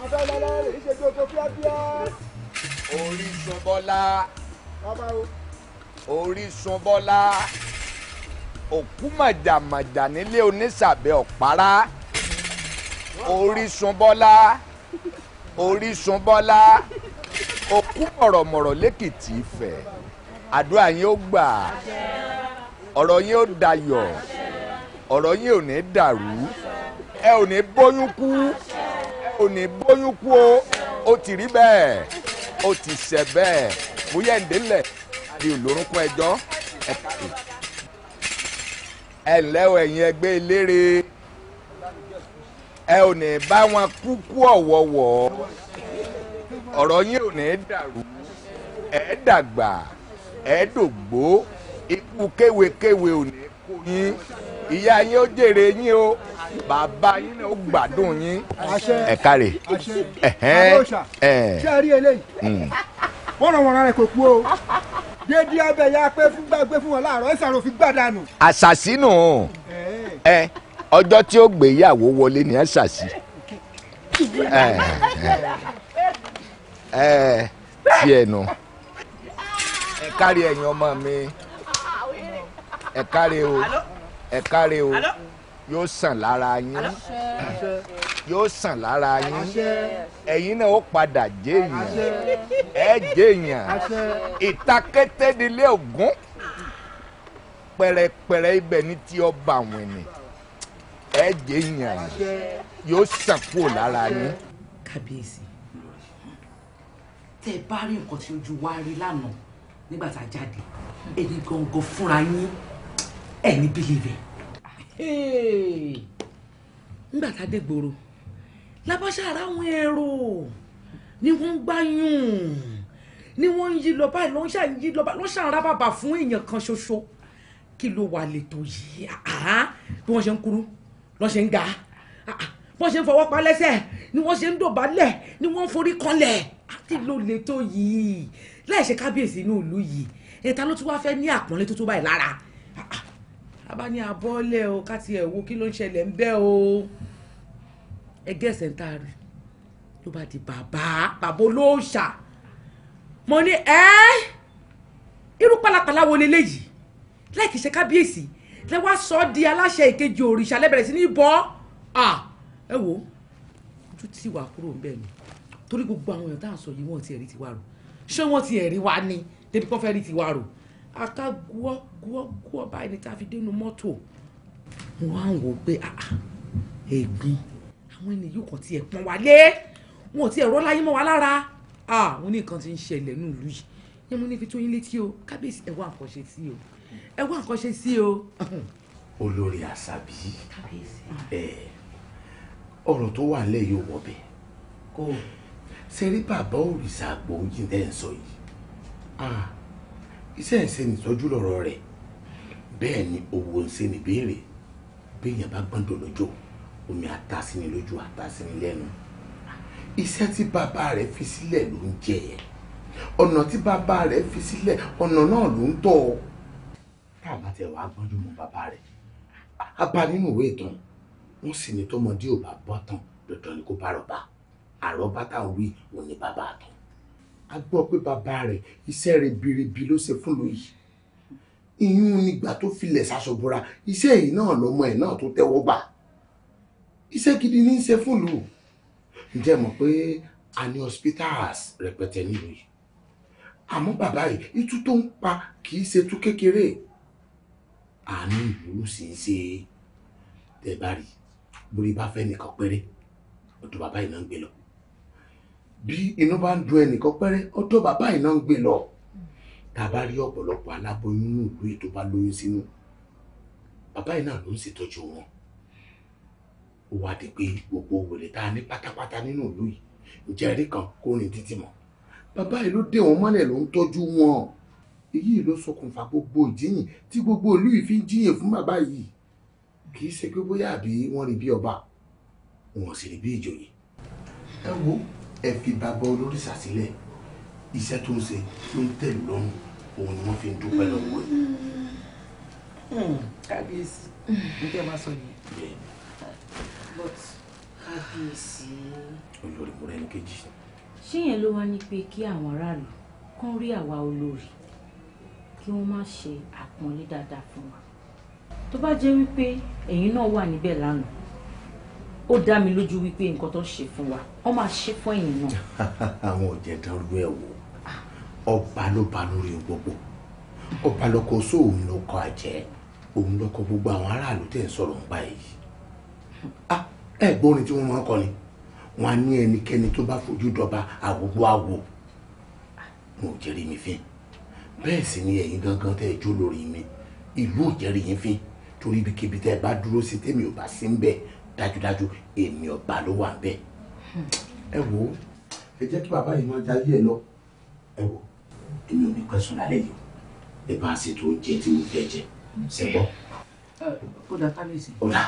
S2: abẹ́lẹ́lẹ́ rèé ṣe tó tó fíáfíá.
S1: Orísun Bọ́lá
S2: Orísun Bọ́lá òkú màjàmàjà nílé onísàbẹ̀ ọ̀pára Orísun Bọ́lá Orísun Bọ́lá òkú mọ̀rọ̀mọ̀rọ̀ lẹ́kìtì Ifẹ̀ àdúrà yín ó gbà ọ̀rọ̀ yín ó ọ̀rọ̀ yín ò ní dàrú ẹ ò ní bóyún kú ẹ ò ní bóyún kú o ti rí bẹ́ẹ̀ ó ti ṣẹ bẹ́ẹ̀ mú yẹ̀ǹdé lẹ̀ àti olórúkọ ẹjọ́ ẹ kàwé. ẹ ǹlẹ́ o ẹ̀yin ẹgbẹ́ eléré ẹ ò ní bá wọn kúkú ọ̀wọ̀wọ̀ ọ̀rọ̀ yín ò ní dàrú ẹ dàgbà ẹ dògbó ikú kéwékéwé ò ní kó yín ìyá yín ó jèrè yín o bàbá yín ó gbádùn yín ẹ káre wọ́n ràn wọ́n rárẹ̀ kò kú o dédé ọbẹ̀ ya pé fún gbàgbé fún wọn láàárọ̀ ẹ sàrò fi gbàdánù. àṣàṣínù ẹ ọjọ́ tí ó gbéyàwó wọlé ni ẹ ṣàṣì ẹ ti ẹnu ẹ kárí ẹ̀yin ọmọ mi ẹ kárí o ẹ káre o yóò sàn lára yín yóò sàn lára yín ẹ̀yin náà ó padà jéèyàn ẹ jéèyàn ìtakété nílé ògún pẹ̀rẹ̀pẹ̀rẹ̀ ibẹ̀ ní tí ọba àwọn ẹni ẹ jéèyàn yóò sàn kúrò lára yín.
S3: kábíyèsí tẹ́ ẹ bá rí nǹkan tí ojú wa rí lánàá nígbà tá a jáde èyí gangan fúnra yín
S2: ẹ̀ ní bílíìfẹ̀. nígbà tá a dé gbòòrò labasa ara àwọn èrò ni wọ́n ń
S3: gbáyùn ni wọ́n ń yí lọ báyìí lọ́n ṣàn yí lọ báyìí lọ́n ṣàn rábàbà fún èèyàn kan ṣoṣo kí ló wà lẹ́tọ̀ yìí bí wọ́n ṣe ń kuru lọ́n ṣe ń ga wọ́n ṣe ń fọwọ́ pa lẹ́sẹ̀ ni wọ́n ṣe ń dọ̀bálẹ̀ ni wọ́n ń forí kanlẹ̀ àti ló lè tó yìí láì ṣe kábíyèsí inú ìlú yìí ẹ̀ta ló tún wá fẹ́ ní àpọ́nlé tó tó báyìí lára a bá ní abọ́lẹ̀ o ká tiẹ̀ wo kí ló ń ṣẹlẹ̀ ń bẹ́ o ẹgẹ́ ṣẹ̀ńtà rẹ̀ ló bá di bàbá bàbá
S2: olóòṣà mo ní ẹ́ irú pálapàla wo leléyìí
S3: láì kìí ṣe kábíyèsí lẹ́wọ́ sọ ọ́ di aláṣẹ ìkejì òrìṣà lẹ́bẹ̀rẹ̀ sí ní bọ́ ẹ wò ojú tí wàá kúrò ń bẹ̀ ni torí gbogbo àwọn èèyàn tá à ń
S2: sọ yìí wọ́n ti ẹ̀rí tiwa rò ṣé wọ́n ti ẹ̀rí wa ni débi kọ́ fẹ́ rí tiwa rò aka guọ́ guọ́ guọ́ báyìí ni tá a fi dénú mọ́tò mo wá ń wò ó pé ah, ah, ẹ̀gbin
S3: àwọn ènìyàn yóò kàn tiẹ̀ pọ́n wá lé wọn ò tiẹ̀ rọ́ láyé mọ́ wa lára wọn ah, ní nǹkan tí ń ṣẹlẹ̀ ní ìlú yìí yẹn mo ní fi tó létí o kábíyèsí ẹ wá sí o ẹ wá nǹkan ṣe sí o.
S2: olórí àṣàbí ọ̀rọ̀ tó wà nílẹ̀ yóò wọ̀bẹ̀ ṣe rí bàbá òrìṣà àgbò yìí ẹ̀ ń sọ yìí iṣẹ́ ìṣe nìtọ́jú lọ́rọ̀ rẹ̀ bẹ́ẹ̀ ni owó ìṣe nìbéèrè béèyàn bá gbọ́ndọ̀ lọ́jọ́ omi àtàsíni lójú àtàsíni lẹ́nu iṣẹ́ tí bàbá rẹ̀ fi sílẹ̀ ló ń jẹ ẹ̀ ọ̀nà tí bàbá rẹ̀ fi sílẹ̀ ọ̀nà náà ló ń tọ̀ ọ́ tá a bá tẹ̀ wá gbọ́njú mọ́ bàbá rẹ̀ a bá nínú ìwé ìtàn wọ́n sì ní tọmọdé ò bá bọ́ tán dandan ni kó bá rọ̀ bá àrọ́bá táwọn wí òun bàbá àtọ̀ a gbọ́ pé bàbá rẹ̀ iṣẹ́ rẹ̀ biribi ló ṣe fún lóyìí ìyún nígbà tó filẹ̀ ṣàṣọ̀bùra iṣẹ́ yìí náà lọ́mọ ẹ̀ náà tó tẹ́wọ́ gbà iṣẹ́ gidi ní í ṣe fún lù ǹjẹ́ mọ̀ pé a ní hospitals rẹpẹtẹ nílùú yìí àmọ́ bàbá yìí itú tó ń pa kì í ṣe tú kékeré àánú ìlú sì ń ṣe tẹ̀ bá rí borí bá fẹ́ nìkan péré ọ̀dọ̀ bàbá yìí náà ń gbé lọ bí inú bá ń dun ẹnìkan pẹ́rẹ́ ọ̀dọ̀ bàbá yìí ń gbé lọ tá a bá rí ọ̀pọ̀lọpọ̀ aláboyún nínú ìlú ètò bá lóyún sínú bàbá yìí náà ló ń ṣètọ́jú wọn ó wá di pé gbogbo wèrè tá a ní pátápátá nínú ìlú yìí ǹjẹ́ rí kan kó rìn títí mọ́ bàbá yìí ló dé wọn mọ́lẹ̀ ló ń tọ́jú wọn èyí ló ṣokùnfà gbogbo ìjíyìn tí gbogbo ìlú yìí fi ń jíyìn fún bàbá yìí kì í ṣe pé bóyá àbí wọ́n rí bí ọba wọn sì rí bí ìjòyè ẹ wo ẹ fi bàbá olórìṣà sílẹ̀ iṣẹ́ tó ń ṣe tó ń tẹ̀lé lọ́rùn òun ni wọ́n fi ń dúpẹ́ lọ́wọ́ ẹ̀. Hmm,
S1: kábíyèsí ní kí ẹ máa sọ nìyẹn.
S5: but kábíyèsí. olórí mo rẹ ní kejì.
S3: ṣé yẹn ló wá ní pé kí àwọn aráàlú kán rí àwa olórí kí wọ́n má ṣe àpọ́nlé dáadáa fún wa tó bá jẹ́ wípé ẹ̀yin náà wà níbẹ̀ lánàá ó dá mi lójú wípé nǹkan tó ń ṣe fún wa wọ́n máa ṣe fún ẹ̀yìn náà.
S5: [laughs] àwọn
S2: òjẹ̀ dán rú ẹ̀ wò ọba ló ba lórí gbogbo ọba lọkọ sóòun lọkọ àjẹ́ òun lọkọ gbogbo àwọn aráàlú tẹ̀ ń sọ̀rọ̀ ń báyìí. Ah, ẹ gbórin tí wọ́n máa ń kọ ni wọ́n á ní ẹnikẹ́ni tó bá fojú dọba àwògbó àwò mo jẹ́rìí mi fín bẹ́ẹ̀ sì ni ẹ̀yin gangan tẹ́ ẹ jó lórí mi ìlú ò jẹ́rìí yín fín torí ibikíbi tẹ́ ẹ bá dúró sí tèmi ò bá sí ń bẹ́ẹ̀ dájúdájú èmi ọba ló wà bẹ́ẹ̀. ẹ wo ẹ jẹ́ kí bàbá yìí máa jayé ẹ lọ ẹ wo èmi ò ní pẹ́ sùn lálẹ́ yìí ẹ bá a ṣètò oúnjẹ
S8: tí mo fẹ́ jẹ ṣe gbọ́. ó dá kábíyèsí. ó dá.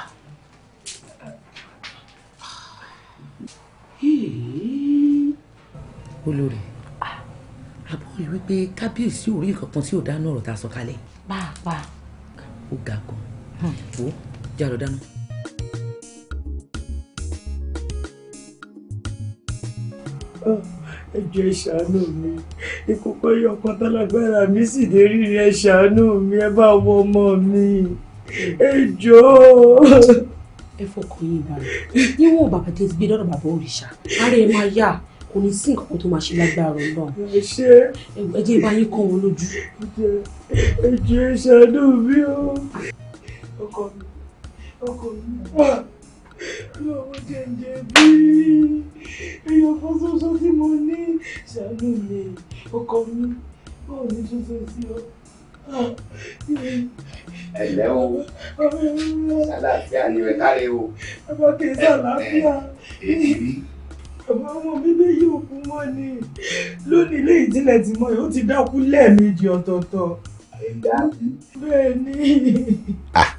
S3: olórí àbọ̀ yìí wípé kábíyèsí ò rí nǹkan kan tí ò dáná ọ̀rọ̀ tá a sọ kalẹ̀. pàápàá. ó ga gan-an wo jàrọ̀ dáná.
S2: ẹjọ́ ẹ ṣàánú mi ikú pé ọkọ mi sì dé rírí ẹ ṣàánú mi
S3: ẹ bá wọ ọmọ mi ẹjọ́. ẹ fọkàn yín balẹ̀ níwọ̀n bàbá tẹ ti gbé lọ́dọ̀ bàbá òrìṣà ara ẹ máa yá kò ní sí nǹkan tó máa ṣe
S8: lágbára Ọlọ́run ẹ jẹ́ ìbá yín kàn wọ́n lójú. ẹjọ́ ẹ ṣàánú mi o
S4: ọkọ mi ọkọ
S8: mi lọ́wọ́ jẹ̀jẹ̀ bí
S4: èèyàn kan ṣoṣo tí
S8: mo ní ṣàánú mi ọkọ mi ó ní ṣoṣo sí ọ. Ah,
S2: ẹ̀lẹ́ o ṣàlàfíà ni ẹ káre o. bàbá kì í ṣàlàfíà. Eh, eh, èyí rí. bàbá ọmọ mi lè yí òkú mọ́ ni lónìí ilé ìjìnlẹ̀ tí mo yóò ti dákú lẹ́ẹ̀mejì ọ̀tọ̀ọ̀tọ̀.
S8: bẹ́ẹ̀ ni. Ah,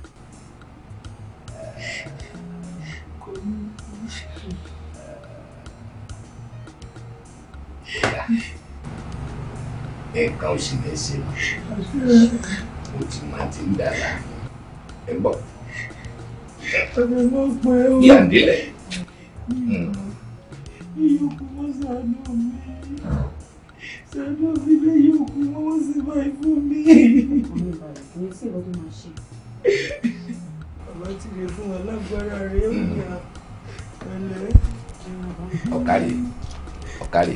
S2: nǹkan ò sì ní ṣe mo ti máa ti ń dára ẹ gbọ́. yàndílẹ̀. ìyókù wọn ṣàánú mi ṣàánú mi lé ìyókù wọn wọ́n sì máa fún mi. bàbá ti lè fún wa lágbára rẹ̀ ó yà ẹ̀lẹ́. ọ̀kàrí ọ̀kàrí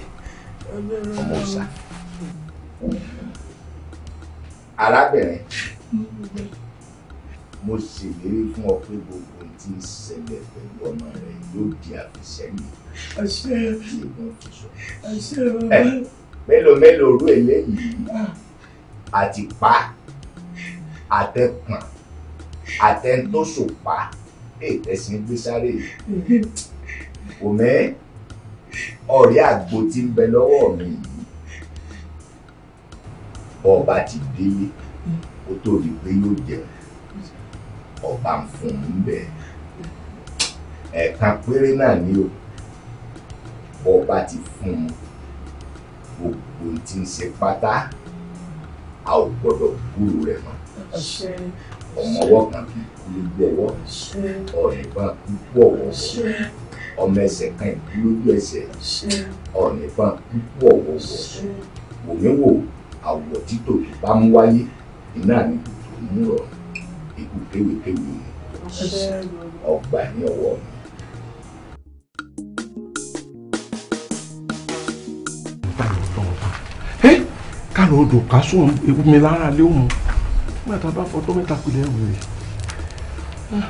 S2: ọmọ òòsà arábìnrin mo ṣèlérí fún ọ pé gbogbo ohun tí ń ṣẹlẹ̀ pẹ̀lú ọmọ rẹ yóò di àfisẹ́yìn
S8: àṣẹ ìgbọ̀n fi sọ àṣẹ
S2: ẹ mélòó mélòó rú eléyìí àti pa àtẹkùn àtẹntóṣùpá ètẹsìn gbé sáré òmẹ. [laughs] ọ̀rẹ́ àgbo ti ń bẹ lọ́wọ́ mi yìí ọba ti délé ó tó rí pé yóò jẹun ọba ń fún un bẹ́ẹ̀ ẹ̀ka péré náà ni o ọba ti fún un gbogbo ti ń ṣe pátá a ò gbọdọ̀ kúrò rẹ̀ mọ́ ọmọ ọwọ́ kan kì í kú lójú ọwọ́ ọ̀rẹ́ kú ọmọ ẹsẹ̀ kan ìbí lójú ẹsẹ̀ ọ̀nà ìbọn púpọ̀ wọ̀wọ̀ wòmíwò àwọ̀ títò bá ń wáyé iná ní kòtò ń rọ̀ ikú kéwékéwé ọgbà ní ọwọ́ mi.
S6: káàró odò kásù ewu mi lára lé òun nígbà tá a bá fọdún mẹ́ta pilẹ̀ wèrè. Ah,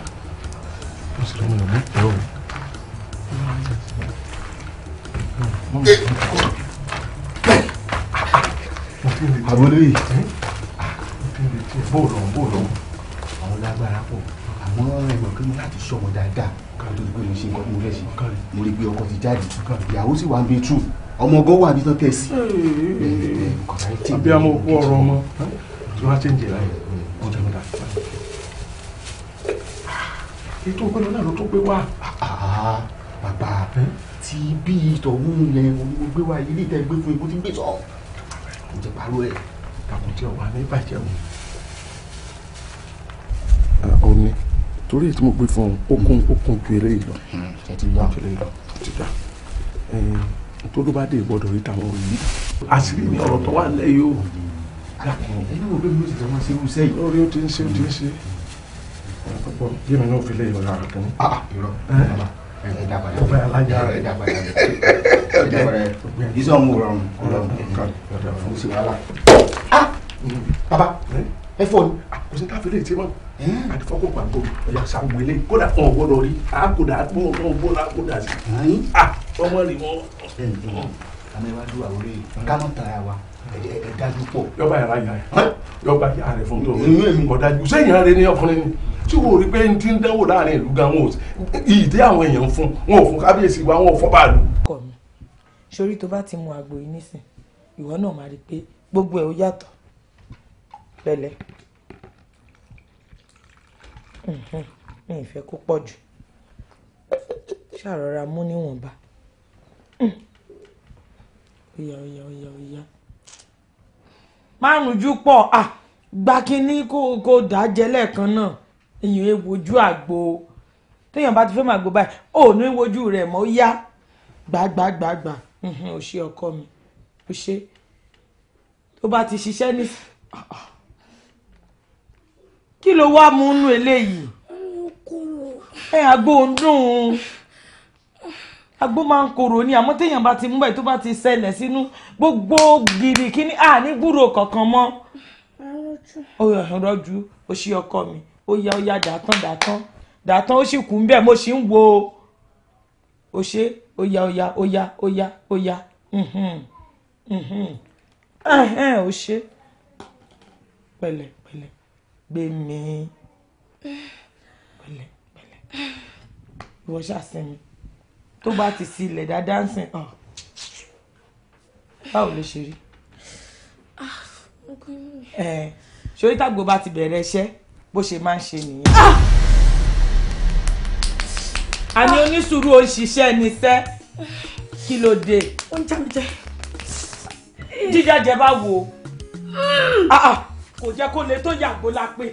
S6: wọ́n sì lọ́mọ ìyàwó àbólóyè
S2: bóòlù bóòlù àwọn lágbára pọ̀ àmọ́ ẹ̀gbọ́n kí mo láti sọmọ dáadáa káà tó di pé mo ṣe nǹkan tí mo fẹ́ ṣe mo rí i pé ọkọ ti jáde ìyàwó sì wà ń bẹ tù ọmọ ọgọ́ wà bí tó
S6: tẹ̀ sí. àbí àmọ́ òkú ọ̀rọ̀ ọmọ tí wọ́n á ṣe ń jẹ láyé ọjọ́ mi láti pàdé ètò ògbẹ́ni náà ló tó gbé wá.
S2: bàbá àti bí ìtọ̀hún yẹn mo gbé wá ilé tẹ́ gbé fún ikú tí ń gbé sọ kò ti parọ́ ẹ̀ kàkùtì ọ̀wà mi bàjẹ́ o. ọ̀nì torí èyí tí mo gbé fún un ó kún ó kún ju eléyìí
S6: lọ hmm, ó ti lọ ó ti dá tó ló bá dé ìgbọ́dọ̀ rí tàwọn òyìn. àṣírí ni ọ̀rọ̀ tó wà lẹ́yìn o. ẹni wo bẹ́ẹ̀ mi ló ti tẹ̀wọ́n sí irúṣẹ́ yìí. lórí ó ti ń ṣe ó ti ń ṣe. yémi hmm. náà fi lè yọ̀ọ́ ara
S2: ẹ dàgbàdà ọgbà alájà ẹ dàgbàdà ẹ dàgbàdà ìṣe ọmọ rọrùn rọrùn fún sí wàhálà. bàbá ẹ fọ ni.
S6: kò sí káfíńlì tí wọn àti fọkàn pàgbọ ọjà sàgbọn ilé kódà fún ọgbọdọ rí àkódà àtúbọ ọgbọdọ àkódà sí. ọmọ rẹ wọn. àmì wàá dúró àwòrán yìí ká mọ̀ tara wa ẹ dájú pọ̀. yọba yàrá yàrá yọba yàrá rẹ fún tó. èmi èmi
S2: kọ dájú sẹ́yìn ara rẹ
S6: ní ọkùnrin ni tí o rí pé n ti ń dánwò láàrin ìlú gan wọn ò
S2: ìdí àwọn èèyàn fún wọn ò fún kábíyèsí wa wọn ò fọ́ bàálù. ọkọ mi
S4: sórí tó bá ti mu àgbo yìí
S2: nísìn ìwọ náà máa rí i pé gbogbo ẹ ó yàtọ̀ pẹ̀lẹ́
S3: mi ì fẹ́ kó pọ̀ jù ṣàrọra mú níwọ̀nba oya
S1: oya oya oya
S3: márùn jù pọ̀ gbà kínní
S1: kó kó lẹ́ẹ̀kan náà èyàn ẹ wojú àgbo téèyàn bá ti fẹ́ máa gbó báyìí ò ní wojú rẹ̀ mọ́ yá gbàgbàgbàgbà ò ṣe ọkọ mi
S2: ò ṣe tó bá ti ṣiṣẹ́ ní. kí ló wá mú inú eléyìí ẹ àgbo ń dùn ún àgbo máa ń korò ni àmọ́ téèyàn bá ti mú báyìí tó bá ti ṣẹlẹ̀ sínú gbogbo gidi kíní ni ní gbúrò kankan mọ́ ó rọjú ó ṣe ọkọ mi ó yá ó yá dàtán dàtán dàtán ó sì kú ń bẹ́ẹ̀ mo sì ń wo
S1: ó ṣe ó yá ó yá ó yá ó yá ó yá ó ṣe pẹ̀lẹ́ pẹ̀lẹ́ gbé mi pẹ̀lẹ́ pẹ̀lẹ́ ìwọ ṣàṣẹmi tó bá ti sílẹ̀ dáadáa ń sìn hàn báwo ló ṣe rí. Ah, ṣé orí bá
S2: ti bẹ̀rẹ̀ iṣẹ́ bó ṣe máa ń ṣe nìyẹn. àní ah! onísùúrù òṣìṣẹ́ níṣẹ́ kí ló dé. ó ń jàmìjẹ. jíjàjẹ bá wo ah, ah. kò jẹ́ kó lè tó yàgò
S8: la pé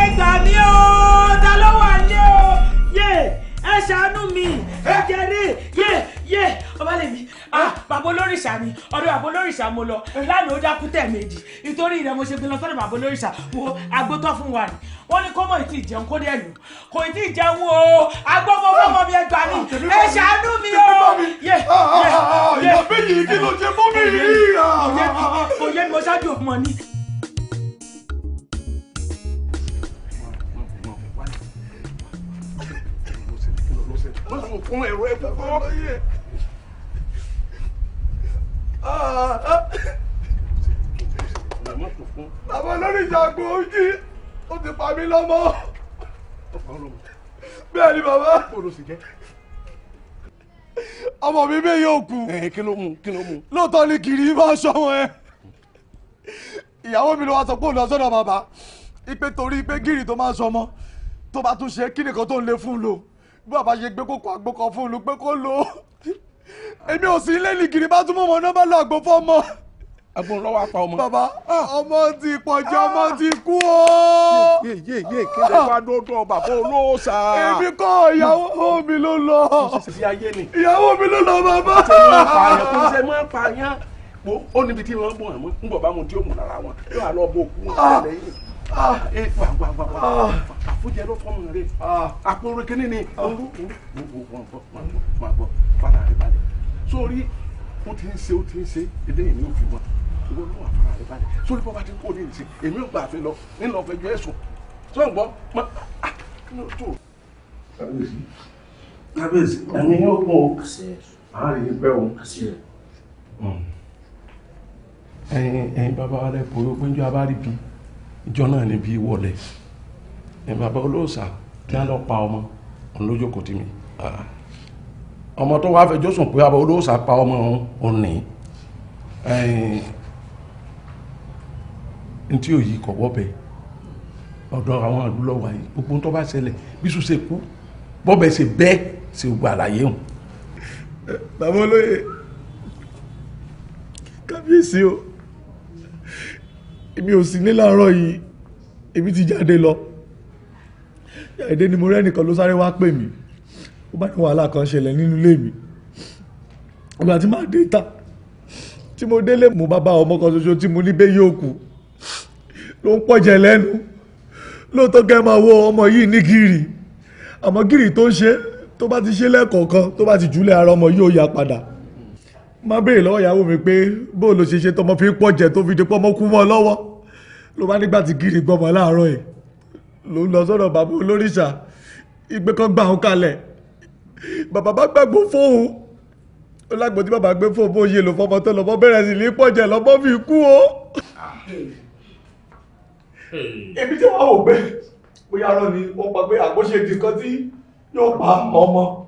S8: ẹ gbà mí o ta ló wà ní o ẹ ṣàánú mi ẹ jẹrí yé yé ọba Ah, bàbá olórìṣà ni ọ̀dọ̀ bàbá olórìṣà mo lọ lánàá ó dákú tẹ̀ẹ̀mejì nítorí rẹ̀ mo ṣe gbé lọ sọ́dọ̀
S2: bàbá olórìṣà wo agbótọ́ fún wa ni wọ́n ní kó mọ̀ ìtì ìjẹun kó dẹ̀ lù kò ìtì ìjẹun o
S8: agbọ́mọ fọmọ mi ẹgbà mi ẹ ṣàánú mi o. Ah, ah, ìyàbí
S6: yìí kí ló ṣe fún mi yìí.
S8: kò yẹ mi mo ṣáájú òkú mọ ni.
S2: Wọ́n sọ fún ẹ̀rọ ẹ̀kọ́ kọ́ bàbá olórí ìjàgbọ́n ojú ó ti pa mí lọ́mọ bẹ́ẹ̀ ni bàbá ọmọ mi bẹ́ẹ̀ yóò kú kí ló mú kí ló mú lóòótọ́ ni kiri máa ń ṣọwọ́ ẹ ìyàwó mi ló wá sọ pé òun lọ sọ́dọ̀ bàbá ipe torí pé gírì tó máa ń sọmọ tó bá tún ṣe kí nìkan tó ń lé fún un lò bí bàbá ṣe gbé kókó àgbókọ fún un lò pé kó lò ó èmi ò sí ilé nìgìrì
S6: bá túmọ̀ mọ́ nọ́mbà lọ àgbo fọ́mọ. agbóhùn lọ́wọ́ apá ọmọ. bàbá ah. ọmọ ti pọ̀jù ọmọ ah. ti kú o. yé yé yé kéde wá dọ́dọ̀ bàbá olóòṣà. èmi kọ́ ìyàwó mi ló lọ. ìyàwó mi ló lọ bàbá. kò ṣe máa pààyàn ó níbi tí wọ́n mú àmọ́ ń bọ̀ mu tí ó mú lára wọn yóò lọ bó òkú wọn ah. lẹ́yìn. Ah, eh, ah. àfúnjẹ ló fọmọ rẹ ah. àpòrò kínní ni òru òru wọn bọ wọn bọ fara rẹ balẹ̀ sórí
S2: ó ti ń ṣe ó ti ń ṣe èdè yìí ni ó fi mọ ìwọ ló wà fara rẹ balẹ̀ sórí bọ́ bá ti kó ní ìṣe èmi
S6: ò gbà fi lọ nínú ọ̀fẹ́ ju ẹ̀sùn tó ń gbọ́ mọ àkínú tó. kábíyèsí kábíyèsí ẹni yóò kún o àárín yìí pẹ́ o. ẹ̀yin hmm. ẹ̀yin bàbá wa lẹ kó o péjú abá rí bi ìjọ náà ni bí wọlé ní bàbá olóòsà tí wọ́n lọ pa ọmọ òun lójú kò tí mi ah. ọmọ tó wá fẹjọ́ sùn pé bàbá olóòsà pa ọmọ òun ní n tí òyì kọ̀ wọ́bẹ̀ ọ̀dọ̀ àwọn àdúlọ̀ wà yìí gbogbo tó bá ṣẹlẹ̀ bísú ṣe kú bọ́bẹ̀ ṣe bẹ́ẹ̀ ṣe gbà láyé hùn.
S2: bàbá olóye kábíyèsí o èmi ò sí ní láàárọ̀ yìí èmi ti jáde lọ jáde ni mo rẹ́nìkan ló sáré wá pè mí ó bá ní wàhálà kan ṣẹlẹ̀ nínú ilé mi ìgbà tí màá dé ta tí mo délé mo bá bá ọmọ kan ṣoṣo tí mo ní bẹ́ẹ̀ yóò kú ló ń pọ̀jẹ̀ lẹ́nu lóòótọ́ kẹ́ máa wo ọmọ yìí ní gírì àmọ́ gírì tó ń ṣe tó bá ti ṣe lẹ́ẹ̀kọ̀ọ̀kan tó bá ti jùlẹ̀ ara ọmọ yìí yá padà máa béèrè lọ́wọ́ ìyàwó mi pé bó ló ṣe ṣe tọmọ fi pọ̀ jẹ tó fi di pọ́mọ kú mọ́ lọ́wọ́ ló bá nígbà tí gírì gbọmọ láàárọ̀ yìí ló ń lọ sọ́dọ̀ bàbá olóríṣà ìgbé kan gbà òun kalẹ̀ bàbá bá gbàgbó fóun ó lágbo tí bàbá gbé fóun bóyè ló fọmọ tó lọmọ bẹ̀rẹ̀ sí ní pọ̀ jẹ lọmọ fi kú o. èmi tí wọn ò gbé bóyá rọ ni wọn pa àgbóṣe ìdìkan tí yóò pa ọmọ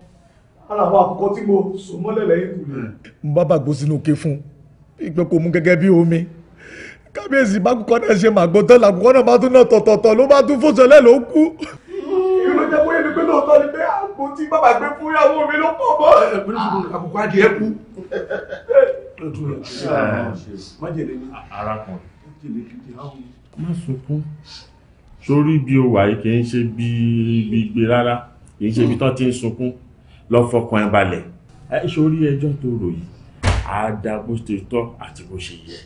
S2: ara àwọn àkọ́kọ́ tí mo sò mọ́lẹ̀ lẹ́yìn kù lè. mo bá bàgbó sínú òkè fún ìpè kò mú gẹ́gẹ́ bí omi kábíyèsí bákùkọ náà ṣe màgbọ́n tán làkùkọ náà bá tún náà tọ̀tọ̀tọ̀ ló bá tún fòṣọlẹ̀ ló kú. irú jẹ́ bóyá ni pé lóòótọ́ ni pé àgbo tí bàbá gbé fún ìyàwó mi ló pọ̀ mọ́. àkùkọ
S6: adìẹ kú. má sunkún
S2: sórí bí o wà yìí kì í ṣe bí gbígbé rárá kì í ṣe bí tán ti ń sunkún lọ fọkàn ẹ balẹ̀ ẹ sórí ẹjọ́ tó rò yìí
S6: á da bó ṣe tọ́ àti bó ṣe yẹ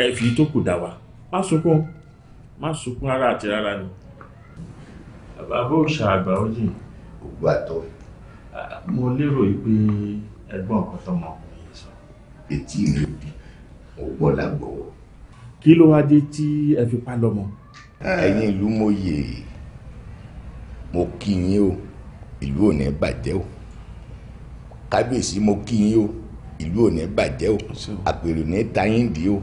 S6: ẹ fi tó kù dà wá má sunkún má sunkún rárá àti rárá ni bàbá bó ṣàgbà ó yìí.
S2: gbogbo àtọ. mo lérò pé ẹ̀gbọ́n kan tọmọ ọkùnrin sọ. etí rẹ bi mo gbọ́ lágbọ̀wọ́. kí ló wá dé tí ẹ fi pa lọ́mọ. ẹ̀yin ìlú mo yè mo kí yín o ìlú ò ní bàjẹ́ o kábíyèsí mo kí yín o ìlú ò ní bàjẹ́ o àpèrò ní tayíǹdì o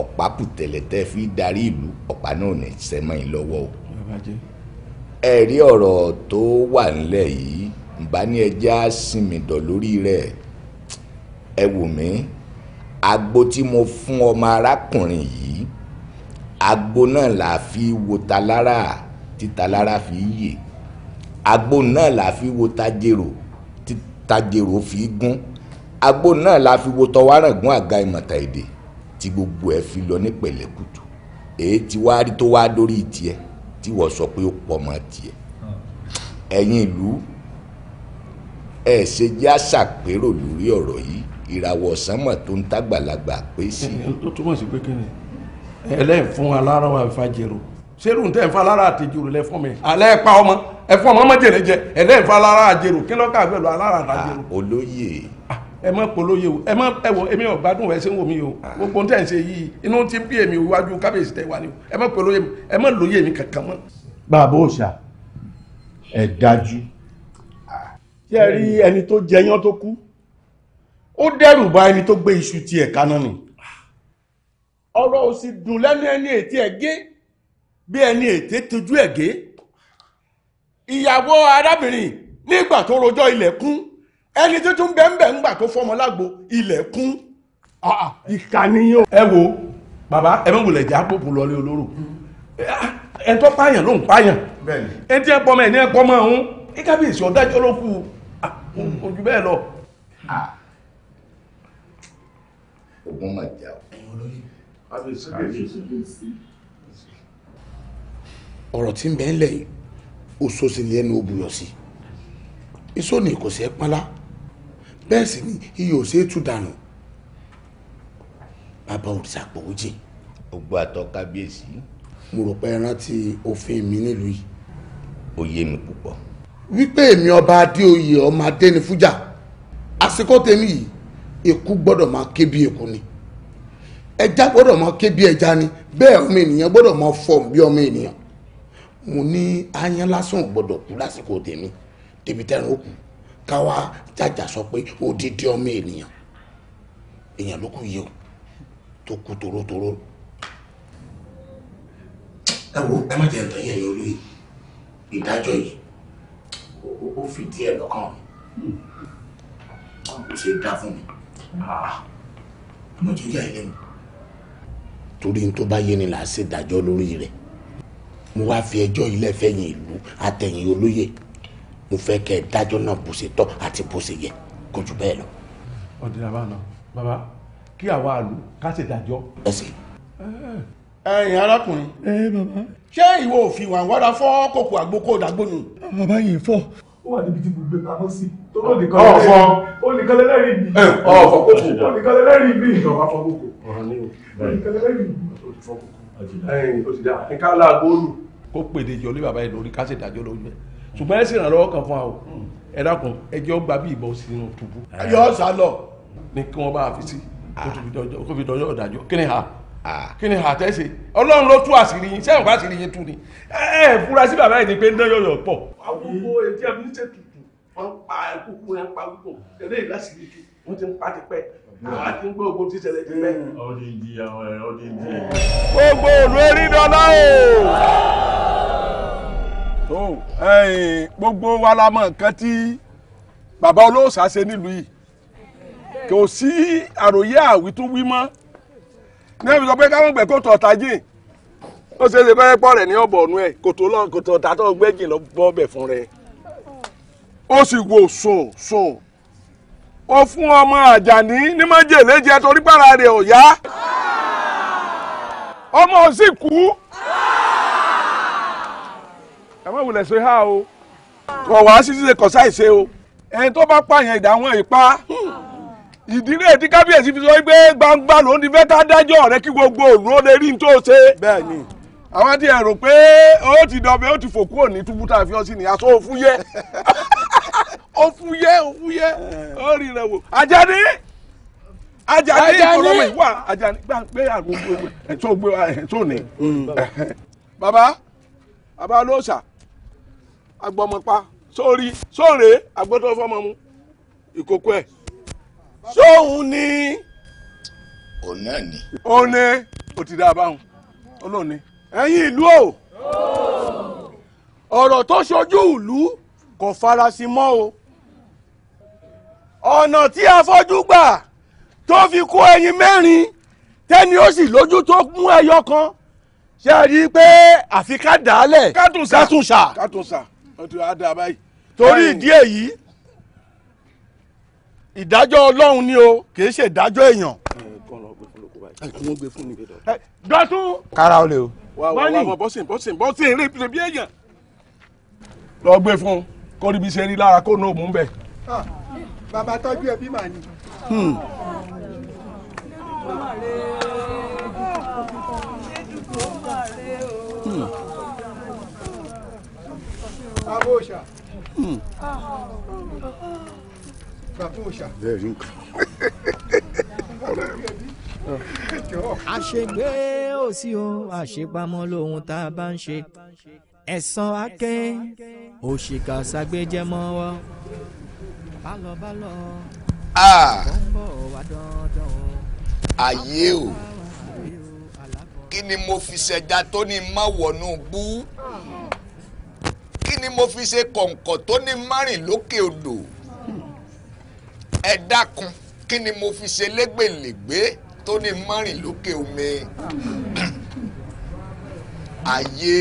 S2: ọ̀pá kùtẹ̀lẹ̀tẹ̀ fi darí ìlú ọ̀pá náà ní sẹ́mọ́ yín lọ́wọ́ o. ẹ̀rí ọ̀rọ̀ tó wà nílẹ̀ yìí ǹbá ní ẹjẹ́ á sinmi dọ̀ lórí rẹ̀ ẹ wò mí agbo tí mo fún ọmọ arákùnrin yìí agbo náà là fi wo ta lára fi yè agbo náà là fi wo ta tajèrò fi gún agbo náà la fi wo tọwárangún àga ìmọ̀ta èdè tí gbogbo ẹ̀ fi lọ ní pẹ̀lẹ́kùtù èyí tí wàá rí tó wàá dórí tiẹ̀ tí wọ́n sọ pé ó pọ̀ mọ́ tiẹ̀ ẹ̀yin ìlú ẹ̀ ṣe jẹ́ àṣàpérò lórí ọ̀rọ̀ yìí ìràwọ̀ sánmọ̀ tó ń tágbàlagbà pé sí.
S6: ó túmọ̀ sí pé kíni ẹlẹ́yìn fún alára wa fàjẹrò ṣé irú tẹ́ ń fa alára àtẹjù rẹ̀ fún mi alẹ́ pa ọmọ ẹ fún ọmọ ọmọdéèrè jẹ ẹ lẹ́yìn fún alára àjèrò kí lọ́kà pẹ̀lú alára ah, àjèrò. olóyè. ẹ mọ polóye o ẹ mọ ẹ wọ èmi ò gbádùn ẹ ṣe ń wò o ah. gbogbo ohun tẹ̀ ń ṣe yìí inú ti ń bí èmi iwájú kábíyèsí tẹ̀ wá ni ẹ mọ
S2: polóye mi ẹ mọ lóye mi kankan mọ. bàbá òòṣà ẹ dájú ṣé ẹ rí ẹni tó jẹyán tó kú ó dẹ́rù bà ẹni tó gbé iṣu tiẹ̀ kaná ni ọ̀rọ̀ òsì dùn lẹ́nu ẹni ètí ẹ̀ gé bí ẹni ètè tójú ẹ̀ gé ìyàwó arábìnrin nígbà tó rojọ́ ilẹ̀kùn ẹni tuntun bẹ́ẹ̀nbẹ́ẹ̀ ńgbà tó fọmọ lágbo ilẹ̀kùn
S6: ah, ah. ìkànnìyàn. ẹ wo bàbá ẹ mọ̀ wùlẹ̀ jà pòpò lọlé olóró ẹ tó pààyàn ló ń pààyàn ẹ tí ẹ pọmọ ẹ ní ẹ pọmọ ọhún ẹ kábíyèsí ọ̀dájọ́ ló kù ah, ojú bẹ́ẹ̀ lọ.
S2: ogun máa jà o. ọ̀rọ̀ tí ń bẹ́ẹ̀ lẹ́yìn oṣó ni ẹnu òbúyọ sí iṣó ni kò sí ẹ pálá bẹ́ẹ̀ sì ni iye ò ṣe é tú dànù bàbá òrìṣà pòwó jì. ogbó àtọ kábíyèsí. mo rò pé rántí òfin mi nílùú yìí. ó yé mi púpọ̀. wípé èmi ọba adéoyè ọmọ adénifújà àsìkò tèmi yìí èkú gbọ́dọ̀ máa ké bí èkú ni ẹja gbọ́dọ̀ máa ké bí ẹja ni bẹ́ẹ̀ ọmọ ènìyàn gbọ́dọ̀ máa fọ̀ bí ọmọ ènìyàn mo ní aáyán lásán ò gbọ́dọ̀ kú lásìkò tèmi débi tẹ́ran ó kù káwa jàjà sọ pé odidi ọmọ ènìyàn èèyàn ló kù yìí o tó kú torótoró. ẹ wo ẹ má jẹ ǹtọ́ yẹn yóò rí ìdájọ́ yìí ó fi díẹ̀ lọ́kàn mi kò ṣe dá fún mi ọmọ ìjọba ilé mi. torí n tó bá yé ni là á ṣèdájọ́ lórí rẹ̀ mo wá fi ẹjọ́ ilé fẹ̀yìn ìlú àtẹ̀yìn olóyè mo fẹ́
S5: kẹ́ ẹ dájọ́ náà bó ṣe tọ́ àti bó ṣe yẹ kò jù bẹ́ẹ̀ lọ.
S6: ọ̀dẹ̀ bàbá náà bàbá kí àwa àlù ká ṣe dájọ́. ẹ sì. ẹ̀yin arákùnrin. ẹ
S2: bàbá. ṣé ìwọ ò fi wà wára fọ́ kòkò àgbókò dàgbónú. bàbá yìí fọ́ ó wà níbi tí mo gbé pamọ́ sí tó ó nìkan lẹ́rìí ó nìkan lẹ́rìí mi
S6: ó nìkan lẹ́rìí mi ìjọba fọ́kùkù ó nìkan lẹ́rìí mi ó ti dá nǹkan láàgbó lù kó pèdè jọ lé bàbá yẹn lórí ká dájọ́ lójú ẹ̀ ṣùgbọ́n ẹ sì ràn lọ́wọ́ kan fún wa o ẹ dákun ẹjọ́ gba bí ìbọn sínú tùbú. yọ sá lọ. ni kí wọ́n bá a fi sí kó fi dọjọ́ ìdájọ́ kí ni ha kí ni ha tẹ́sí ọlọ́run ló tú àṣírí yín sẹ́wọ̀n bá yín tú ni ẹ fura sí bàbá yìí ni pé ń dán yọ̀yọ̀ pọ̀. àwọn owó etí ẹbí ń ṣètùtù wọn pa kúkú wọn pa gbogbo tẹ́lẹ̀ ìlàsìrì tu wọn ti ń pa tipẹ́ àwọn àti ń gbọ́ ogun tí ṣẹlẹ̀ tipẹ́. ọdún ìjìyà tó gbogbo wa la mọ nǹkan tí bàbá olóòṣà ṣe nílùú yìí kò sí
S2: àròyé àwítúwí mọ́ ní ẹ̀mí sọ pé káwọn gbẹ kó tọ̀ ọ̀tá jìn ó ṣe é ṣe fẹ́ pọ̀ rẹ̀ ní ọ̀bọ̀ ọ̀nù ẹ̀ kò tó lọ kò tó ọ̀tá tó lọ bọ́ ọbẹ̀ fún rẹ̀ ó sì wò sùn sùn ó fún ọmọ àjàní ní májèlé torí pàrà rẹ̀ ọ̀yá ọmọ ò sì kú.
S6: ẹ má wulẹ̀ ha o kọ̀ wá sí ṣíṣe ise o. ṣe o ẹni tó bá pààyàn ìdáwọn ìpa ìdílé tí fi sọ pé gbangba ló ń di fẹ́ẹ́ ká dájọ́ rẹ kí gbogbo òru ó lè rí n tó ṣe. àwọn ti ẹ̀rọ pé o ti dọ̀bẹ o ti fò kúrò ní túbú tá a fi ọ sí ni aṣọ òfúyẹ́ ó wa tó ní. Mm. [laughs] agbọmọpa sórí sóòrè agbọ́tọ̀ fọmọ mu ìkókó ẹ̀ sóhun ni.
S2: òun náà ni. òun ni ó ti dá a báwọn ọlọ́run ni ẹ̀yin
S6: ìlú o ọ̀rọ̀ tó ṣojú ìlú kò farasin mọ́ o ọ̀nà tí afọ́jú gbà tó fi kó ẹyin mẹ́rin tẹ́ni ó sì lójú tó mú ẹyọ kan ṣe rí pé àfi ká dàálẹ̀ ká tún ó ti wá dà báyìí. torí
S2: ìdí èyí ìdájọ́ ọlọ́run ni o kì í ṣe ìdájọ́ èèyàn. dọ́tún. kára o lè o.
S6: wà wà wà bọ́sìn bọ́sìn bọ́sìn eré ìpìlẹ̀ bí èèyàn. lọ gbé fún un kó ríbi ṣe rí lára kó nù mú bẹ.
S2: Ah, bàbá tọ́jú ẹbí màá ni.
S6: Hmm.
S1: Abóòṣà. Bàbóòṣà. Bẹ́ẹ̀ ni nǹkan. Àṣegbé ò sí o, àṣepamọ́ lóhun tá a bá ń ṣe. Ẹ̀san akẹ́ òṣìkà ṣàgbéjẹ́mọ́ wọ́. Bálọ̀ bálọ̀. Ah. Bọ́ńbọ̀ wà dandan
S2: o. Ayé o kí ni mo fi ṣẹ̀dá tó ní má wọ̀nú bú ah kí ni mo fi ṣe kọ̀ǹkọ̀ tó ní márìn lókè odò ẹ dákun kí ni mo fi ṣe légbèlégbé tó ní márìn lókè omi ayé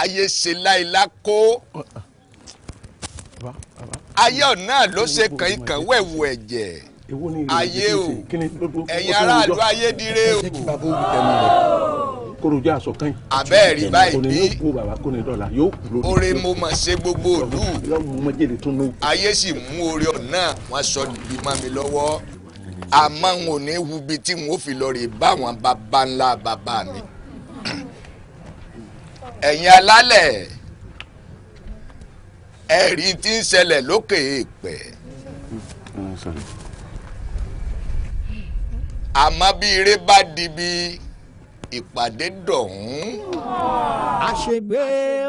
S2: ayé ṣe láìlá kó ayé ọ̀nà ló ṣe kàn yín kàn wẹ̀wù ẹ̀jẹ̀
S6: ayé o ẹ̀yin aráàlú ayé dire o kórojá aṣọ kan yìí. abẹ́ẹ̀ rí báyìí bí oore mo mọ̀
S2: ṣe gbogbo òlù ayé sì mú oore ọ̀nà wọn sọ di má mi lọ́wọ́ àmọ́ n ò ní wubi tí n ò fi lọ rè bá àwọn baba ńlá baba mi ẹ̀yin alálẹ̀ ẹ̀rí tí ń ṣẹlẹ̀ lókè èèpẹ̀ àmọ́ bí eré bá di ìpàdé dọ̀hún.
S1: àṣegbé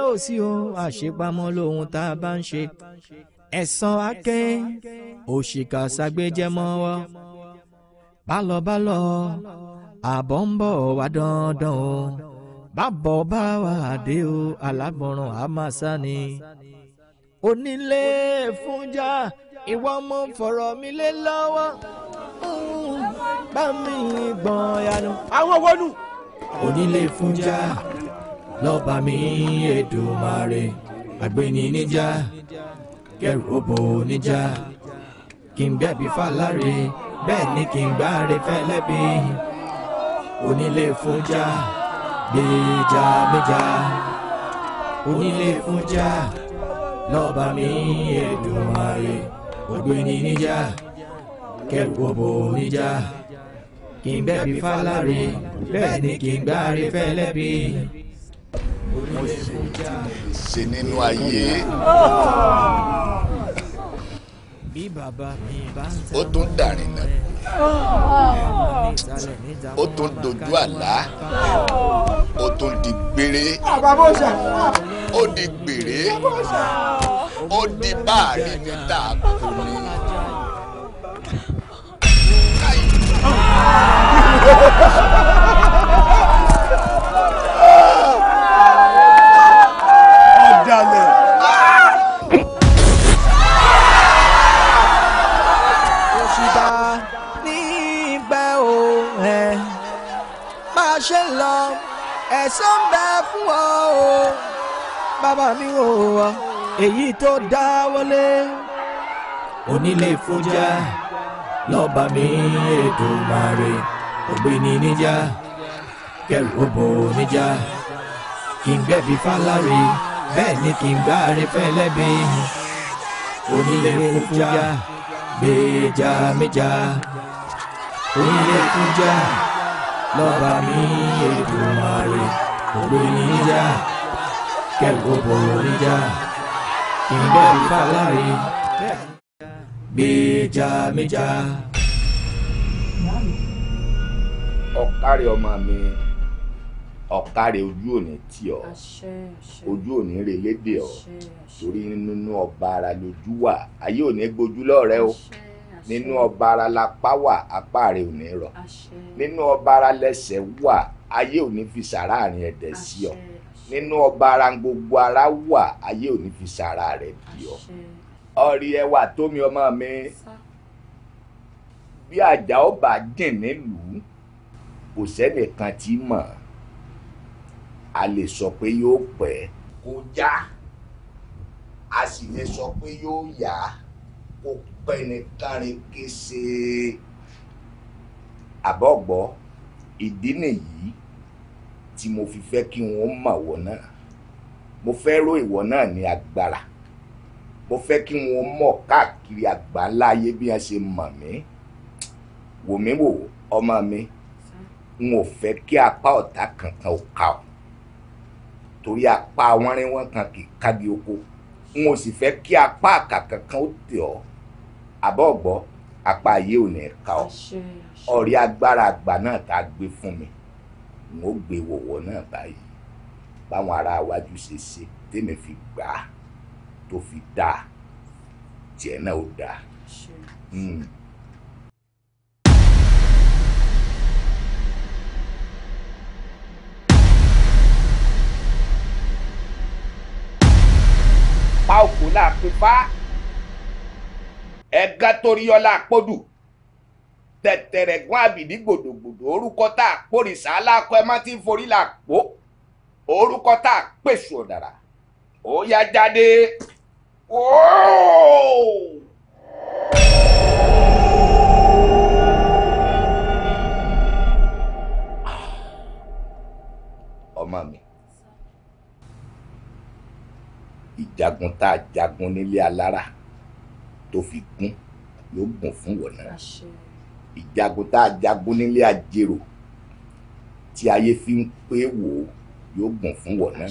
S1: ò sí o àṣepamọ́ lóhun tá a bá ń ṣe ẹ̀san akẹ́ òṣìkà ṣàgbéjẹ́mọ́ wa bálọ̀bálọ̀ àbọ̀ ń bọ̀ wá dandan o bábọ̀ bá wà dé o alágbọ̀nràn àmàṣà ni onílé fúnjà ìwọ mọ fọ̀rọ̀ mi lé lọ́wọ́ bá mi gbọ̀n yanu. àwọn wọnú onílé fúnjà lọ́ba mi Èdùmàrè àgbéni níjà kẹrù òbò níjà kí n gbẹ̀bí fàlàrè bẹ́ẹ̀ ni kí n gbáre fẹ́lẹ́bí onílé fúnjà gbèjà méjà onílé fúnjà lọ́ba mi Èdùmàrè àgbéni níjà kẹrù òbò níjà kì í gbẹ̀bí fáláre bẹ́ẹ̀ ni kì í gbáre fẹ́lẹ́bí. mo ṣe nínú ayé. bí bàbá mi bá ń sá. ó tún
S2: dàrin náà. ó tún dojú àlá. ó tún di gbére. ó di gbére. ó di báàrí ní tààkùn ọ̀dàlẹ̀.
S1: òṣìbà nígbà ò ẹ̀ máa ṣe lọ ẹ̀san ń fún ọ o bàbá mi ò wọ èyí tó dáwọ́lé onílé fújà lọ́ba mi Èdùmàrè ògbéni níjà kẹrù òbò níjà kì í gbẹ̀bí fáláre bẹ́ẹ̀ ni kì í gbáre fẹ́lẹ́bí onílé kújà gbèjà méjà onílé kújà lọ́ba mi Èdùmàrè ògbéni níjà kẹrù òbò níjà
S2: kì í gbẹ̀bí fáláre gbèjàmíjà. ọ̀kárẹ̀ ọmọ mi ọ̀kárẹ̀ ojú òní tì ọ́ ojú òní relédè ọ́ torí nínú ọba ara lójú wà ayé òní gbójú lọ́rẹ́ o nínú ọba ara lápá wà apá rẹ̀ òní rọ̀ nínú ọba ara lẹ́sẹ̀ wà ayé òní fi sàráàrin ẹ̀dẹ̀ sí ọ nínú ọba ara gbogbo ara wà ayé òní fi sàrá rẹ̀ bí ọ ọ̀rì ẹwà tómi ọmọ mi bí àjà ó bá jìn nílùú kò sẹ́nìkan tí mọ̀ a lè sọ pé yóò pẹ́ kó já a sì lè sọ pé yóò yá kó pẹ́ ní kárìnkì ṣe àbọ̀gbọ́ ìdí nìyí tí mo fi fẹ́ kí wọ́n mọ̀ wọ́n náà mo fẹ́ ró ìwọ náà ní agbára mo fẹ́ kí wọn mọ̀ káàkiri àgbáńlá ayé bí wọ́n ṣe mọ̀ mí wò mí wò ọmọ mi n ò fẹ́ kí apá ọ̀tá kankan ò ká ọ torí apá wọ́nrínwọ́n kan kì í kági oko n ò sì fẹ́ kí apá àkà kankan ó tẹ̀ ọ́ àbọ̀ ọ̀gbọ́ apá ayé ò ní ká ọ ọ̀rẹ́ agbára àgbà náà tá a gbé fún mi n ó gbé wọ̀wọ̀ náà báyìí báwọn ará iwájú ṣe ṣe tèmi fi gbà á tó fi dáa tiẹ̀ náà ó dáa. Mm. pa òkú láàpin fá ẹ̀gá torí ọlá àpọ́dù tẹ̀tẹ̀rẹ̀ gún àbìdí gbòdògbòdò orúkọ tá a pòrìṣà aláàkọ ẹ má ti ń forí làpò orúkọ tá a pèsè ọ̀dàrà ó yá jáde. Whoa! Ọmọ mi, ìjagun tá a jagun nílé alára tó fi gún yóò gùn fún wọn náà. Ìjagun tá a jagun nílé ajérò tí ayé fi ń pé wò yóò gùn fún wọn náà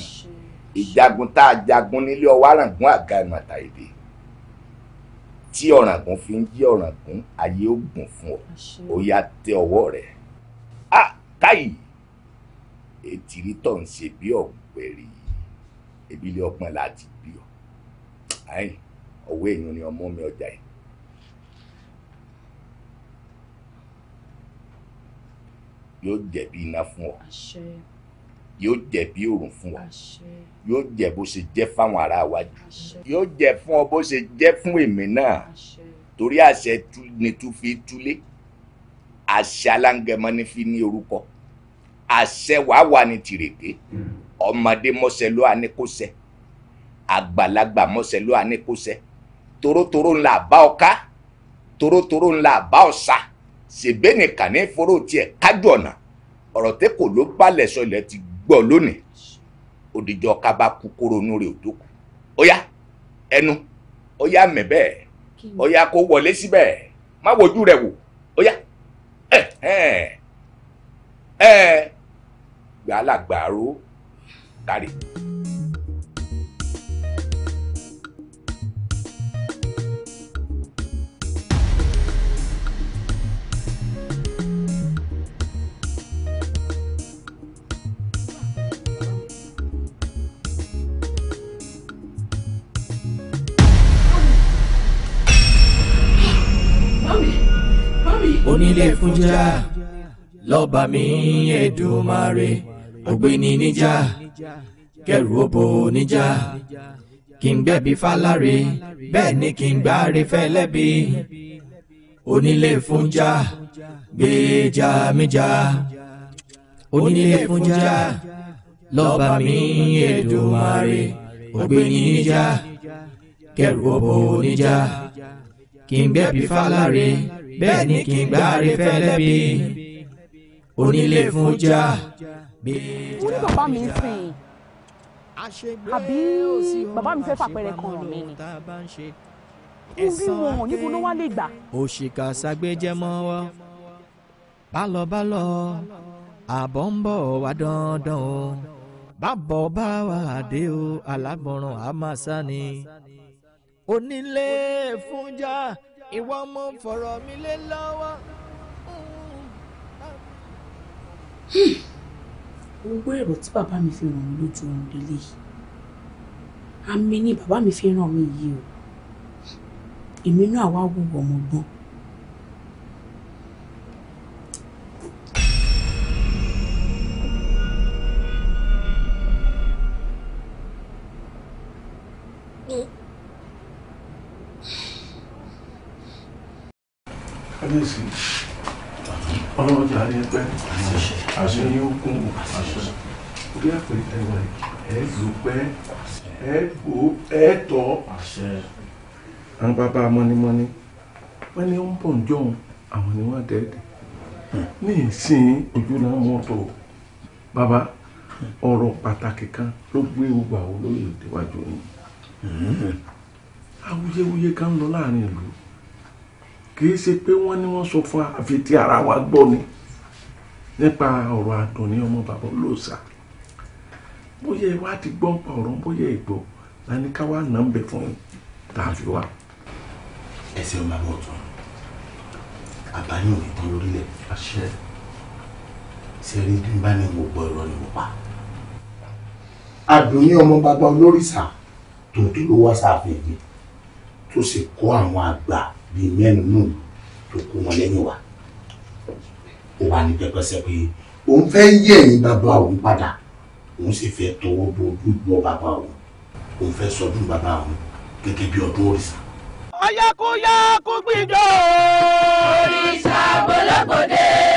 S2: ìjagun tá a jagun nílé ọwọ́ àràǹgún àga ìmọ̀ta èdè tí ọ̀ràǹgún fi ń jí ọ̀ràǹgún ayé ó gùn fún ọ ó yá tẹ ọwọ́ rẹ a káyì ètìrí tó ń ṣe bí ọ̀gbẹ̀rì ìbílẹ̀ ọgbọ́n láti bí ọ ọwọ́ èèyàn ni ọmọ mi ọjà yìí. yóò jẹ̀bi iná fún ọ yóò jẹ bí òòrùn fún wa yóò jẹ bó ṣe jẹ fáwọn ará iwájú yóò jẹ fún ọ bó ṣe jẹ fún èmi náà torí àṣẹ ni tún fi túlé àṣẹ aláǹgẹmọ ni fi ní orúkọ àṣẹ wàá wà ní tìrèké ọmọdé mọ́ṣẹ́ ló wà ní kóṣẹ́ àgbàlagbà mọ́ṣẹ́ ló wà ní kóṣẹ́ torótoró ńlá bá ọ ká torótoró ńlá bá ọ sa ṣèbénìkà ní foró tiẹ̀ kájú ọ̀nà ọ̀rọ̀ tẹ́ kò ló balẹ̀ sọ ilẹ̀ ti gbọ́ lónìí òdìjọ kaba kú kóronú rẹ̀ òdòkú ọ̀yá ẹnu ọ̀yá mẹ́bẹ́ ọ̀yá kọ wọlé síbẹ̀ má wojú rẹ̀ wò ọ̀yá ẹ ẹ ẹ gbàlagbàro kárí.
S1: lè fúnjà lọ́ba mi Èdùmàrè ògbéni níjà kẹrù òbò níjà kí n gbẹ̀bí fáláre bẹ́ẹ̀ ni kí n gbáre fẹ́lẹ́bí onílé fúnjà gbèjà míjà onílé fúnjà lọ́ba mi Èdùmàrè ògbéni níjà kẹrù òbò níjà kí n gbẹ̀bí fáláre bẹ́ẹ̀ ni kì í gbáre fẹ́lẹ́bí onílé fún já bí. wọ́n ní bàbá mi ń sìn
S3: àbí bàbá mi fẹ́ fàpẹẹrẹ
S1: kan ràn mí ni n bí wọn níbo ló wá lè gbà. òṣìkà ságbéjẹ́ mọ́ wọ́ bálọ̀bálọ̀ àbọ̀ ń bọ̀ wá dandan o bàbọ̀ bá wà dé o alágbọ̀nràn àmàṣà ni onílé fúnjà ìwọ ọmọ fọ̀rọ̀ mi lé lọ́wọ́.
S3: gbogbo èrò tí bàbá mi fi ràn mí lójú oorun délé yìí àmì ni bàbá mi fi ràn mí yìí o èmi náà wá wúwo ọmọ gbọ́n.
S6: kábíyèsí ọlọ́run jà ní ẹgbẹ́ àṣẹ yóò kún un orí àpè ẹwà ẹ lò pẹ́ ẹ bò ẹ tọ́ àwọn bàbá mọ́nímọ́ní wọ́n ní ó ń bọ̀ ǹjọ́hun àwọn ni wọ́n dẹ́ẹ̀dẹ́ ní ìsìn ojú náà wọ́n tọ̀ bàbá ọ̀rọ̀ pàtàkì kan ló gbé gbogbo àwọn olóyè ìdíwájú yìí awuyewuye kan lọ láàrin ìlú kì í ṣe pé wọ́n ní wọ́n sọ fún àfi tí ara wa gbọ́ ni nípa ọ̀rọ̀ Àdùnní ọmọ bàbá olóòṣà bóyá ìwádìí gbọ́ pa ọ̀rọ̀ bóyá ìgbò lani ká wá nà ń bẹ fún tààfi wa. ẹsẹ ọmọ àbọ ọtún
S5: àbáyọ ìtàn lórílẹ̀ àṣẹ sẹrí bí n bá ní gbogbo ọ̀rọ̀ ni mo pa. Àdùnní ọmọ bàbá olórìṣà tòótọ́ ló wá sáfẹ́ mi tó sì kó àwọn àgbà bíi mẹ́rin nù tó kó wọn
S2: lẹ́yìn wa ó wà ní pẹ́pẹ́sẹ́ pé òun fẹ́ yí ẹ̀yìn bàbá òun padà òun sì fẹ́ tọwọ́ bọ ojú ìgbọ́ bàbá òun òun fẹ́ sọdún bàbá òun gẹ́gẹ́ bí ọdún òrìṣà.
S8: ọ̀yàkúyà kúgbìjọ́ òrìṣà bọ́lọ́gbọ̀dẹ́.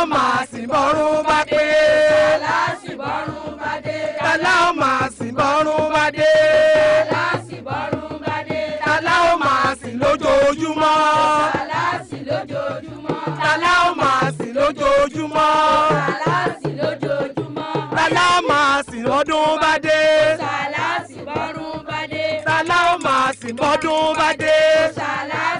S8: ọmọ àsìnbọ̀rún bá dé. kàlá àsìnbọ̀rún bá dé. kàlá ọmọ àsìnbọ̀rún bá dé. kàlá àsìnbọ̀rún bá Tala kàlá ọmọ àsìn lójoojúmọ́. kàlá àsìn lójoojúmọ́. kàlá ọmọ àsìn lójoojúmọ́. kàlá àsìn lójoojúmọ́. kàlá ọmọ àsìn lọ́dún bá dé. kàlá àsìnbọ̀rún bá dé. kàlá ọmọ àsìn lọ́dún bá dé. kàlá àsìn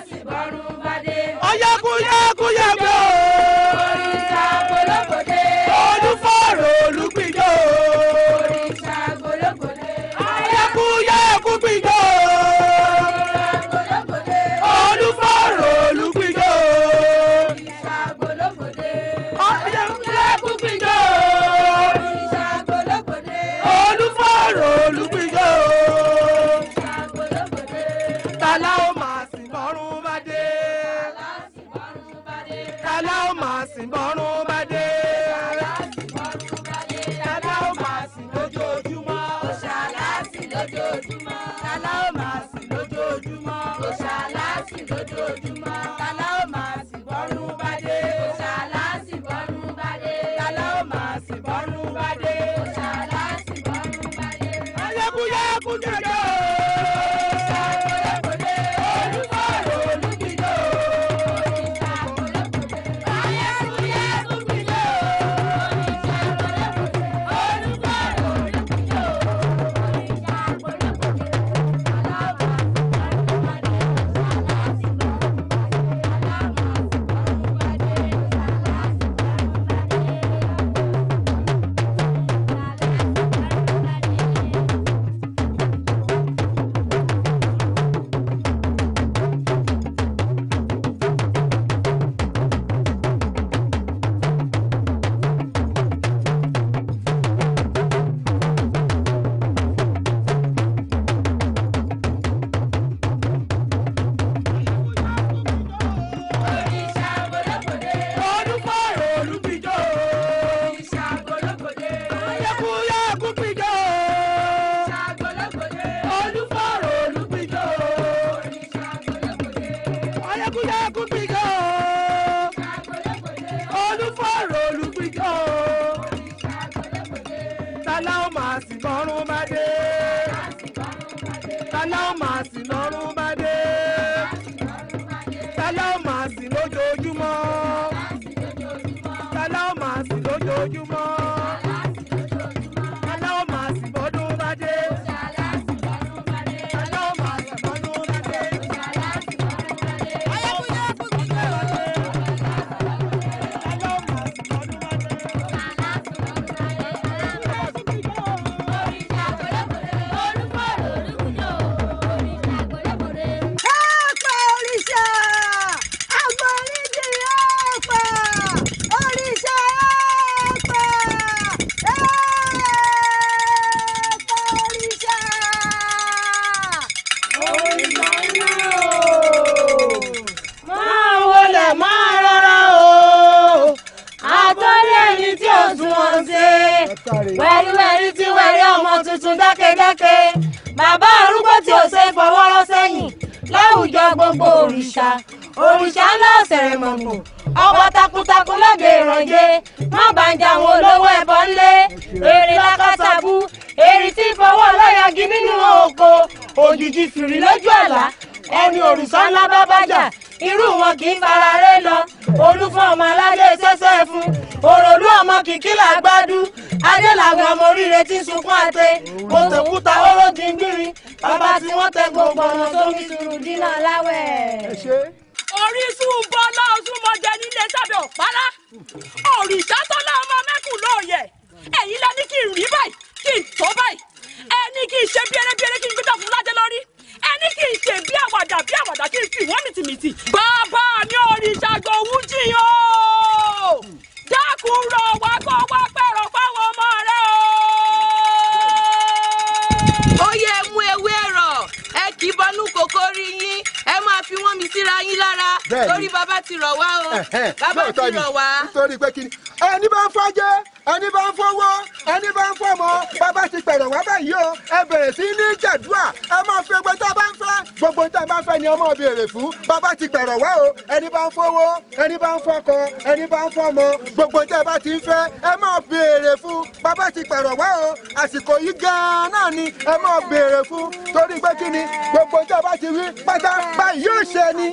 S2: fọkọ ẹni bá ń fọmọ gbogbo tẹ́ bá ti ń fẹ́ ẹ máa béèrè fún bàbá ti pàrọ̀ wá o àsìkò yìí gan-an náà ni ẹ máa béèrè fún torí pé kí ni gbogbo tẹ́ bá ti wí pátá
S8: báyìí yóò ṣe ni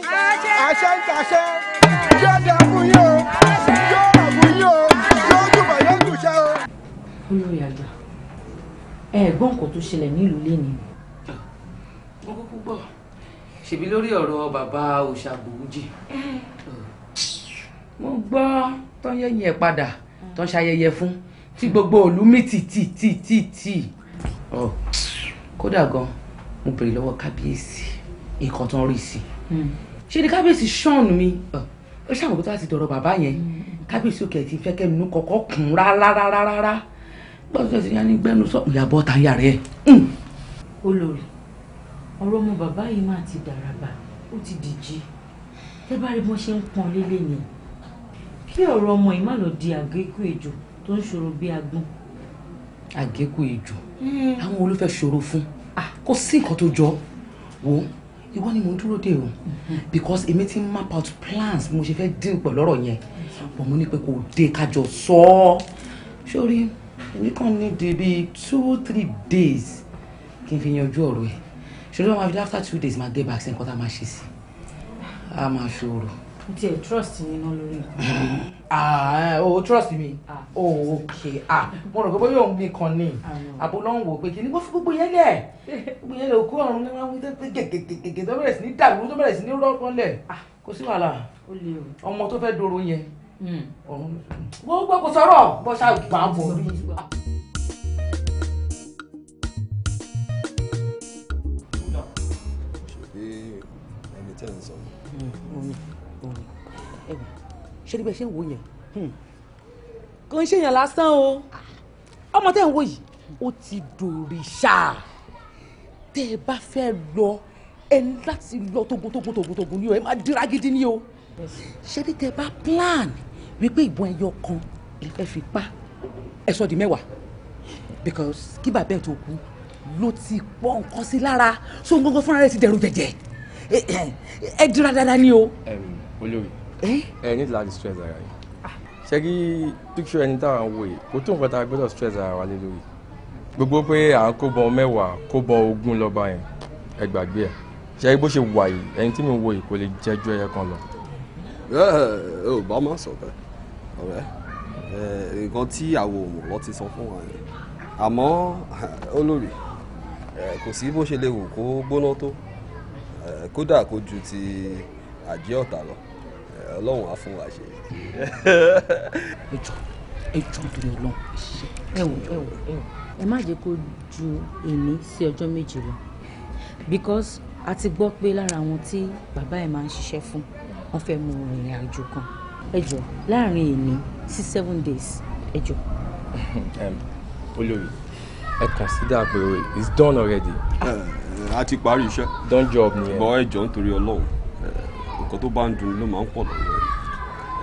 S8: àṣẹ ń tàṣẹ
S3: yóò dá fún yín o yóò
S8: rà fún yín o yóò túbọ̀ yóò tù ṣe o.
S3: olórí àgbà ẹ̀gbọ́n nǹkan tó ṣẹlẹ̀ nílùú lẹ́ni. wọ́n ah, kúkú gbọ́ ṣèbí lórí ọ̀rọ̀ bàbá òṣàgbòwújì. Eh, mo gbọ́ tó ń yẹ̀yìn ẹ̀ padà tó ń ṣayẹyẹ fún tí gbogbo òlú mi tì tì tì tì tì kódà gan mo bèrè lọ́wọ́ kábíyèsí nǹkan tó ń rí sí hmm. ṣe ni kábíyèsí ṣọ́ọ̀nù mi ó ṣàmùkú tó àti dọ̀rọ̀ bàbá yẹn hmm. kábíyèsí òkè ti fẹ́ kẹ́mi nú kọ́kọ́ kùn rárá rárá rárá gbọ́dọ̀ ti yanni gbẹ́nu sọ ìyàbọ̀ ta yàrá ẹ̀. Hmm. olórí ọ̀rọ̀ ọmọ bàbá yìí máa ti dàràbà ó ti dìjì tẹ́ bá rí bọ́n ṣe ń pọn lélẹ̀ kí ọ̀rọ̀ ọmọ yìí má lọ di àgékù ejò tó ń ṣòro bí agbọ́n. àgékù ejò hmm. àwọn olùfẹ́ ṣòro fún ah. kò sí nǹkan tó jọ wò ó ìwọ ni mò ń dúró dè o mm-hmm. because èmi ti ń map out plans mo ṣe fẹ́ dín pẹ̀lú ọ̀rọ̀ yẹn bọ̀ mo ní pé kò dé kájọ sọ ọ́ sórí èmi kàn ní di two three days kí n fi yanjú ọ̀rọ̀ ẹ̀ ṣòro àwọn after two days máa get back sí nǹkan tá a máa ṣe sí i a máa ṣòro mo ti ẹ̀ trust yín náà lórí nǹkan. o trust mi [laughs] ah, eh, ah. o ok ah, mo rò pé bóyá òun bí kan ní àbò lọ́hùn wò pé kìíní gbọ́fí gbogbo yẹn lẹ̀ [laughs] gbogbo yẹn lẹ̀ òkú ọ̀run ní wọn tó gègègègè tó bẹ̀rẹ̀ sí ní dàrú tó bẹ̀rẹ̀ sí ní rọ́ọ̀kan lẹ̀ kò sí wàhálà ọmọ tó fẹ́ dòrò yẹn wọ́n gbọ́ kó sọ̀rọ̀ bọ́ṣà gbà bọ̀ rí. ẹwù ṣé níbẹ̀ ṣe ń wò yẹn hmm. kò ń ṣèyàn lásán o ọmọ tẹ́ ń wò yìí ó
S2: ti dòrìṣà tẹ́ ẹ bá fẹ́ lọ ẹ láti
S3: lọ togotogotogotogun ni o ẹ máa dira gidi ni o ṣé ní ẹ bá plan wípé ìbọn ẹyọ kan lè fi pa ẹ di mẹ́wàá because kí bàbá ẹ̀ tó kú ló ti pọ̀ nǹkan sí lára so ń gángan fúnra rẹ̀ ti dẹ̀rù jẹ̀jẹ̀ ẹ dira dáadáa ni o.
S7: olórí ẹ ní láti stress ara yìí ṣé kí picture ẹni tá à ń wò yìí kò tó nǹkan tá a gbọ́dọ̀ stress ara wa lé lórí gbogbo pé à ń kó bọ mẹ́wàá kó bọ ogún lọ́ba yẹn ẹ gbàgbé ẹ ṣé bó ṣe wà yìí ẹni tí mi wò yìí kò lè jẹ́jú ẹyẹ kan lọ. ẹ ẹ ò bá má sọ bẹ́ẹ̀ ọ̀rẹ́ eh, nǹkan tí àwọ̀ òmò lọ ti sọ fún wa yẹn àmọ́ olórí eh, kò sí bó ṣe lè wù kó gbóná tó eh, kódà kó ju ti àjẹ́ ọ̀tá lọ ọlọ́run á fún wa ṣe. [laughs]
S8: ẹjọ ẹjọ nítorí ọlọ́run ẹ wò ẹ
S3: wò ẹ wò ẹ má jẹ́ kó ju èmi sí ọjọ́ méje lọ because a ti gbọ́ pé lára àwọn tí bàbá ẹ̀ máa ń ṣiṣẹ́ fún wọ́n fẹ́ mú ìrìn àjò kan ẹjọ láàrin èmi sí seven days ẹjọ. [laughs]
S7: olórí ẹ consider pé it's done already. Eh, a ti parí iṣẹ́. done job nìyẹn. bọ́ ẹjọ́ nítorí ọlọ́run nǹkan tó bá ń dùn ló máa ń pọ̀ lọ́wọ́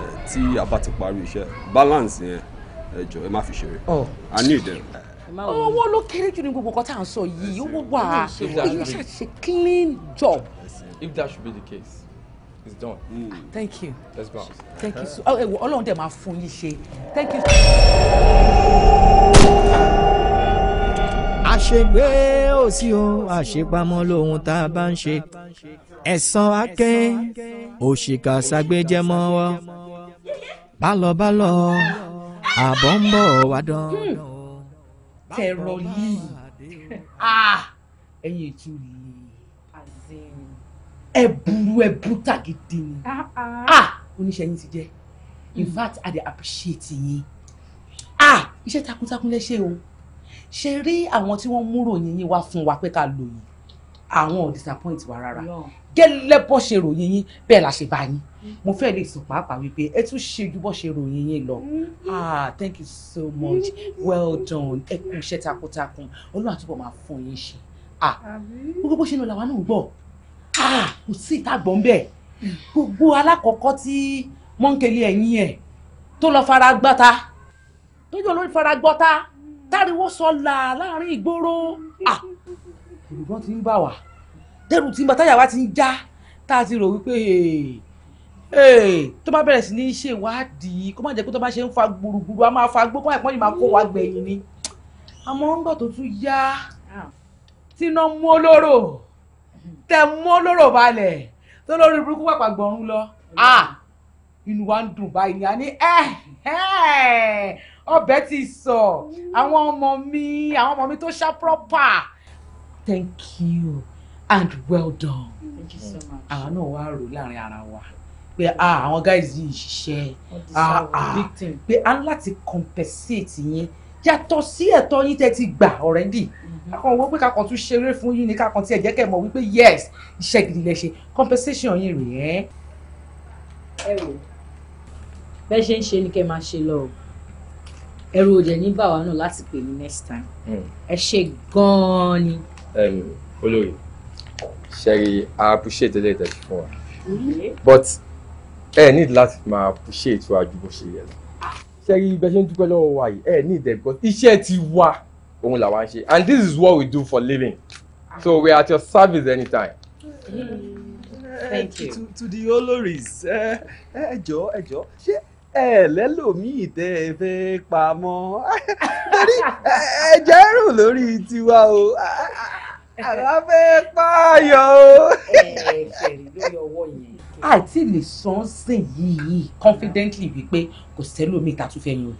S7: ẹ̀ tí a bá ti parí iṣẹ́ balance yẹn ẹ jọ ẹ má fi ṣeré oh. a ní ìdẹ̀rùn.
S8: owó
S2: ló kéré jù ní gbogbo nǹkan tá à ń sọ yìí owó wà á èyí ṣàṣe clean job.
S7: if that should be the case it's done. Mm. thank you let's bounce. thank you so oh,
S3: ọlọ́run dẹ̀ máa fún yín ṣe thank you.
S1: àṣegbé ò sí o àṣepamọ́ lóhun tá a bá ń ṣe ẹ̀san akẹ́ òṣìkà ságbéjẹ́ mọ́wọ́ bálọ̀bálọ̀ àbọ̀ ń bọ̀ wá dán. Hmm,
S3: tẹ̀rọ̀lì [laughs] ah, ẹ̀yìn ètò rèé ẹ burú ẹ burú tàgídé ni ah, ah. oníṣẹ́ yín ti jẹ́ in hmm. fact i dey appreciate yín iṣẹ́ takuntakun lẹ ṣe o ṣe rí àwọn tí wọ́n mú ròyìn yín wá fún wa pé ká lò yìí àwọn ò disappoint wa rárá gẹ́lẹ́ bọ́ ṣe ròyìn yín bẹ́ẹ̀ la ṣe bá yín mo fẹ́ lè sọ pàápàá wípé ẹ tún ṣe ju bọ́ ṣe ròyìn yín lọ ah thank you so much well done ẹ kú iṣẹ́ takuntakun olúwa túbọ̀ máa fún yín ṣe ah gbogbo bó ṣe lọ làwa náà ń gbọ́ ah kò sí ìta gbọ́n bẹ́ẹ̀ gbogbo alákọ̀ọ́kọ́ tí mọ́ńkèlì ẹ̀yìn ẹ̀ tó lọ fara gbọ́ta tó yọ lórí fara gbọ́ta táriwo sọ là láàrin ìgboro ah ìrùgbọ́n ti ń bà wá dẹ́rù tí bàtáyà wa ti ń já
S2: tá a ti rò wípé tó bá bẹ̀rẹ̀ sí ní ṣèwádìí kó má jẹ́ pé tó bá ṣe ń fa gbùrùgbùrù a máa fa gbó kó má ìpọ́njú máa kó wa gbẹ̀yìn ni àmọ́ ńgbà tó tún yá ah. tíná mú olóró tẹ mú olóró balẹ̀
S3: tó lórí burúkú pàpà gbọ̀rún lọ ah, inú wa ń dùn báyìí ni a ní eh, eh, ọbẹ̀ ti sọ àwọn ọmọ mi àwọn ọmọ mi tó ṣá proper thank you and well done. Thank you so much. àwọn náà wá rò láàrin ara wa pé àwọn guys yìí ṣiṣẹ́ pé a ń láti compensate yín yàtọ̀ sí ẹ̀tọ́ yín tẹ́ ti gbà already mm-hmm. akọ̀wé wọ́n pé kakọ̀ tún ṣeré fún yín ni kakọ̀ tí ẹ̀ jẹ́ kẹ́ mọ̀ wípé yes iṣẹ́ gidi lẹ ṣe compensation yín rèé. ẹ wò bẹ́ẹ̀ ṣe ń ṣe ni kẹ́ máa ṣe lọ o òjẹ̀ ní bàwá náà láti pè ní next time hmm. ẹ ṣe gan-an ni.
S7: olóyè Sherry, I appreciate the letter before, wa but ẹ need last, máa appreciate wa ju bó ṣe yẹ lọ ṣẹ́rí bẹ́ẹ̀ ṣe ń dúpẹ́ lọ́wọ́ wa yìí ẹ need them because iṣẹ́ ti wa. òun làwa ń ṣe and this is what we do for living so we are at your service anytime. Thank you. To, to the oloris ẹ jọ ẹ jọ ṣé ẹ lẹ́lòmíì tẹ́ ẹ fẹ́ pamọ́ torí [laughs] ẹ̀jẹ̀ rùn lórí tiwa
S2: o
S3: àlàfẹ́
S7: pààyàn o.
S3: ṣẹ̀rí lórí ọwọ́ yẹn. àti lè sàn sìn yìí confidently wípé kò sẹ́lómi ta tún fẹ́ yanjú.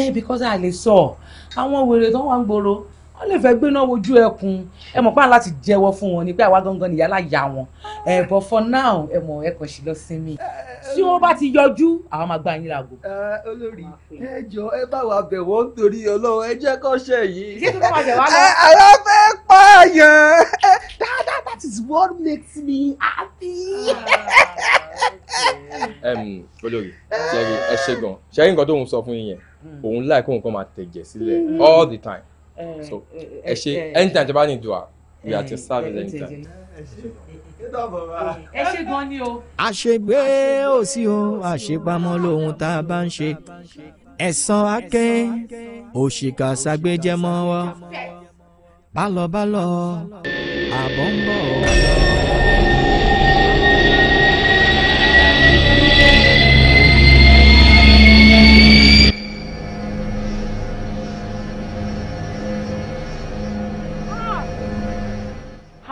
S3: ẹ because a lè sọ àwọn wèrè tó wà ń gbòòrò wọ́n lè fẹ́ gbéná wojú ẹkùn ẹ mọ̀ pàrọ̀ láti jẹ́wọ́ fún wọn ni pé àwa gangan nìyá láyà wọn ẹ but for now ẹ mọ̀ ẹ kàn sí lọ sinmi tí wọ́n bá ti yọjú àwọn máa gbá yín láago. olórí
S2: ẹ jọ ẹ bá wa bẹ̀ wọ́n nítorí ọlọ́run ẹ jẹ́ kó ṣe yìí. ṣé tó kọ́ máa
S8: bẹ̀ lọ. àwọn fẹ́ pààyàn dáadáa that is what makes me happy.
S7: Ah, olórí ṣe é ṣe gan ṣe é nǹkan tó ń sọ fún yín yẹn hmm. òun láì kó nǹkan máa tẹ̀jẹ̀ sílẹ̀ hmm. all the time
S1: so eh, eh, eh, ẹ ṣe anytime tí a bá ní dùn à we are just serving you anytime.
S8: ẹ ṣe gan ni o.
S1: àṣegbé ò sí o àṣepamọ́ lóhun tá a bá ń ṣe ẹ̀san akẹ́ òṣìkà ṣàgbéjẹ́ mọ́ wa bálọ̀bálọ̀ àbọ̀ ń bọ̀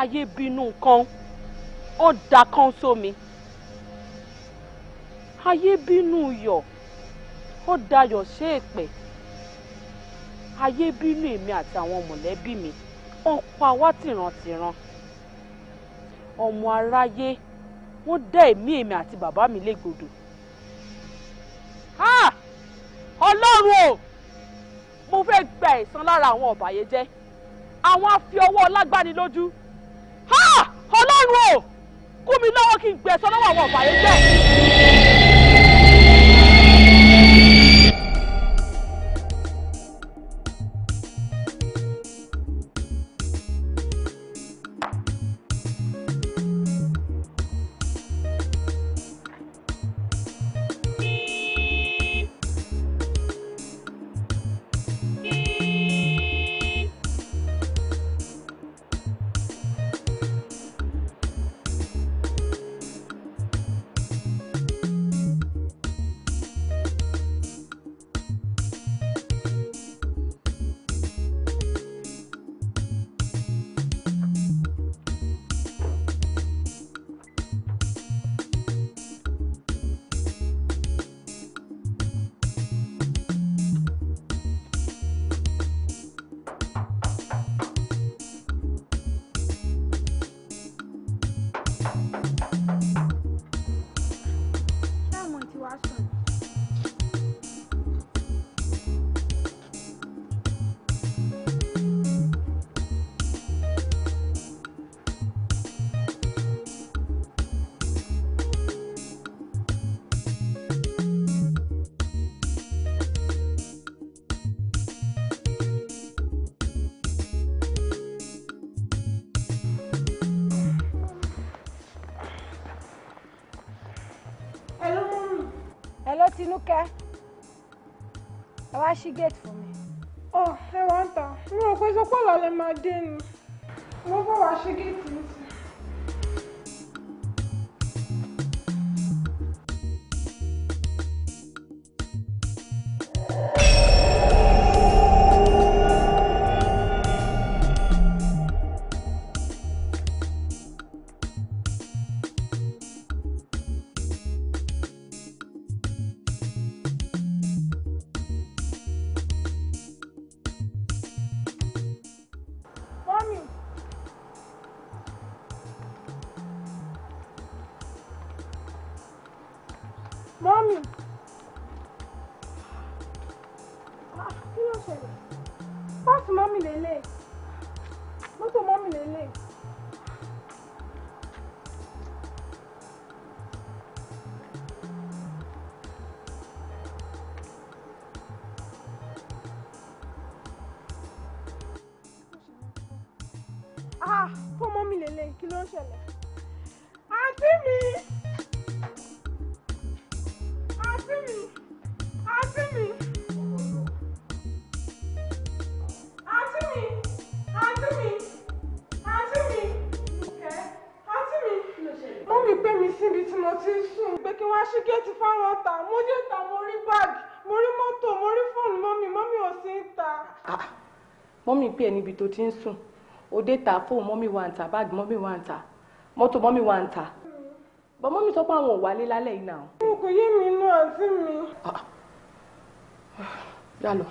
S8: ayé bínú kan
S3: ó da kan sómi ayé bínú yọ̀ ó dayọ̀ ṣe èpè ayé bínú èmi àti àwọn mọ̀lẹ́bí mi ó pa wá tìrantìran ọmọ aráyé wọ́n dá èmi èmi àti bàbá mi légbodò
S8: ọlọ́run o mo fẹ́ gba ẹ̀san lára àwọn ọ̀bàyéjẹ́ àwọn afi ọwọ́ lágbánilójú ọlọ́run o kú mi lọ́wọ́ kí n gbẹ̀sán lọ́wọ́ àwọn ọ̀bàyẹ́jẹ́.
S4: ṣẹlẹ̀ báàsì mọ́mì lélẹ̀ mọ́tò mọ́mì
S3: pè ẹ́ níbi tó ti ń sùn ó dé ta fóònù mọ́mí wa ń ta báàgì mọ́mí wa ń ta mọ́tò mọ́mí wa ń ta bọ́ mọ́mí sọ pé àwọn ò wálé lálẹ́ yìí náà.
S8: kò yé mi náà sí mi. Ah,
S3: ah. yálò.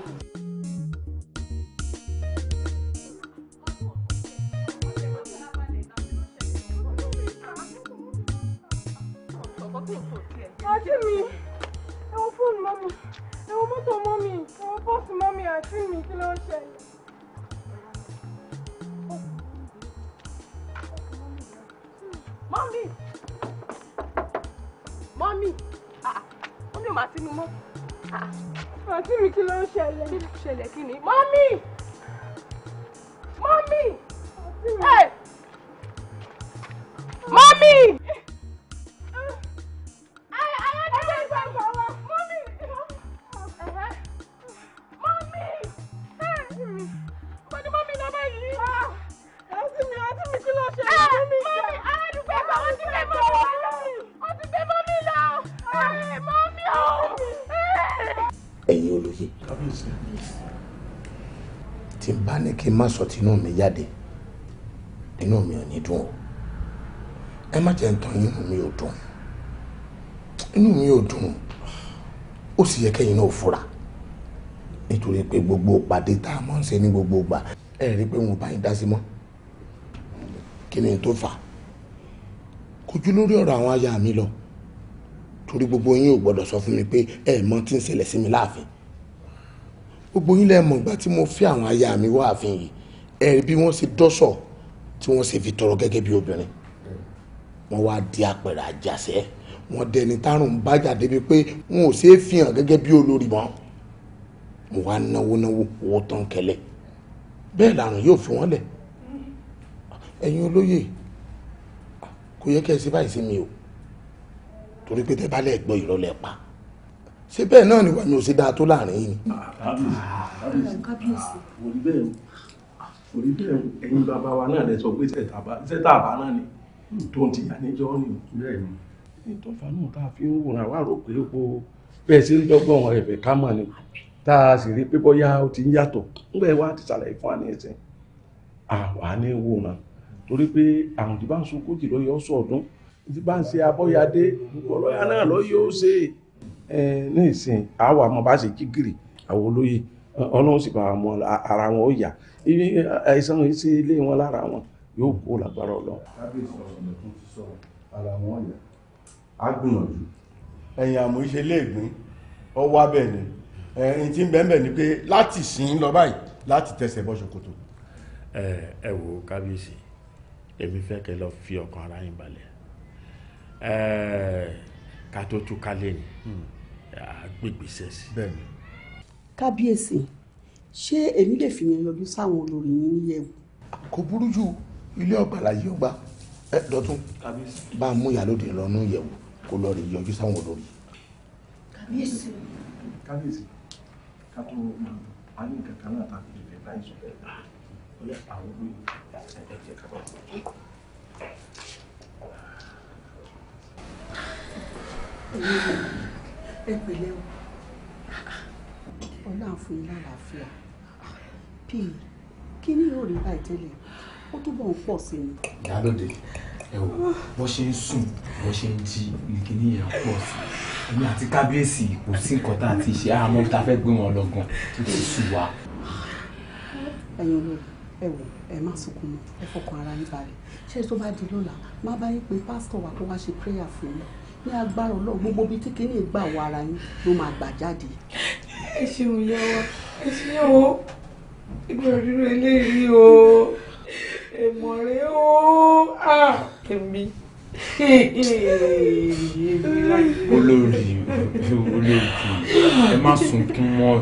S2: kí n má sọ tinú mi jáde inú mi ò ní dùn o ẹ má jẹ́ ntọ́ inú mi ò dùn inú mi ò dùn ó sì yẹ kẹ́yìn náà fura nítorí pé gbogbo pàdé tá a mọ̀ ń ṣe ní gbogbo ìgbà ẹ rí i pé wọn ò bá yín dá sí mọ́ kí ni tó fà á lórí ọ̀rọ̀ àwọn aya mi lọ torí gbogbo yín ò gbọ́dọ̀ sọ fún mi pé ẹ mọ̀ tí ń ṣẹlẹ̀ sí mi láàfin gbogbo yín lẹ́ẹ̀mọ̀ ìgbà tí mo fi àwọn aya mi wá ààfin yìí ẹ rí bí wọ́n ṣe dọ́sọ̀ tí wọ́n ṣe fi tọrọ gẹ́gẹ́ bí obìnrin wọ́n wá di apẹ̀rẹ̀ àjàṣẹ́ wọ́n dẹni tárùn ún bá jáde bíi pé wọn ò ṣe é fi hàn gẹ́gẹ́ bí olórí mọ́ mo wá náwó náwó owó tán kẹlẹ̀ bẹ́ẹ̀ làrùn yóò fi wọ́n lẹ̀ ẹ̀yin olóyè kò yẹ kẹ́ ẹ ṣe báyìí sí mi o torí pé tẹ́ bá lẹ́ẹ̀ gbọ́ ìrọ̀lẹ́ ṣé bẹ́ẹ̀ náà ni wà mí ò ṣe dáa tó láàrin yìí ni.
S6: Ah, kábíyèsí orí ah, bẹ́ẹ̀ orí bẹ́ẹ̀ ẹ̀yin bàbá wa náà lẹ sọ pé sẹ́tà àbá náà ni tó ń tìyà níjọ́ ni bẹ́ẹ̀ ni. ìtọ́fà náà tá a fi ń wòran àwa rò pé epo bẹ́ẹ̀ sí ń dọ́gbọ̀n ẹ̀fẹ̀ ká mọ̀ ni tá a sì rí pé bóyá ó ti ń yàtọ̀ ńgbà ẹ̀ wá ti ṣàlàyé fún wa ní ẹ̀sìn àwa torí pé àrùn tí bá ń sunkún jì lọ́yọ̀ sọ̀ọ́dún tí bá ń ṣe abọ́yadé ọlọ́yà náà lọ́yọ̀ ó ṣe é ní ìsìn àwa mọ bá ṣe kígìrì àwọn olóyè ọlọ́run sì bá wọn ara wọn ó yà àìsàn yìí sí ilé wọn lára wọn yóò kó lágbára ọlọ́run. kábíyèsí ọ̀sán tó ti sọ ara wọn yà á gbìyànjú. ẹ̀yìn àmọ́ iṣẹ́ iléègbín ọwọ́
S2: abẹ́ ni ẹ̀yìn tí ń bẹ́ẹ̀ bẹ́ẹ̀ ni pé láti sìn lọ báyìí láti tẹ̀sẹ̀ bọ́ ṣòkòtò. ẹ ẹ wo kábíyèsí èmi fẹ́ kẹ́ lọ fi ọkàn ara yín balẹ̀ ẹ ká tú kálẹ̀ ni. Hmm àgbègbè sẹ́sì. bẹ́ẹ̀ni.
S3: kábíyèsí ṣé èmi lè fi yẹn yọjú sáwọn olórí yín
S2: níyẹwò. kò burú ju ilé ọgbà láyé ọgbà ẹ dọtún bá a mú ìyálòdì lọnú yẹ̀wò kó lọ rí yọjú sáwọn olórí.
S6: kábíyèsí. kábíyèsí ká tó a ní kankan náà tá a fi lè báyìí sọ bẹ́ẹ̀ ọlẹ àwọn olóyè ẹ jẹ ká bá wọn.
S2: Thank ẹ pẹ̀lẹ́ o ọlọ́run fún yín lálàáfíà pí kí ni yóò rí báyìí tẹ́lẹ̀ ó túbọ̀ ń pọ̀ sí ni. ìyálòde ẹ wò bó ṣe ń sùn bó ṣe ń jí nìkíní yẹn pọ̀ sí èmi àti kábíyèsí kò sí nǹkan tá a ti ṣe àmọ́ tá a fẹ́ gbé wọn lọ́gàn tó ti sùn wá.
S3: ẹ̀yin olórí ẹ wò ẹ má sunkún mọ́ ẹ fọkàn ara yín balẹ̀ ṣé tó bá di lọ́la má bá yín pé pásítọ̀ wa kó wá ṣe prayer fún yín ní agbára ọlọ́run gbogbo bíi kékeré ìgbà wọ ara yín ló máa gbà jáde.
S8: ẹ ṣeun ìyá ẹ ṣe o ibi òrírò eléyìí o èmọ̀ rẹ o èmi. olórí
S6: olórí ẹ má sunkún mọ́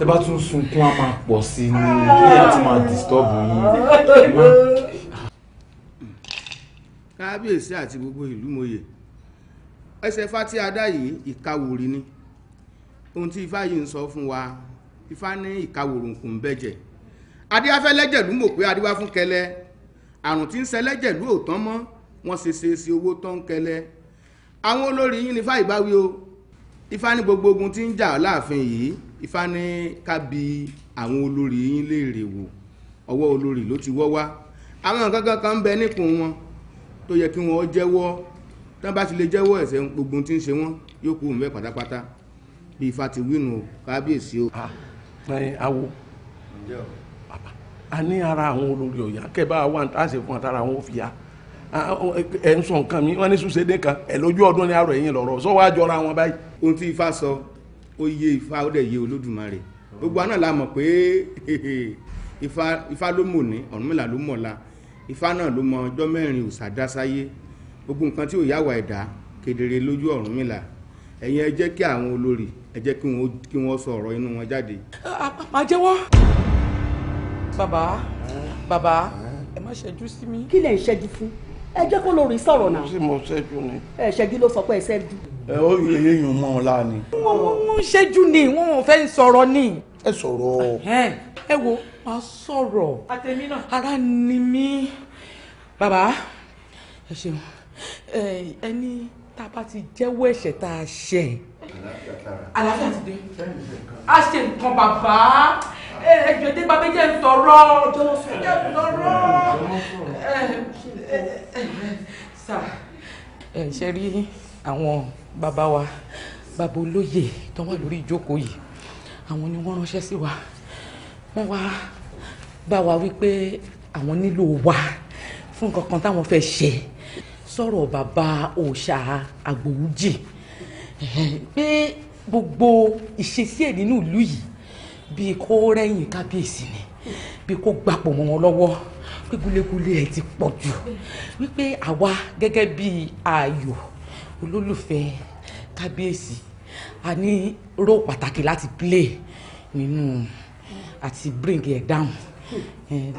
S6: ẹ bá tún sunkún á máa pọ̀ sí i ní ilé àti máa disturb
S5: yín.
S2: kábíyèsí àti gbogbo ìlú mòye ẹsẹ̀ ifá tí a dá yìí ìkawòrì ni ohun tí ifá yìí ń sọ fún wa ifá ní ìkawòrùnkùn ń bẹ̀jẹ̀ adíafẹ́lẹ́jẹ̀lú mọ̀ pé adíwá fún kẹlẹ́ àrùn tí ń ṣẹlẹ́jẹ̀lú ò tán mọ́ wọ́n ṣe ṣe sí owó tán kẹlẹ́ àwọn olórí yín ní ifá ìbáwí o ifá ní gbogbo ogun tí ń jà láàfin yìí ifá ní kábi àwọn olórí yín léèrè wò ọwọ́ olórí ló ti wọ́ wá àwọn nǹkan kan ń bẹ níkùn wọn tó yẹ kí wọ́n jẹ́wọ́ tán bá ti lè jẹ́wọ́ ẹ̀ṣẹ̀ gbogbo tí ń ṣe wọ́n yóò kú mẹ́ pátápátá bí ifá ti
S6: wínú kábíyèsí o. Ah, awo a ní ara àwọn olórí ọ̀yà kẹ́bà wà á sì fún àtàrà àwọn òfìyà ẹ̀ ń sọ nǹkan mi wọ́n ní sùsèdè kan ẹ̀ lójú ọdún ní àrò ẹ̀yìn lọ́rọ̀ sọ wá jọra wọn báyìí. ohun tí ifá sọ ó yé
S2: ifá ó dẹ̀ yé olódùmarè gbogbo àná la mọ̀ pé [laughs] ifá ló mọ̀ ní ọ̀rúnmìlà ló mọ̀ la ifá náà ló mọ ọjọ́ mẹ́rin òsàdásáyé gbogbo nǹkan tí ò yáwà ẹ̀dá kedere lójú Ọ̀rúnmìlà ẹ̀yin ẹ jẹ́ kí àwọn olórí ẹ jẹ́ kí wọ́n sọ ọ̀rọ̀ inú wọn jáde.
S8: àpapà jẹ́wọ́.
S2: bàbá bàbá ẹ má ṣẹ́jú sí mi. kí lẹ̀ ń ṣẹ́jú fún ẹ jẹ́ kó lórí sọ̀rọ̀ náà. ṣé mo ṣẹ́jú ni. ẹ ṣẹ́jú ló sọ pé ẹ ṣẹ́jú. ẹ ó yẹ yíyan mọ́ ọ láà ni. wọ́n ń ṣẹ́jú ni wọ́n ò fẹ́ sọ̀rọ̀ ni. ẹ sọ̀rọ̀. ẹ wo máa sọ̀rọ̀. àtẹ̀mí náà. ara ni mí.
S3: bàbá ẹ ṣeun
S2: ẹni tá a bá ti
S3: jẹ́wọ́ ẹ̀ṣẹ̀ tá a ṣẹ̀ àlàáfíà ti
S8: dé a ṣe nǹkan bàbá ẹjọ dé bàbá jẹ́ ntọ̀rọ̀ jẹ́ ntọ̀rọ̀ sà
S3: ṣe rí àwọn bàbá wa bàbá olóyè tó wà lórí ìjókòó yìí àwọn ni wọ́n ránṣẹ́ sí wa wọ́n wá bá wa wípé àwọn nílò wa fún nǹkan kan táwọn fẹ́ ṣe sọ̀rọ̀ bàbá òòṣà àgbòwújì pé gbogbo
S2: ìṣesí ẹ̀ nínú ìlú yìí bíi kó rẹ́yìn kábíyèsí ni bíi kó gbapò mọ́ wọn
S3: lọ́wọ́ pé gúlégúlé ẹ̀ ti pọ̀ jù wípé àwa gẹ́gẹ́ bíi ààyò olólùfẹ́ kábíyèsí a ní ró pàtàkì láti play nínú àti bring ẹ̀ down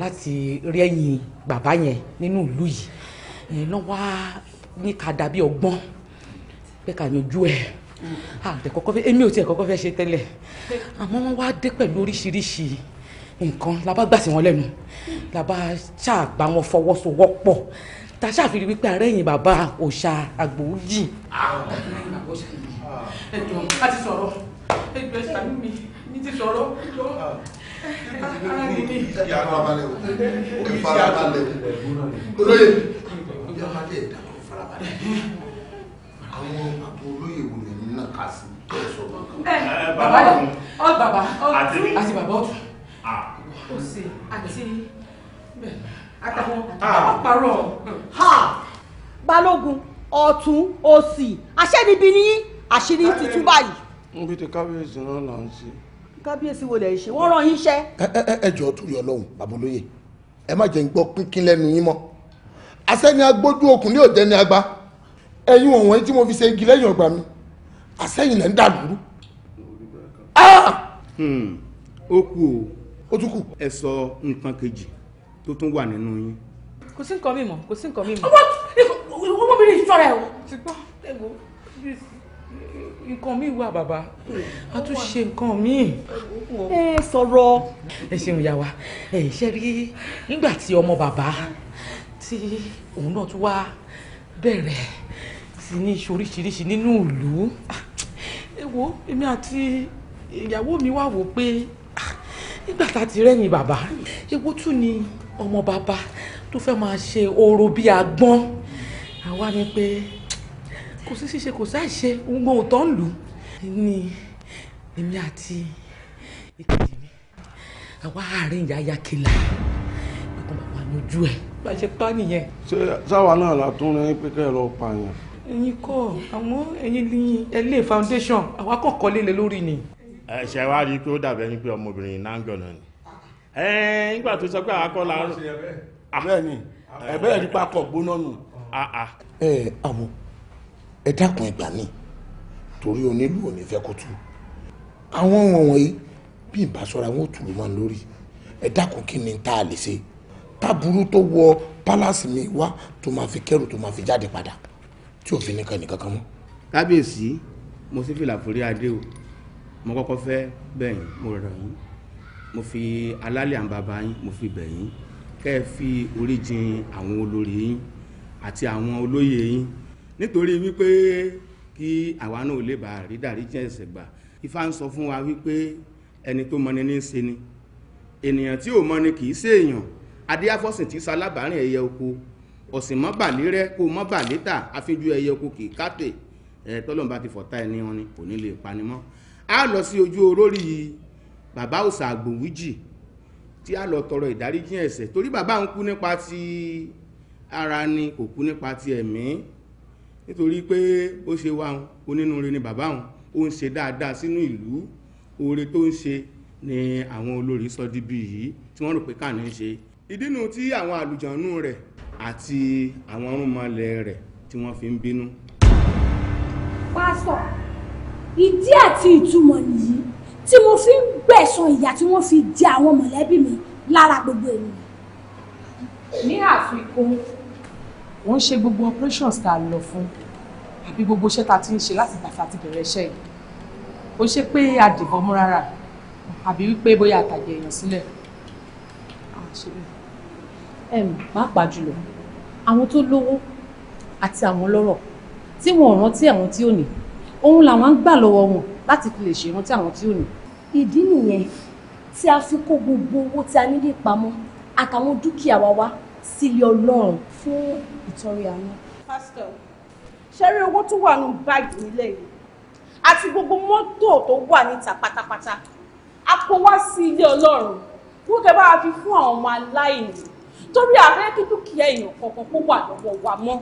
S3: láti rẹ́yìn bàbá yẹn nínú ìlú yìí ẹ̀yìn náà wá ní ká dàbí ọgbọ́n pé ká yanjú ẹ̀ àtẹ kọ́kọ́ fẹ́ èmi ò tiẹ̀ kọ́kọ́ fẹ́ ṣe tẹ́lẹ̀ àmọ́ wọ́n wá dé pẹ̀lú oríṣiríṣi nǹkan la bá gbà sí wọn lẹ́nu la bá ṣàgbà wọn fọwọ́sowọ́pọ̀ ta ṣàfihàn wípé ààrẹ yìí bàbá òòṣà àgbòójì. ẹjọ a ti sọ̀rọ̀ ẹjọ
S1: ẹ ṣàánú mi mi ti sọ̀rọ̀ ẹjọ ara mi ni. kí a
S3: abalẹ̀ o
S2: kí a abalẹ̀ o bí a bá dẹ̀ dàgbà farabalẹ̀ àwọn àpò olóyè wo lè nínú ká sí ẹ̀sọ́ kankan.
S9: ẹ bàbá
S3: yìí ọ bàbá ọtún àti bàbá ọtún. òsè àti
S6: àtàwọn àpárọ̀.
S4: balógun ọ̀tún òsì àṣẹ́nibi ní àṣírí tuntun báyìí. n bí ti kábíyèsí
S2: náà là ń ṣe.
S3: kábíyèsí wo lè ṣe wọ́n rán yín iṣẹ́.
S2: ẹ ẹ ẹ jọ̀ọ́ torí Ọlọ́run bàbá ẹ má jẹ́ ń gbọ́ pínpín lẹ́nu yín mọ́ asẹ́ni agbójú okùn ní òjẹ́ ní agba ẹ̀yin ọ̀wọ́n tí mo fi ṣe igi lẹ́yìn ọgbà mi àsẹ́yìn lẹ́ ń dàlúrú. Ah! Hmm. ó kú o ó tún kù. ẹ sọ nǹkan kejì tó tún wà nínú yín.
S3: kò sí nǹkan mi mọ́ kò sí nǹkan mi mọ́. ọwọ́ ọmọ mi lè ṣọ́ra ẹ̀ o. ti gbọ́ ẹ̀gbọ́n nǹkan mi wà bàbá a tún ṣe nǹkan mi ẹ sọ̀rọ̀ ẹ ṣeun yà wá ẹ ṣe rí nígbà tí ọmọ bàbá tí òun náà tún wá bẹ̀rẹ̀ sí ní iṣu oríṣiríṣi nínú ìlú ẹ wo èmi àti ìyàwó mi wá wò pé nígbà tá a ti rẹ́yìn bàbá ewu tún ni ọmọ bàbá tó fẹ́ máa ṣe orò bíi agbọ́n àwa ni pé kò sí ṣíṣe kò sáà ṣe ohun gbọ́n òótọ́ ń lù ú ni èmi àti ìkejì mi àwa àárín yàyà kìlà ẹ̀kọ́
S6: bàbá yanjú ẹ̀ bá ṣe pa nìyẹn. ṣé sáwa náà la tún rẹ pé kẹ́ ẹ lọ pààyàn.
S1: ẹ̀yin kọ́ àmọ́ ẹ̀yin ní
S2: ẹlẹ foundation àwa kọ́kọ́ lélẹ̀ lórí ni. ẹ ṣe wá rí i pé ó dàbẹ̀ ni pé ọmọbìnrin náà ń gbọ̀nà ni. ẹ nígbà tó sọ pé àkọ́ la rún. bẹ́ẹ̀ ni ẹ̀bẹ́ ẹ̀ nípa kọ̀ gbóná nù. Ah, ah. ẹ àmọ́ ẹ dákun ẹgbà mi torí onílù ò ní fẹ́ kó tú àwọn wọn wọ̀nyí bí ìbásọ́ra wọn ò tù mí mọ́ lórí ẹ dákun kí ni tá a lè ṣe táburú tó wọ pálásì mi wá tó máa fi kẹrù tó máa fi jáde padà tí òfin nìkan nìkan kan mọ́. kábíyèsí mo sì fìlà forí adé o mo kọ́kọ́ fẹ́ bẹ̀yìn mo rọ̀ yín mo fi alálẹ̀ àǹbàbà yín mo fi bẹ̀yìn kẹ́ ẹ fi orí àwọn olórí yín àti àwọn olóyè yín nítorí wípé kí àwa náà lè bá rí dàrí jẹ́ ẹ̀ṣẹ̀ gbà ifá ń sọ fún wa wípé ẹni tó mọni ní í ṣe ni ènìyàn tí ò mọni kì í ṣèèyàn adéáfọ́sìn tí salábàárìn ẹyẹ oko ọ̀sìn mọ́ bàlẹ́ rẹ kó mọ́ bàlẹ́ tà àfijù ẹyẹ oko kì í kàtẹ́ ẹ̀ tọ́lọ́mùbá ti fọ̀tá ẹni wọn ni kò ní lè pani mọ́ a lọ sí ojú olórí bàbá òsà àgbòwíjì tí a lọ tọrọ ìdáríjì ẹ̀ṣẹ̀ torí bàbá ń kú nípa ti ara ni kò kú nípa ti ẹ̀mí nítorí pé ó ṣe wá wọn onínúure ni bàbá wọn ó ń ṣe dáadáa sínú ìlú oore tó ń ṣe ni àwọn olórí sọ di bí yìí tí wọ́n rò pé káà ní í ṣe ìdínú tí àwọn àlùjọ̀nú rẹ̀ àti àwọn ọ̀rúnmọlẹ̀ rẹ̀ tí wọ́n fi ń bínú.
S4: pásítọ̀ ìdí àti ìtumọ̀ nìyí tí mo fi ń gbẹ̀san ìyà tí wọ́n fi jẹ àwọn mọ̀lẹ́bí mi lára gbogbo ènìyàn. ní àfikún
S3: wọ́n ń ṣe gbogbo operations tá a lọ fún àbí gbogbo iṣẹ́ tá a ti ń ṣe láti gbàtà àti bẹ̀rẹ̀ iṣẹ́ yìí ó ṣe pé a dìbọn mú rárá àbí wípé bóyá àtàjẹ èèyàn sílẹ̀. àwọn ṣe bẹ́ẹ̀ pàápàá jùlọ àwọn tó lówó àti àwọn lọ́rọ̀ tí wọn ò rántí àwọn tí ò ní òun làwọn ń gbà lọ́wọ́ wọn láti fi lè ṣèrántí àwọn tí ò
S4: ní. ìdí nìyẹn tí a fi kó gbogbo owó tí a nílé pamọ́ àtàwọn dúkìá wa wá sílé ọlọ́run fún ìtọrẹ àánú. pásítọ̀ ṣe rí owó tó wà nù báàgì nílẹ̀ yìí àti gbogbo mọ́tò tó wà níta
S3: pátápátá a kó wá sí ilé ọlọ́run kó kẹ́ bá a fi fún àwọn ọmọ aláìní torí àfẹ́ kí dúkìá èèyàn kọ̀ọ̀kan kó wà lọ́wọ́ wa mọ́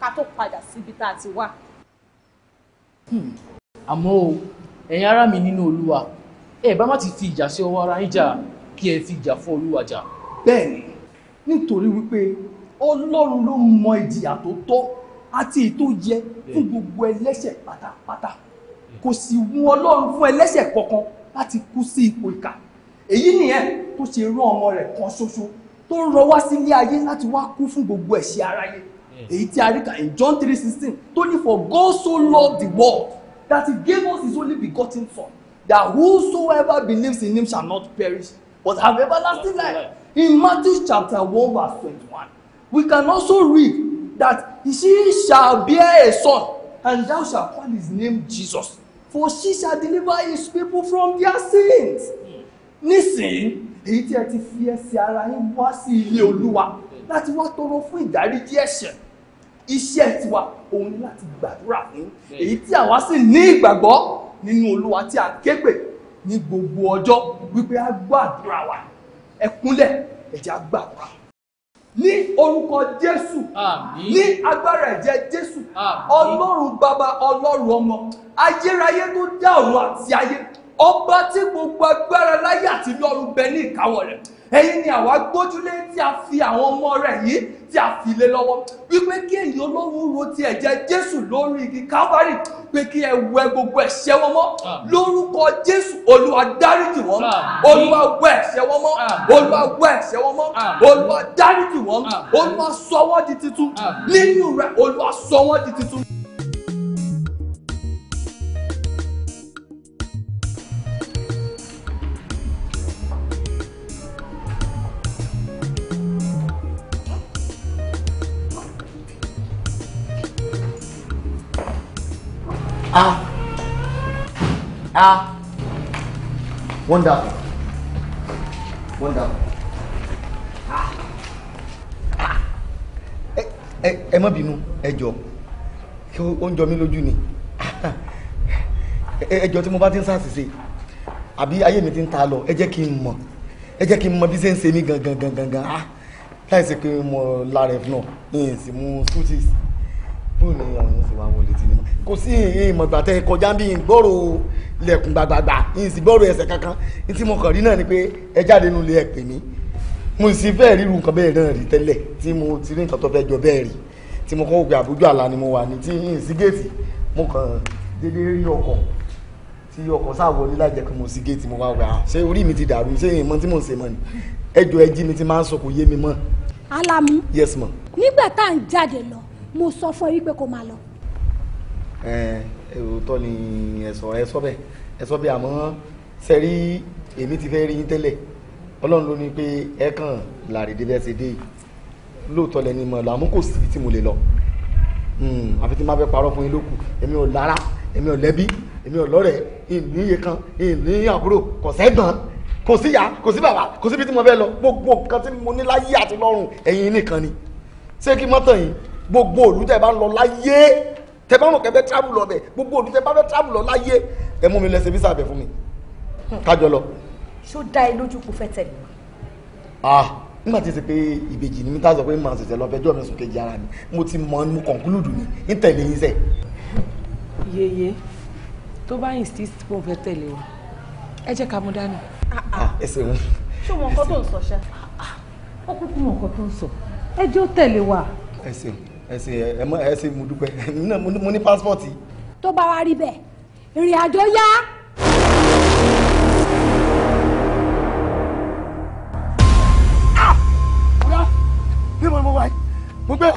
S3: ká tó padà síbi tá a ti wá.
S2: Hmm. àmọ́ o ẹ̀yin ará mi nínú olúwa ẹ bá má ti fi ìjà sí ọwọ́ ara yín jà kí ẹ fi ìjà fún olúwa jà. bẹ́ẹ̀ni nítorí wípé ọlọ́run ló mọ ìjìyà tó tọ́ àti ètò yẹ fún gbogbo ẹlẹ́ṣẹ̀ pátápátá kò sì wù ọlọ́run fún ẹlẹ́ṣẹ̀ kankan láti kú sí ipò ìkà èyí nìyẹn tó ṣe rán ọmọ rẹ̀ kan ṣoṣo tó rọ wá sílé ayé láti wá kú fún gbogbo ẹ̀ṣẹ̀ aráyé hmm. èyí tí a rí kà in John three sixteen tó ní for God so loved the world that he gave us his only begotten son that whosoever believes in him shall not perish but have everlasting life in Matthew chapter one verse twenty-one we can also read that she shall bear a son and thou shall call his name Jesus for she shall deliver his people from their sins hmm. nísìnyí èyí tí ẹ ti fi ẹsẹ̀ ara yín wá sí ilé olúwa láti wá tọrọ fún ìdáríjì ẹ̀ṣẹ̀ iṣẹ́ tiwa òun ni láti gbàdúrà fún èyí tí àwa sì ní ìgbàgbọ́ nínú olúwa tí a ké pè ní gbogbo ọjọ́ wípé a gbàdúrà wa ẹ kúnlẹ̀ ẹ a gbàdúrà ní orúkọ jésù ní agbára ẹ̀jẹ̀ jésù
S7: ọlọ́run bàbá ọlọ́run ọmọ ayérayé tó dá ọ̀run àti ayé ọba tí gbogbo agbára láyé àti lọ́run bẹ ní ìkáwọ́ rẹ̀ ẹ̀yin ni àwa gbójúlé
S2: tí a fi àwọn ọmọ rẹ̀ yìí tí a fi lé lọ́wọ́ wípé kí èyí olóhùn ro ti ẹ̀jẹ̀
S7: jésù lórí igi calvary pé kí ẹ wẹ gbogbo ẹ̀ṣẹ̀ wọn mọ́ lórúkọ jésù olúwa dáríjì wọn olúwa wẹ ẹ̀ṣẹ̀ wọn mọ́ olúwa wẹ ẹ̀ṣẹ̀ wọn mọ́ olúwa dáríjì wọn olúwa sọ wọn di titun nínú rẹ̀ olúwa sọ wọn di titun.
S2: Ah. Ah. Wonderful. Wonderful. Ah. Eh, eh, ẹ má bínú ẹ jọ kí ó ń jọ mí lójú ni [laughs] eh, ẹ jọ tí mo bá ti ń ṣàṣìṣe àbí ayé mi ti ń ta lọ ẹ jẹ́ kí n mọ̀ ẹ jẹ́ kí n mọ̀ ah láì ṣe pé mo lára ẹ̀ náà ní ìsìn bóun ni àwọn sì wá wọlé tí ní. kò sí ìmọ̀gbà tẹ kọjá bí gbọ́rọ̀ lẹ̀kùn gbàgbàgbà n sì gbọ́rọ̀ ẹsẹ̀ kankan tí mo kàn rí náà ni pé ẹ jáde nínú ilé ẹ pè mo sì fẹ́ ríru nǹkan bẹ́ẹ̀ náà rí tẹ́lẹ̀ tí mo ti rí nǹkan tó fẹ́ jọ bẹ́ẹ̀ rí tí mo kọ́ òkè àbújọ àlá ni mo wà ní tí n sí géètì mo kàn dédé rí ọkọ̀ tí ọkọ̀ sáwọ́ ní láìjẹ́ pé mo sí géètì mo wá wà ṣé orí mi ti dàrú ṣé ìmọ̀ tí mò ń ṣe mọ́ ni ẹjọ́ ẹjí mi ti máa ń sọ yé mi mọ́. alamu yes ma.
S4: nígbà tá à ń jáde lọ mo sọ fún ẹ wípé kó máa lọ.
S2: ẹ ẹ òótọ́ ni ẹ sọ ẹ sọ bẹ́ẹ̀ ẹ sọ bẹ́ẹ̀ àmọ́ ṣe rí èmi ti fẹ́ rí yín tẹ́lẹ̀ ọlọ́run ló ní pé ẹ kàn làrèdè bẹ́ẹ̀ ṣe dé yìí lóòótọ́ lẹni mọ̀ làmú kò síbi tí mo lè lọ hmm, àfi tí n bá fẹ́ parọ́ fún yín lókù èmi ò lára èmi ò lẹ́bí èmi ò lọ́rẹ̀ ìní iye kan ìní àbúrò kò sẹ́gbọ̀n kò síyá kò sí bàbá kò síbi tí mo fẹ́ lọ gbogbo nǹkan tí mo ní láyé àti lọ́rùn ẹ̀yin nìkan ni ṣé kí mọ́tò yìí gbogbo òlú tẹ bá ń lọ láyé tẹ bá ń lọ kẹfẹ travel lọ bẹ gbogbo òlú tẹ bá fẹ́ travel lọ láyé ẹ mú mi lẹsẹ visa bẹ fún mi kájọ lọ.
S4: ṣó dá ẹ lójú kó fẹ́ tẹ̀lé
S2: ah nígbà tí ó ṣe pé ìbejì ni mi tá a sọ pé màá ṣẹ̀ṣẹ̀ lọ fẹjọ́ mi sùn kejì ara mi mo ti mọ mo conclude mi ń tẹ̀lé yín sẹ̀.
S3: yeye tó bá insist pé òun fẹ́ tẹ̀lé wa ẹ jẹ́ ká mú dání.
S2: Ah, ẹ ṣeun.
S3: ṣé o mọ nǹkan tó ń sọ ṣá. ó kúkú
S4: mọ nǹkan tó ń sọ ẹ jẹ́ ó tẹ̀lé wa.
S2: ẹ ṣeun ẹsẹ ẹmọ ẹsẹ mo dúpẹ́ [laughs] mo ní pásítọọtì.
S4: tó bá wa rí bẹ́ẹ̀ ìrìn àjò yá.
S8: níbo ni mo wáyé mo gbé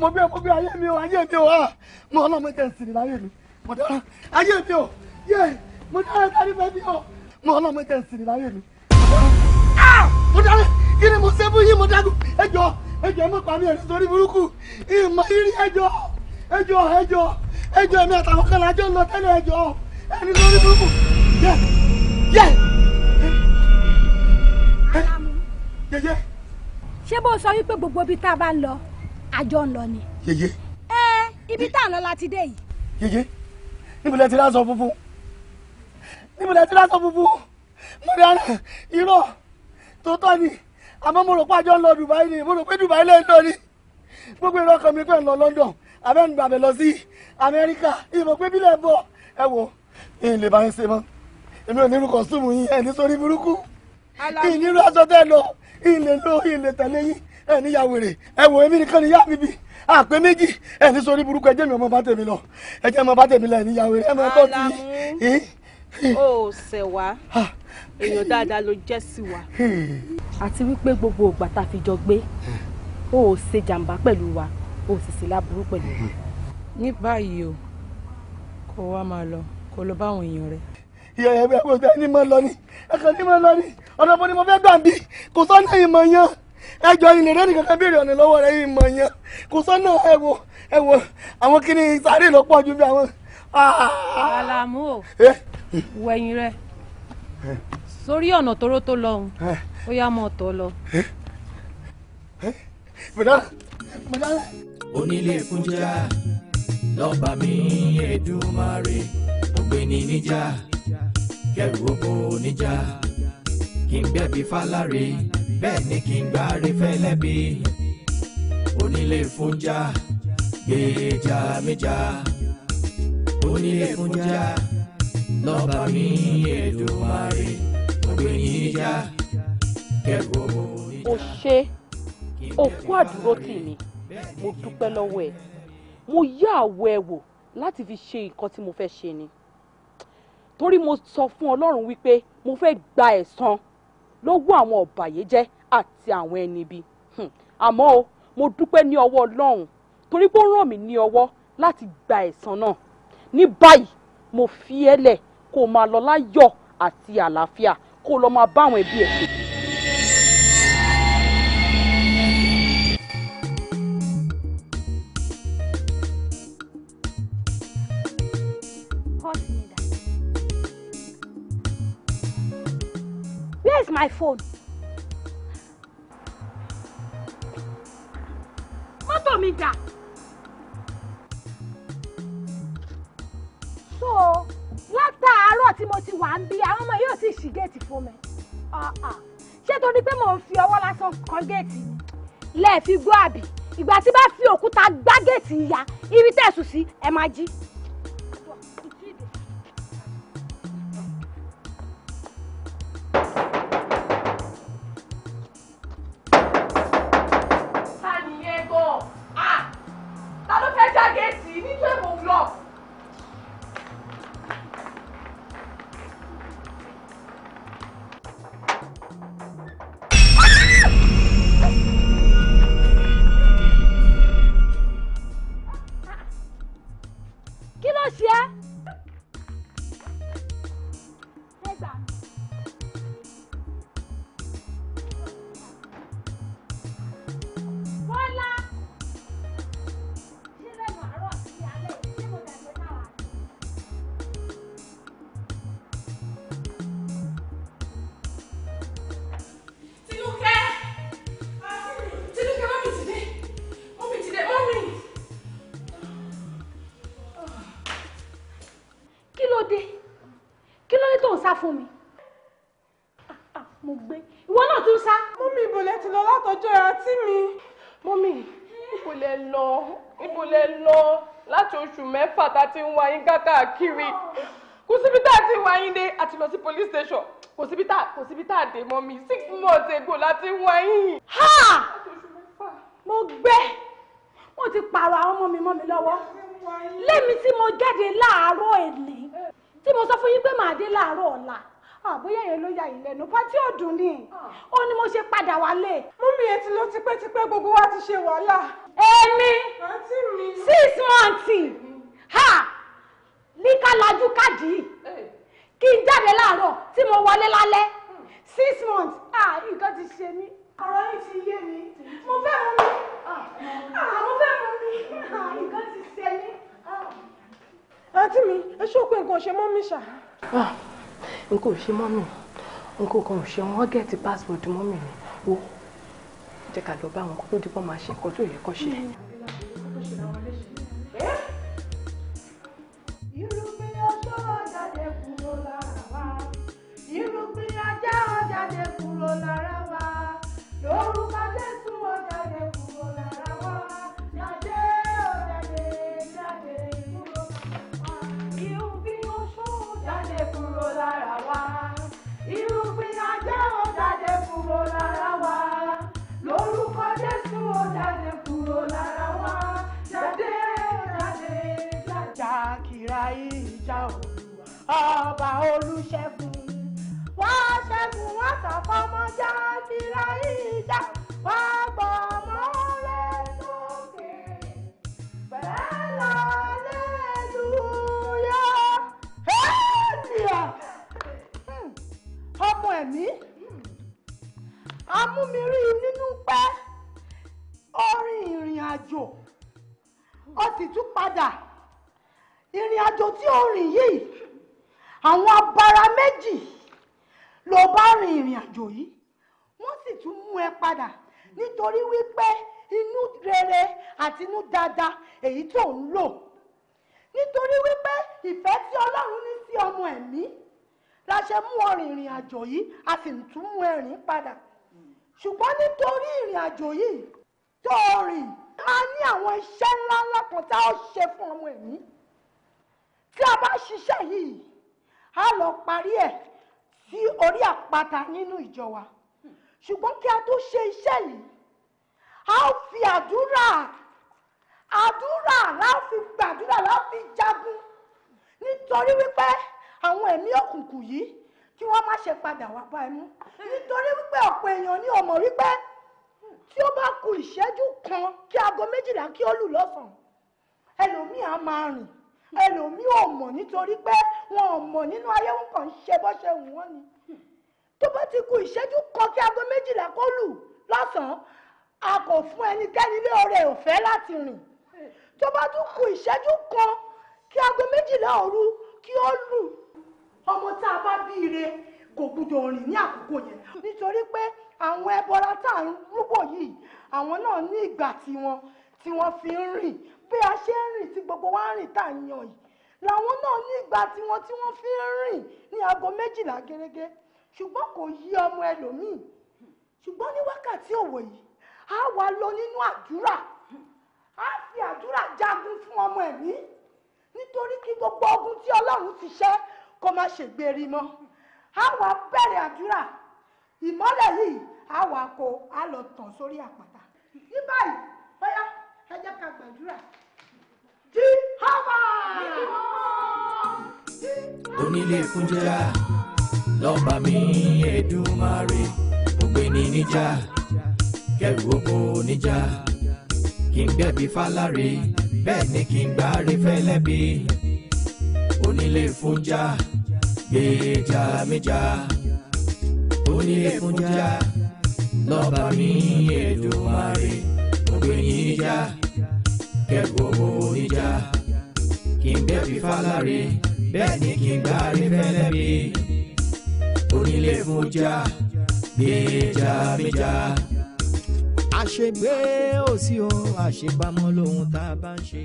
S8: mo gbé mo gbé ayé mi o ayé mi o ha ah.
S2: mo ọlọ́mọ jẹ́ ìsìn láyé mi mo dára ayé mi o yé mo dára dárí bẹ́ẹ̀ mi o mo ọlọ́mọ jẹ́ ìsìn láyé mi ah, mo dára kí ni mo ṣe fún yín mo dágùn ẹjọ́ ẹjọ mọ pa mí ẹ nítorí burúkú ìmọ rírí ẹjọ ẹjọ ẹjọ ẹjọ ẹmí àtàwọn kan lájọ lọ tẹ́lẹ̀ ẹjọ ẹ nítorí burúkú yẹ
S4: yẹ. yẹyẹ. ṣé bó sọ wípé gbogbo ibi tá a bá ń lọ àjọ ń lọ ni. yẹyẹ. ẹ ibi tá a lọ la ti dé yìí.
S2: yẹyẹ níbo lẹ ti rá aṣọ funfun níbo lẹ ti rá aṣọ funfun mo dáná irọ́ tó tọ́ ni àmọ́ mo rò pé àjọ ń lọ Dubai ni mo rò pé Dubai lè ń lọ ni gbogbo ìran kan mi pé ń lọ London abẹ́nugbà bẹ̀ lọ sí Amẹ́ríkà ìmọ̀ pé bílẹ̀ bọ̀ ẹ wò ìyìn lè bá yín ṣe mọ́ èmi ò nírú kọ̀sùmù yín ẹ̀ ní sórí burúkú ìyìn nírú aṣọ tẹ́ lọ ìyìn lè lọ ìyìn lè tẹ̀lé yín ẹ̀ níyà wèrè ẹ wò èmi nìkan níyà bíbí àpé méjì ẹ̀ ní sórí burúkú ẹ jẹ́ mi ọmọ bá tèmi lọ ẹ jẹ́ mi ọmọ bá tèmi lọ ẹ̀ níyà wèrè ẹ mọ tọ́
S3: ti yín. o ò èèyàn dáadáa ló jẹ́ sí wa hmm. àti wípé gbogbo ìgbà tá a fi jọ gbé o ò ṣe jàǹbá pẹ̀lú wa o ò sì láburú pẹ̀lú wa. ní báyìí o kó wá máa lọ kó lọ báwọn èèyàn rẹ. ìyá ìyá mi àwọn ọ̀gá ni mo lọ ni ẹ̀ka ni mo lọ ni ọ̀nà bó ni mo fẹ́ gbà bí kò sọ́nà ìmọ̀ yan
S2: ẹjọ́
S8: ilẹ̀ rẹ́ nìkan kan ọ̀nà lọ́wọ́ rẹ ìmọ̀ yan kò sọ́nà ẹ̀wò ẹ̀wò àwọn kìnnìún sáré lọ́pọ̀ ju bí àwọn. Ah! Àlàmú eh? wẹ̀yìn rẹ̀
S3: sórí ọ̀nà tóró tó lọ́hùn eh. ó yá mọ́ ọ̀tọ̀ lọ. Eh. Eh.
S1: onílé kúnjá lọ́ba mi Èdùmàrè ògbéni níjà kẹrù oko níjà kí n gbẹ̀bí fálárì bẹ́ẹ̀ ni kí n gbáre fẹ́lẹ́bí onílé fúnjá gbèjà méjà onílé fúnjá lọ́ba mi Èdùmàrè ògbẹ̀yìn já kẹ́kọ̀ọ́
S8: ìjà. o ṣe
S3: òkú àdúró tì mí mo dúpẹ́ lọ́wọ́ ẹ̀ mo yá àwọ̀ ẹ̀ wò láti fi ṣe nǹkan tí mo fẹ́ ṣe ni torí mo sọ fún Ọlọ́run wípé mo fẹ́ gba ẹ̀san lọ́wọ́ àwọn ọ̀bàyéjẹ́ àti àwọn ẹni ibi àmọ́ o mo dúpẹ́ ní ọwọ́ Ọlọ́run torí pé ó ràn mí ní ọwọ́ láti gba ẹ̀san náà ní báyìí mo fi ẹ́ lẹ̀ kó máa lọ láyọ̀ àti àlàáfíà kó lọ máa bá àwọn ẹbí ẹ̀ ṣe.
S4: Where is my phone? Mọ́tò mi dà. So látàárọ̀ tí mo ti wà ń bí àwọn ọmọ yóò sì ṣí géètì fún mi ah, ah. ṣé torí pé mò ń fi ọwọ́ lásán kan géètì lẹ́ẹ̀ fi gbọ́ àbí ìgbà tí bá fi òkúta gbá géètì ya ibi tẹ̀sùn sí ẹ máa jí fún mi ah, ah, mo gbé ìwọ náà tún sá. mọ́mí ibo lẹ ti lọ látọjọ́ ìrántí
S8: mi. mọ́mí ibo lẹ lọ ibo lẹ lọ láti oṣù mẹ́fà tá a ti ń wá yín káàkiri kò síbi tá a ti wá yín dé àti lọ sí police station kò síbi tá kò síbi tá a dé mọ́mí six months ago láti ń wá yín. ha
S4: mo gbé wọ́n ti pààrọ̀ àwọn ọmọ mi mọ́ mi lọ́wọ́ lẹ́mi tí mo jáde láàárọ̀ èlé tí mo sọ fún yín pé màá dé láàárọ̀ ọ̀la àbóyá yẹn ló ya ìlẹ́nu pátí ọ̀dùn ni ó ní mo ṣe padà wálé. múmi etí ló tipẹ́tipẹ́ gbogbo wa ti ṣe wàhálà. èmi six months ha líka lajú káàdì kí n jáde láàárọ̀ tí mo wọlé lálẹ́ hmm. six months ah nǹkan ti ṣe mí. ọ̀rọ̀ yìí ti yé mi
S8: mo fẹ́ mú mi ah. ah, mo fẹ́ mú mi ah, nǹkan ti ṣe mí
S4: àǹtí mi ẹ ṣó pé nǹkan ò ṣe mọ́ mi ṣá. Ah,
S3: nǹkan ò ṣe mọ́ mi nǹkan kan ò ṣe wọ́n gẹ̀ẹ́tì password mọ́ mi ni wo jẹ́ ká lọ bá wọn kó tó di pọ́n máa ṣe nǹkan tó yẹ kó ṣe.
S8: olùṣègùn wọ́n ṣẹ́gun wọ́n ṣàfọmọ́ já tìrẹ ìjà wọ́n gbọ́ ọmọ rẹ̀ lókè bẹ́ẹ̀ lálẹ́lúyà ẹ̀ẹ́dìyà ọmọ ẹ̀mí amúmirí nínú pé orin ìrìn àjò ó sì tún padà
S4: ìrìn àjò tí ó rìn yìí àwọn abara méjì ló bá rin ìrìn àjò yìí wọ́n sì tún mú ẹ padà nítorí wípé inú rere àti inú dáadáa èyí tó ń lò nítorí wípé ìfẹ́ tí ọlọ́run ní sí ọmọ ẹ̀mí la ṣe mú ọ
S8: rin ìrìn àjò yìí a sì tún mú ẹ rìn padà ṣùgbọ́n nítorí ìrìn àjò yìí tó rìn a ní àwọn iṣẹ́ ńláńlá kan tá a ṣe fún ọmọ ẹ̀mí
S4: tí a bá ṣiṣẹ́ yìí a lọ parí ẹ̀ sí orí àpáta nínú ìjọ wa ṣùgbọ́n kí a tó ṣe iṣẹ́ yìí a ó fi àdúrà àdúrà la ó fi gbàdúrà la jagun nítorí wípé àwọn ẹ̀mí òkùnkùn yìí kí wọ́n má ṣe padà wá bá ẹ mú nítorí wípé ọ̀pọ̀ èèyàn ní ọmọ wípé tí ó bá ku ìṣẹ́jú kan kí aago méjìlá kí ó lù lọ́sàn-án ẹlòmíì máa
S8: rìn ẹlòmíì ò mọ̀ nítorí pé wọn ò mọ̀ nínú ayé wọn kàn ń ṣe bó ṣe wù wọ́n ni tó bá ti ku ìṣẹ́jú kan kí aago méjìlá kó lù lọ́sàn-án a kò fún ẹnikẹ́ni lé oore ọ̀fẹ́ láti rìn tó bá tún ku ìṣẹ́jú kan kí aago méjìlá òru kí ó lù ọmọ tá a bá bí ire kò gbúdọ̀ rìn ní àkókò yẹn nítorí pé àwọn ẹbọra tá à ń rúbọ yìí
S2: àwọn náà ní ìgbà tiwọn tí wọ́n fi ń rìn bí a ṣe ń rìn tí gbogbo wa ń rìn tá à ń yan yìí làwọn náà ní ìgbà tiwọn tí wọ́n fi ń rìn ní aago méjìlá gẹ́gẹ́ ṣùgbọ́n kò yí ọmọ ẹlòmíì ṣùgbọ́n ní wákàtí òwò yìí a
S8: wà lọ nínú àdúrà a fi àdúrà jagun fún ọmọ ẹ̀mí
S4: nítorí kí gbogbo ogun tí Ọlọ́run ti ṣẹ́ kó má ṣe gbèrí mọ́ a wà bẹ̀rẹ̀ àdúrà ìmọ́lẹ̀ yìí a wà kó a lọ tàn sórí àpáta ní báyìí bóyá ẹ jẹ́ ká gbàdúrà
S1: onílé fúnjà lọ́ba mi Èdùmàrè ògbéni níjà kẹrù oko níjà kí n gbẹ̀bí fálárì bẹ́ẹ̀ ni kí n gbáre fẹ́lẹ́bí onílé fúnjà gbèjà méjà onílé fúnjà lọ́ba mi Èdùmàrè ògbéni níjà kẹrù oko níjà kì í bẹ́bí fáláre bẹ́ẹ̀ ni kì í gbá arífẹ́lẹ́bí onílé fún ọjà gbèjà méjà. àṣegbé òsì o àṣebámọ́ lóhun tá a bá ń ṣe.